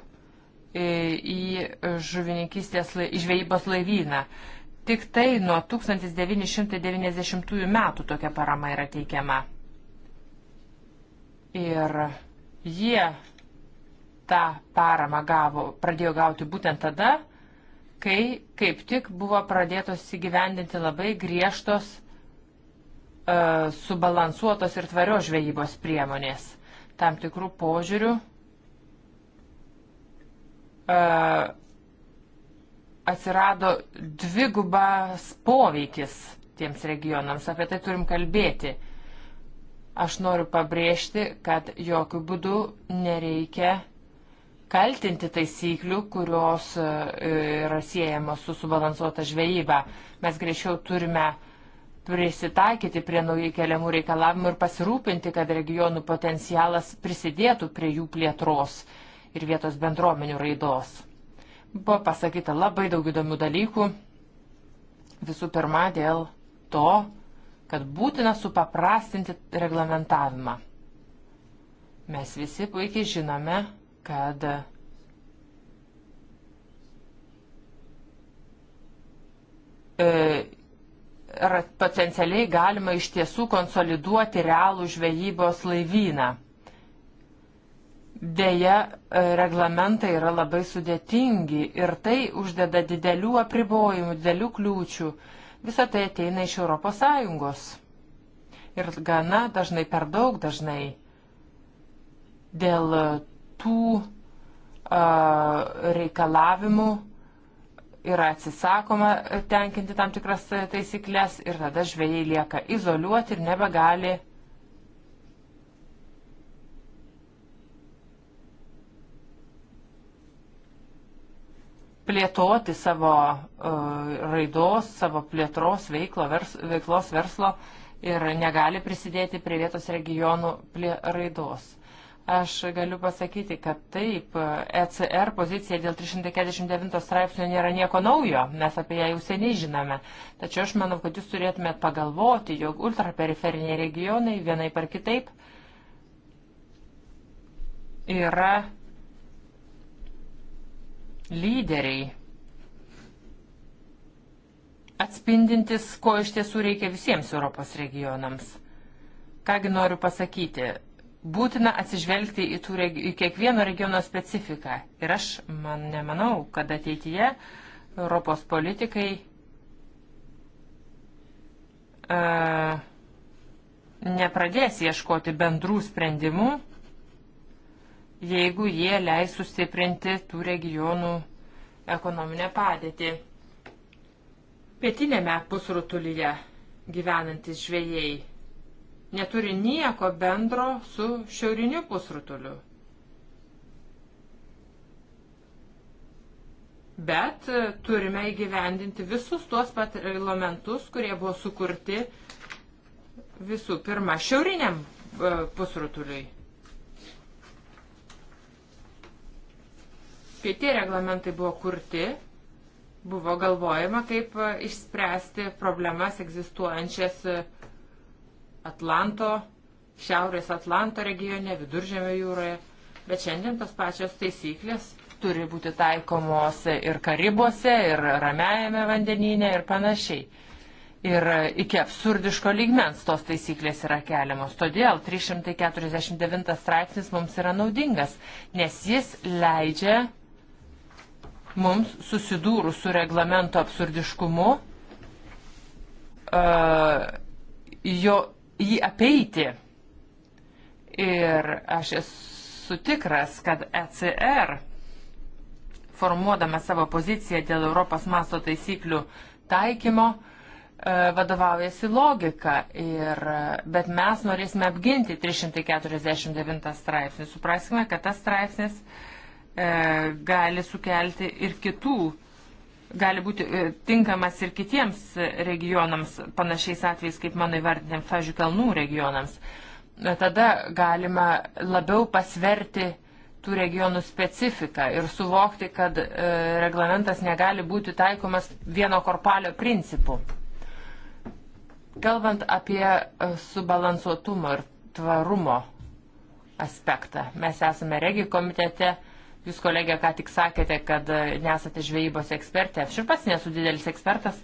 e, į žuvininkystės, į žvejybos laivyną. Tik tai nuo 1990 metų tokia parama yra teikiama. Ir jie tą paramą gavo, pradėjo gauti būtent tada, kai kaip tik buvo pradėtos įgyvendinti labai griežtos, uh, subalansuotos ir tvarios žvejybos priemonės. Tam tikrų požiūrių uh, atsirado dvigubas poveikis tiems regionams. Apie tai turim kalbėti. Aš noriu pabrėžti, kad jokių būdų nereikia kaltinti taisyklių, kurios e, yra siejamos su subalansuota žvejyba. Mes greičiau turime prisitaikyti prie naujai keliamų reikalavimų ir pasirūpinti, kad regionų potencialas prisidėtų prie jų plėtros ir vietos bendruomenių raidos. Buvo pasakyta labai daug įdomių dalykų. Visų pirma, dėl to, kad būtina supaprastinti reglamentavimą. Mes visi puikiai žinome, kad e, potencialiai galima iš tiesų konsoliduoti realų žvejybos laivyną. Deja, e, reglamentai yra labai sudėtingi ir tai uždeda didelių apribojimų, didelių kliūčių. Visą tai ateina iš ES. Ir gana dažnai per daug dažnai dėl tų a, reikalavimų yra atsisakoma tenkinti tam tikras taisyklės ir tada žvėjai lieka izoliuoti ir nebegali plėtoti savo e, raidos, savo plėtros veiklo, vers, veiklos verslo ir negali prisidėti prie vietos regionų plė, raidos. Aš galiu pasakyti, kad taip, ECR pozicija dėl 349 straipsnio nėra nieko naujo, mes apie ją jau seniai žinome. Tačiau aš manau, kad jūs turėtumėt pagalvoti, jog ultraperiferiniai regionai vienai par kitaip yra lyderiai atspindintis, ko iš tiesų reikia visiems Europos regionams. Kągi noriu pasakyti, būtina atsižvelgti į, regi į kiekvieno regiono specifiką. Ir aš man nemanau, kad ateityje Europos politikai uh, nepradės ieškoti bendrų sprendimų jeigu jie leis sustiprinti tų regionų ekonominę padėtį. Pietinėme pusrutulyje gyvenantis žvėjai neturi nieko bendro su šiauriniu pusrutuliu. Bet turime įgyvendinti visus tuos pat reglamentus, kurie buvo sukurti visų pirma šiauriniam e, pusrutuliui. Kai tie reglamentai buvo kurti, buvo galvojama, kaip e, išspręsti problemas egzistuojančias e, Atlanto, Šiaurės Atlanto regione, Viduržėmio jūroje. Bet šiandien tos pačios taisyklės turi būti taikomos ir Karibuose, ir Ramejame vandenyne ir panašiai. Ir e, iki absurdiško lygmens tos taisyklės yra keliamos. Todėl 349 straipsnis mums yra naudingas, nes jis leidžia mums susidūrus su reglamento absurdiškumu, e, jo jį apeiti. Ir aš esu tikras, kad ECR, formuodama savo poziciją dėl Europos masto taisyklių taikymo, e, vadovaujasi logika. Ir, e, bet mes norėsime apginti 349 straipsnį. Supraskime, kad tas straipsnis uh, E, gali sukelti ir kitų, gali būti e, tinkamas ir kitiems regionams, panašiais atvejais, kaip mano įvardinėm, pavyzdžiui, kalnų regionams. E, tada galima labiau pasverti tų regionų specifiką ir suvokti, kad reglamentas negali būti taikomas vieno korpalio principu. Kalbant apie subalansuotumo ir tvarumo aspektą, mes esame regi komitete, Jūs, kolegė, ką tik sakėte, kad e, nesate žvejybos ekspertė. Aš ir pats nesu didelis ekspertas,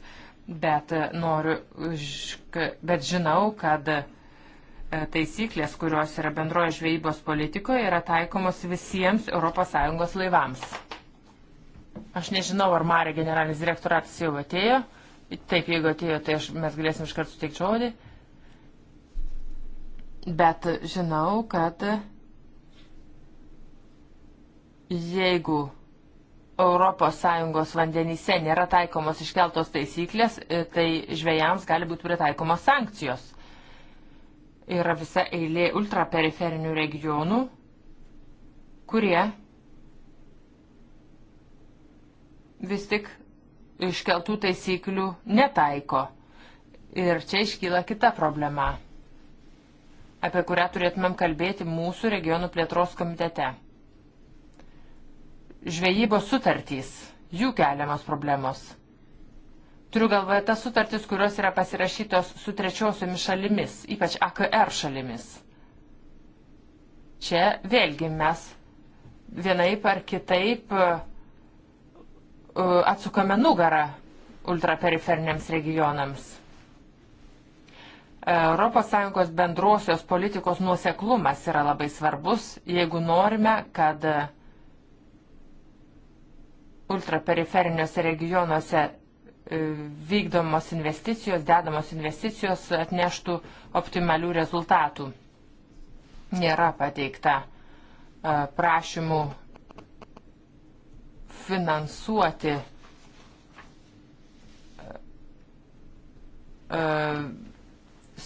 bet, e, noriu, bet žinau, kad e, taisyklės, kurios yra bendroje žvejybos politikoje, yra taikomos visiems ES laivams. Aš nežinau, ar Marė generalinis direktoratas jau atėjo. Taip, jeigu atėjo, tai aš, mes galėsim iškart suteikti žodį. Bet žinau, kad jeigu ES vandenyse nėra taikomos iškeltos taisyklės, e, tai žvėjams gali būti pritaikomos sankcijos. Yra visa eilė ultraperiferinių regionų, kurie vis tik iškeltų taisyklių netaiko. Ir čia iškyla kita problema, apie kurią turėtumėm kalbėti mūsų regionų plėtros komitete žvejybos sutartys, jų keliamos problemos. Turiu galvoje tas sutartys, kurios yra pasirašytos su trečiosiomis šalimis, ypač AKR šalimis. Čia vėlgi mes vienaip ar kitaip e, e, atsukame nugarą ultraperiferiniams regionams. ES bendrosios politikos nuoseklumas yra labai svarbus, jeigu norime, kad ultraperiferiniuose regionuose e, vykdomos investicijos, dedamos investicijos atneštų optimalių rezultatų. Nėra pateikta e, prašymų finansuoti e,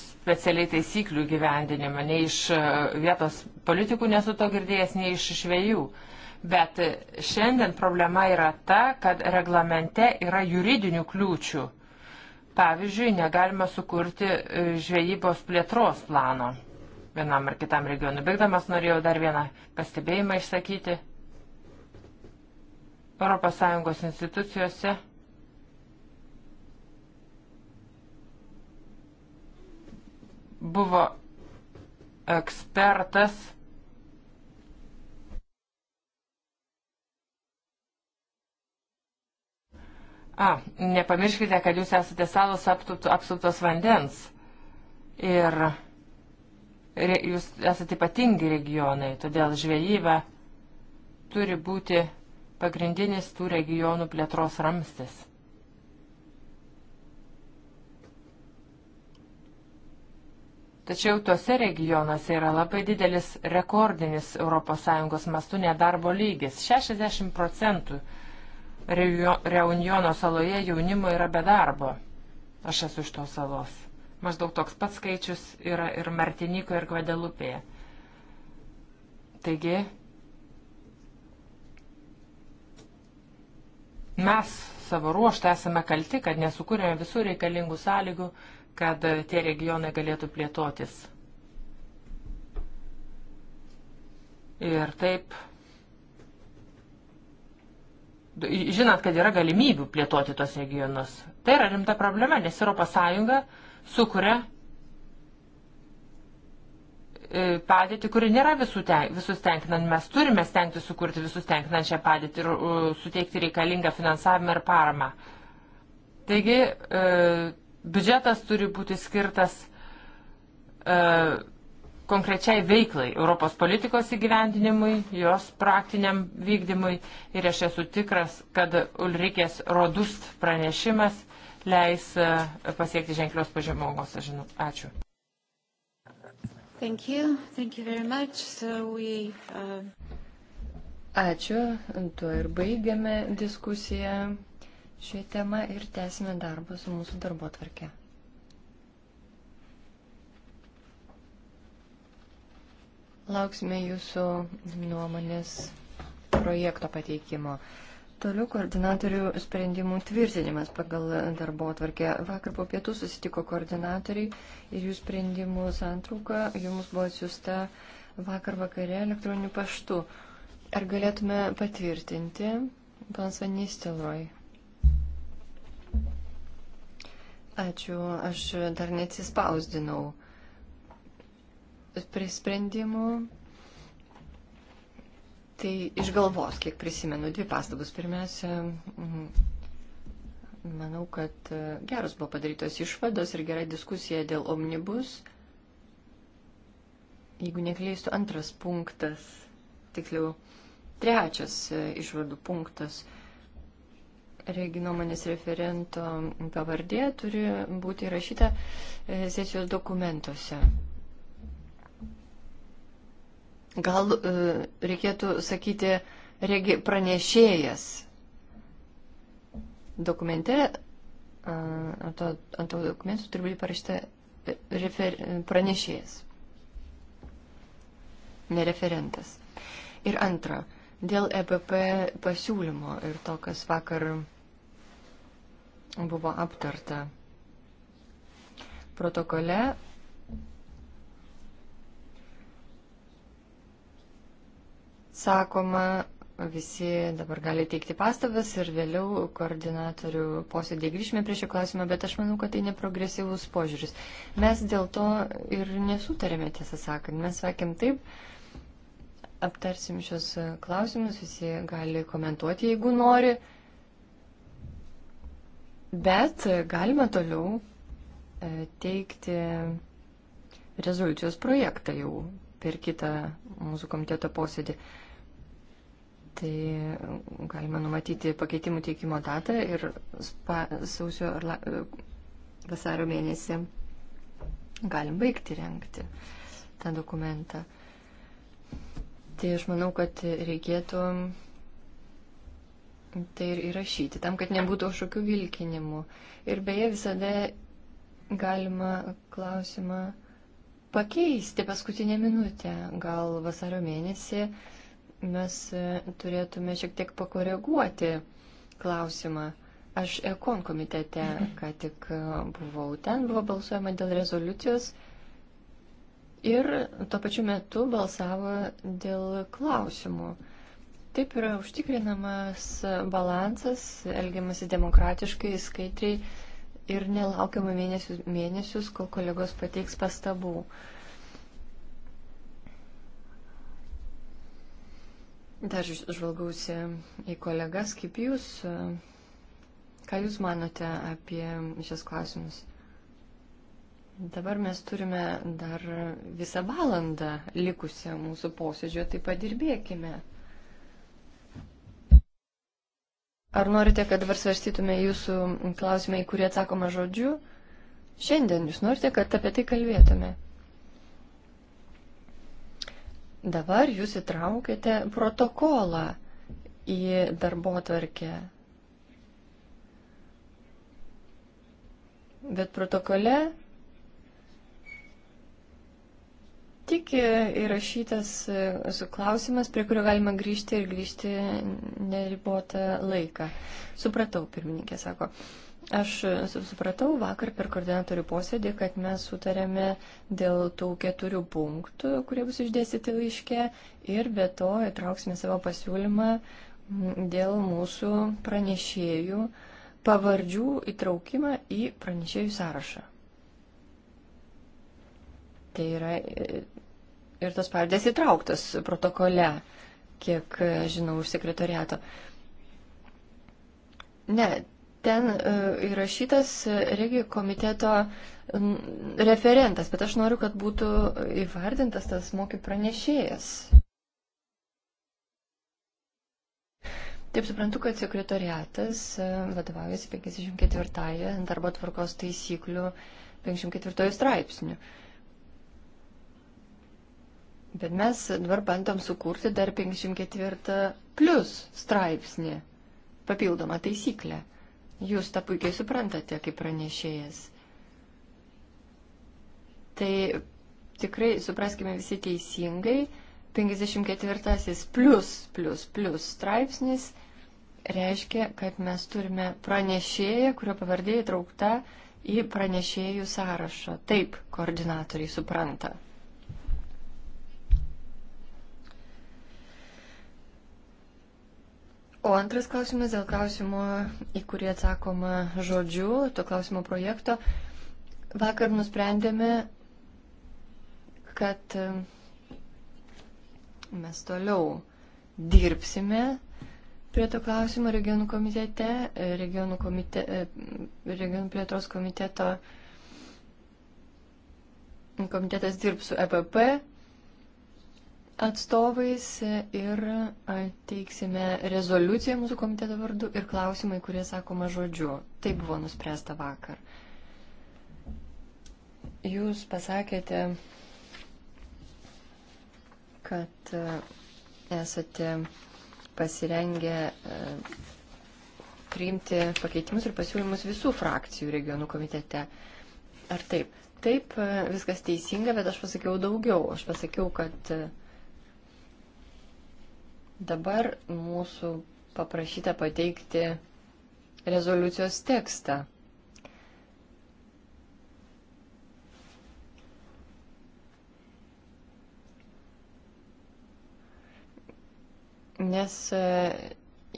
specialiai taisyklių gyvendinimą, nei iš vietos politikų nesu to girdėjęs, nei iš žvėjų. Uh, Bet šiandien problema yra ta, kad reglamente yra juridinių kliūčių. Pavyzdžiui, negalima sukurti e, žvejybos plėtros plano vienam ar kitam regionui. Bėgdamas norėjau dar vieną pastebėjimą išsakyti. ES institucijose buvo ekspertas A, nepamirškite, kad jūs esate salos apsuptos vandens. Ir re, jūs esate ypatingi regionai, todėl žvejyba turi būti pagrindinis tų regionų plėtros ramstis. Tačiau tuose regionuose yra labai didelis rekordinis ES mastų nedarbo lygis - 60 procentų Reunjono saloje jaunimo yra be darbo. Aš esu iš tos salos. Maždaug toks pats skaičius yra ir Martiniko, ir Gvadelupėje. Taigi, mes savo ruoštą esame kalti, kad nesukūrėme visų reikalingų sąlygų, kad tie regionai galėtų plėtotis. Ir taip žinant, kad yra galimybių plėtoti tos regionus. Tai yra rimta problema, nes ES sukuria e, padėtį, kuri nėra ten, visus tenkinant. Mes turime stengti sukurti visus tenkinančią padėtį ir uh, suteikti reikalingą finansavimą ir paramą. Taigi, uh, biudžetas turi būti skirtas uh, konkrečiai veiklai, Europos politikos įgyvendinimui, jos praktiniam vykdymui ir aš esu tikras, kad Ulrikės Rodust pranešimas leis e, pasiekti ženklios pažemogos. Ačiū. Thank you. Thank you very much. So we, uh... Ačiū. Tuo ir baigiame diskusiją šią temą ir tęsime darbą su mūsų darbo tvarkė. Lauksime jūsų nuomonės projekto pateikimo. Toliau koordinatorių sprendimų tvirtinimas pagal darbo atvarkę. Vakar po pietų susitiko koordinatoriai ir jų sprendimų santrauka jums buvo atsiusta vakar vakare elektroniniu paštu. Ar galėtume patvirtinti, panas Vanystelroj? Ačiū, aš dar neatsispausdinau prie sprendimų. Tai iš galvos, kiek prisimenu, dvi pastabus. Pirmiausia, mhm, manau, kad e, geros buvo padarytos išvados ir gera diskusija dėl omnibus. Jeigu neklystu, antras punktas, tiksliau, trečias e, išvadų punktas. Reginomanės referento pavardė turi būti įrašyta e, sesijos dokumentuose. Gal e, reikėtų sakyti regi, pranešėjas. Dokumente, ant to, ant to dokumentų turi būti parašyta e, refer, pranešėjas, ne referentas. Ir antra, dėl EPP pasiūlymo ir to, kas vakar buvo aptarta protokole sakoma, visi dabar gali teikti pastabas ir vėliau koordinatorių posėdėje grįžime prie šio klausimo, bet aš manau, kad tai neprogresyvus požiūris. Mes dėl to ir nesutarėme, tiesą sakant. Mes sakėm taip, aptarsim šios klausimus, visi gali komentuoti, jeigu nori, bet galima toliau e, teikti rezoliucijos projektą jau per kitą mūsų komiteto posėdį. Tai galima numatyti pakeitimų teikimo datą ir spa, sausio ar la, vasario mėnesį galim baigti renkti tą dokumentą. Tai aš manau, kad reikėtų tai ir įrašyti, tam, kad nebūtų kažkokių vilkinimų. Ir beje, visada galima klausimą pakeisti paskutinę minutę, gal vasario mėnesį mes e, turėtume šiek tiek pakoreguoti klausimą. Aš Ekon komitete, ką tik e, buvau, ten buvo balsuojama dėl rezoliucijos ir tuo pačiu metu balsavo dėl klausimų. Taip yra užtikrinamas balansas, elgiamasi demokratiškai, skaidriai ir nelaukiama mėnesius, mėnesius, kol kolegos pateiks pastabų. Uh, Dar žvalgausi į kolegas, kaip jūs, ką jūs manote apie šias klausimus? Dabar mes turime dar visą valandą likusią mūsų posėdžio, tai padirbėkime. Ar norite, kad dabar svarstytume jūsų klausimai, kurie atsakoma žodžiu? Šiandien jūs norite, kad apie tai kalbėtume? Dabar jūs įtraukite protokolą į darbo tvarkę. Bet protokole tik įrašytas e, su klausimas, prie kurio galima grįžti ir grįžti neribotą laiką. Supratau, pirmininkė sako. Uh, Aš supratau vakar per koordinatorių posėdį, kad mes sutarėme dėl tų keturių punktų, kurie bus išdėstyti laiške ir be to įtrauksime savo pasiūlymą dėl mūsų pranešėjų pavardžių įtraukimą į pranešėjų sąrašą. Tai yra e, ir tos pavardės įtrauktos protokole, kiek žinau, už sekretoriato. Ne, ten e, įrašytas regijų komiteto referentas, bet aš noriu, kad būtų įvardintas tas mokyų pranešėjas. Taip suprantu, kad sekretariatas e, vadovaujasi 54 darbo tvarkos taisyklių 54 straipsnių. Bet mes dabar bandom sukurti dar 54 plus straipsnį, papildomą taisyklę. Jūs tą puikiai suprantate kaip pranešėjas. Tai tikrai supraskime visi teisingai. 54 plus plus plus straipsnis reiškia, kad mes turime pranešėją, kurio pavardė įtraukta į pranešėjų sąrašą. Taip koordinatoriai supranta. O antras klausimas dėl klausimo, į kurį atsakoma žodžiu, to klausimo projekto. Vakar nusprendėme, kad e, mes toliau dirbsime prie to klausimo regionų komitete, e, regionų, komite, e, regionų plėtros komiteto komitetas dirbs su EPP atstovais ir teiksime rezoliuciją mūsų komiteto vardu ir klausimai, kurie sakoma žodžiu. Tai buvo nuspręsta vakar. Jūs pasakėte, kad esate pasirengę priimti pakeitimus ir pasiūlymus visų frakcijų regionų komitete. Ar taip? Taip, viskas teisinga, bet aš pasakiau daugiau. Aš pasakiau, kad uh, Dabar mūsų paprašyta pateikti rezoliucijos tekstą. Nes e,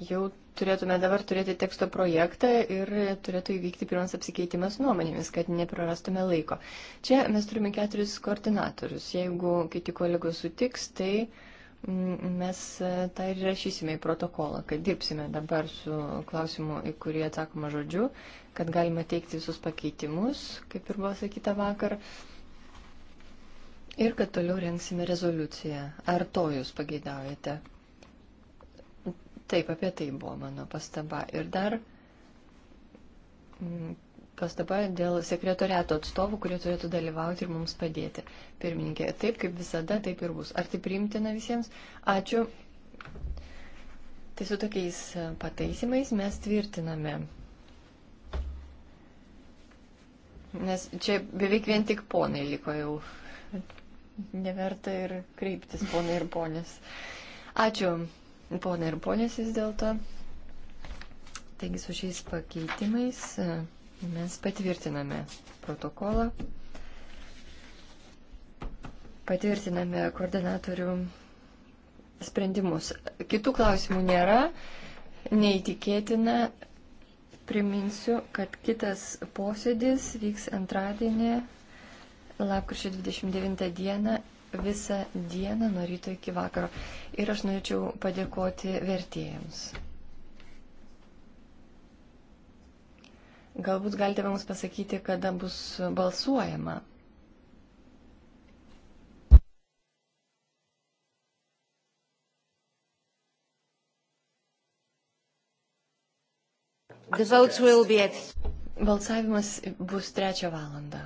jau turėtume dabar turėti teksto projektą ir turėtų įvykti pirmas apsikeitimas nuomonėmis, kad neprarastume laiko. Čia mes turime keturis koordinatorius. Jeigu kiti kolegos sutiks, tai uh, Mm, mes e, tą ir rašysime į protokolą, kad dirbsime dabar su klausimu, į kurį atsakoma žodžiu, kad galima teikti visus pakeitimus, kaip ir buvo sakyta vakar, ir kad toliau rengsime rezoliuciją. Ar to jūs pageidaujate? Taip, apie tai buvo mano pastaba. Ir dar mm, pastaba dėl sekretoriato atstovų, kurie turėtų dalyvauti ir mums padėti. Pirmininkė, taip kaip visada, taip ir bus. Ar tai priimtina visiems? Ačiū. Tai su tokiais pataisimais mes tvirtiname. Nes čia beveik vien tik ponai liko jau. Neverta ir kreiptis ponai ir ponės. Ačiū ponai ir ponės vis dėlto. Taigi su šiais pakeitimais. Mes patvirtiname protokolą, patvirtiname koordinatorių sprendimus. Kitų klausimų nėra, neįtikėtina. Priminsiu, kad kitas posėdis vyks antradienį, lapkričio 29 dieną, visą dieną nuo ryto iki vakaro. Ir aš norėčiau padėkoti vertėjams. Galbūt galite mums pasakyti, kada bus balsuojama. At... Balsavimas bus trečią valandą.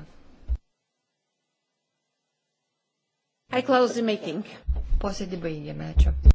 Posėdį baigėme, ačiū.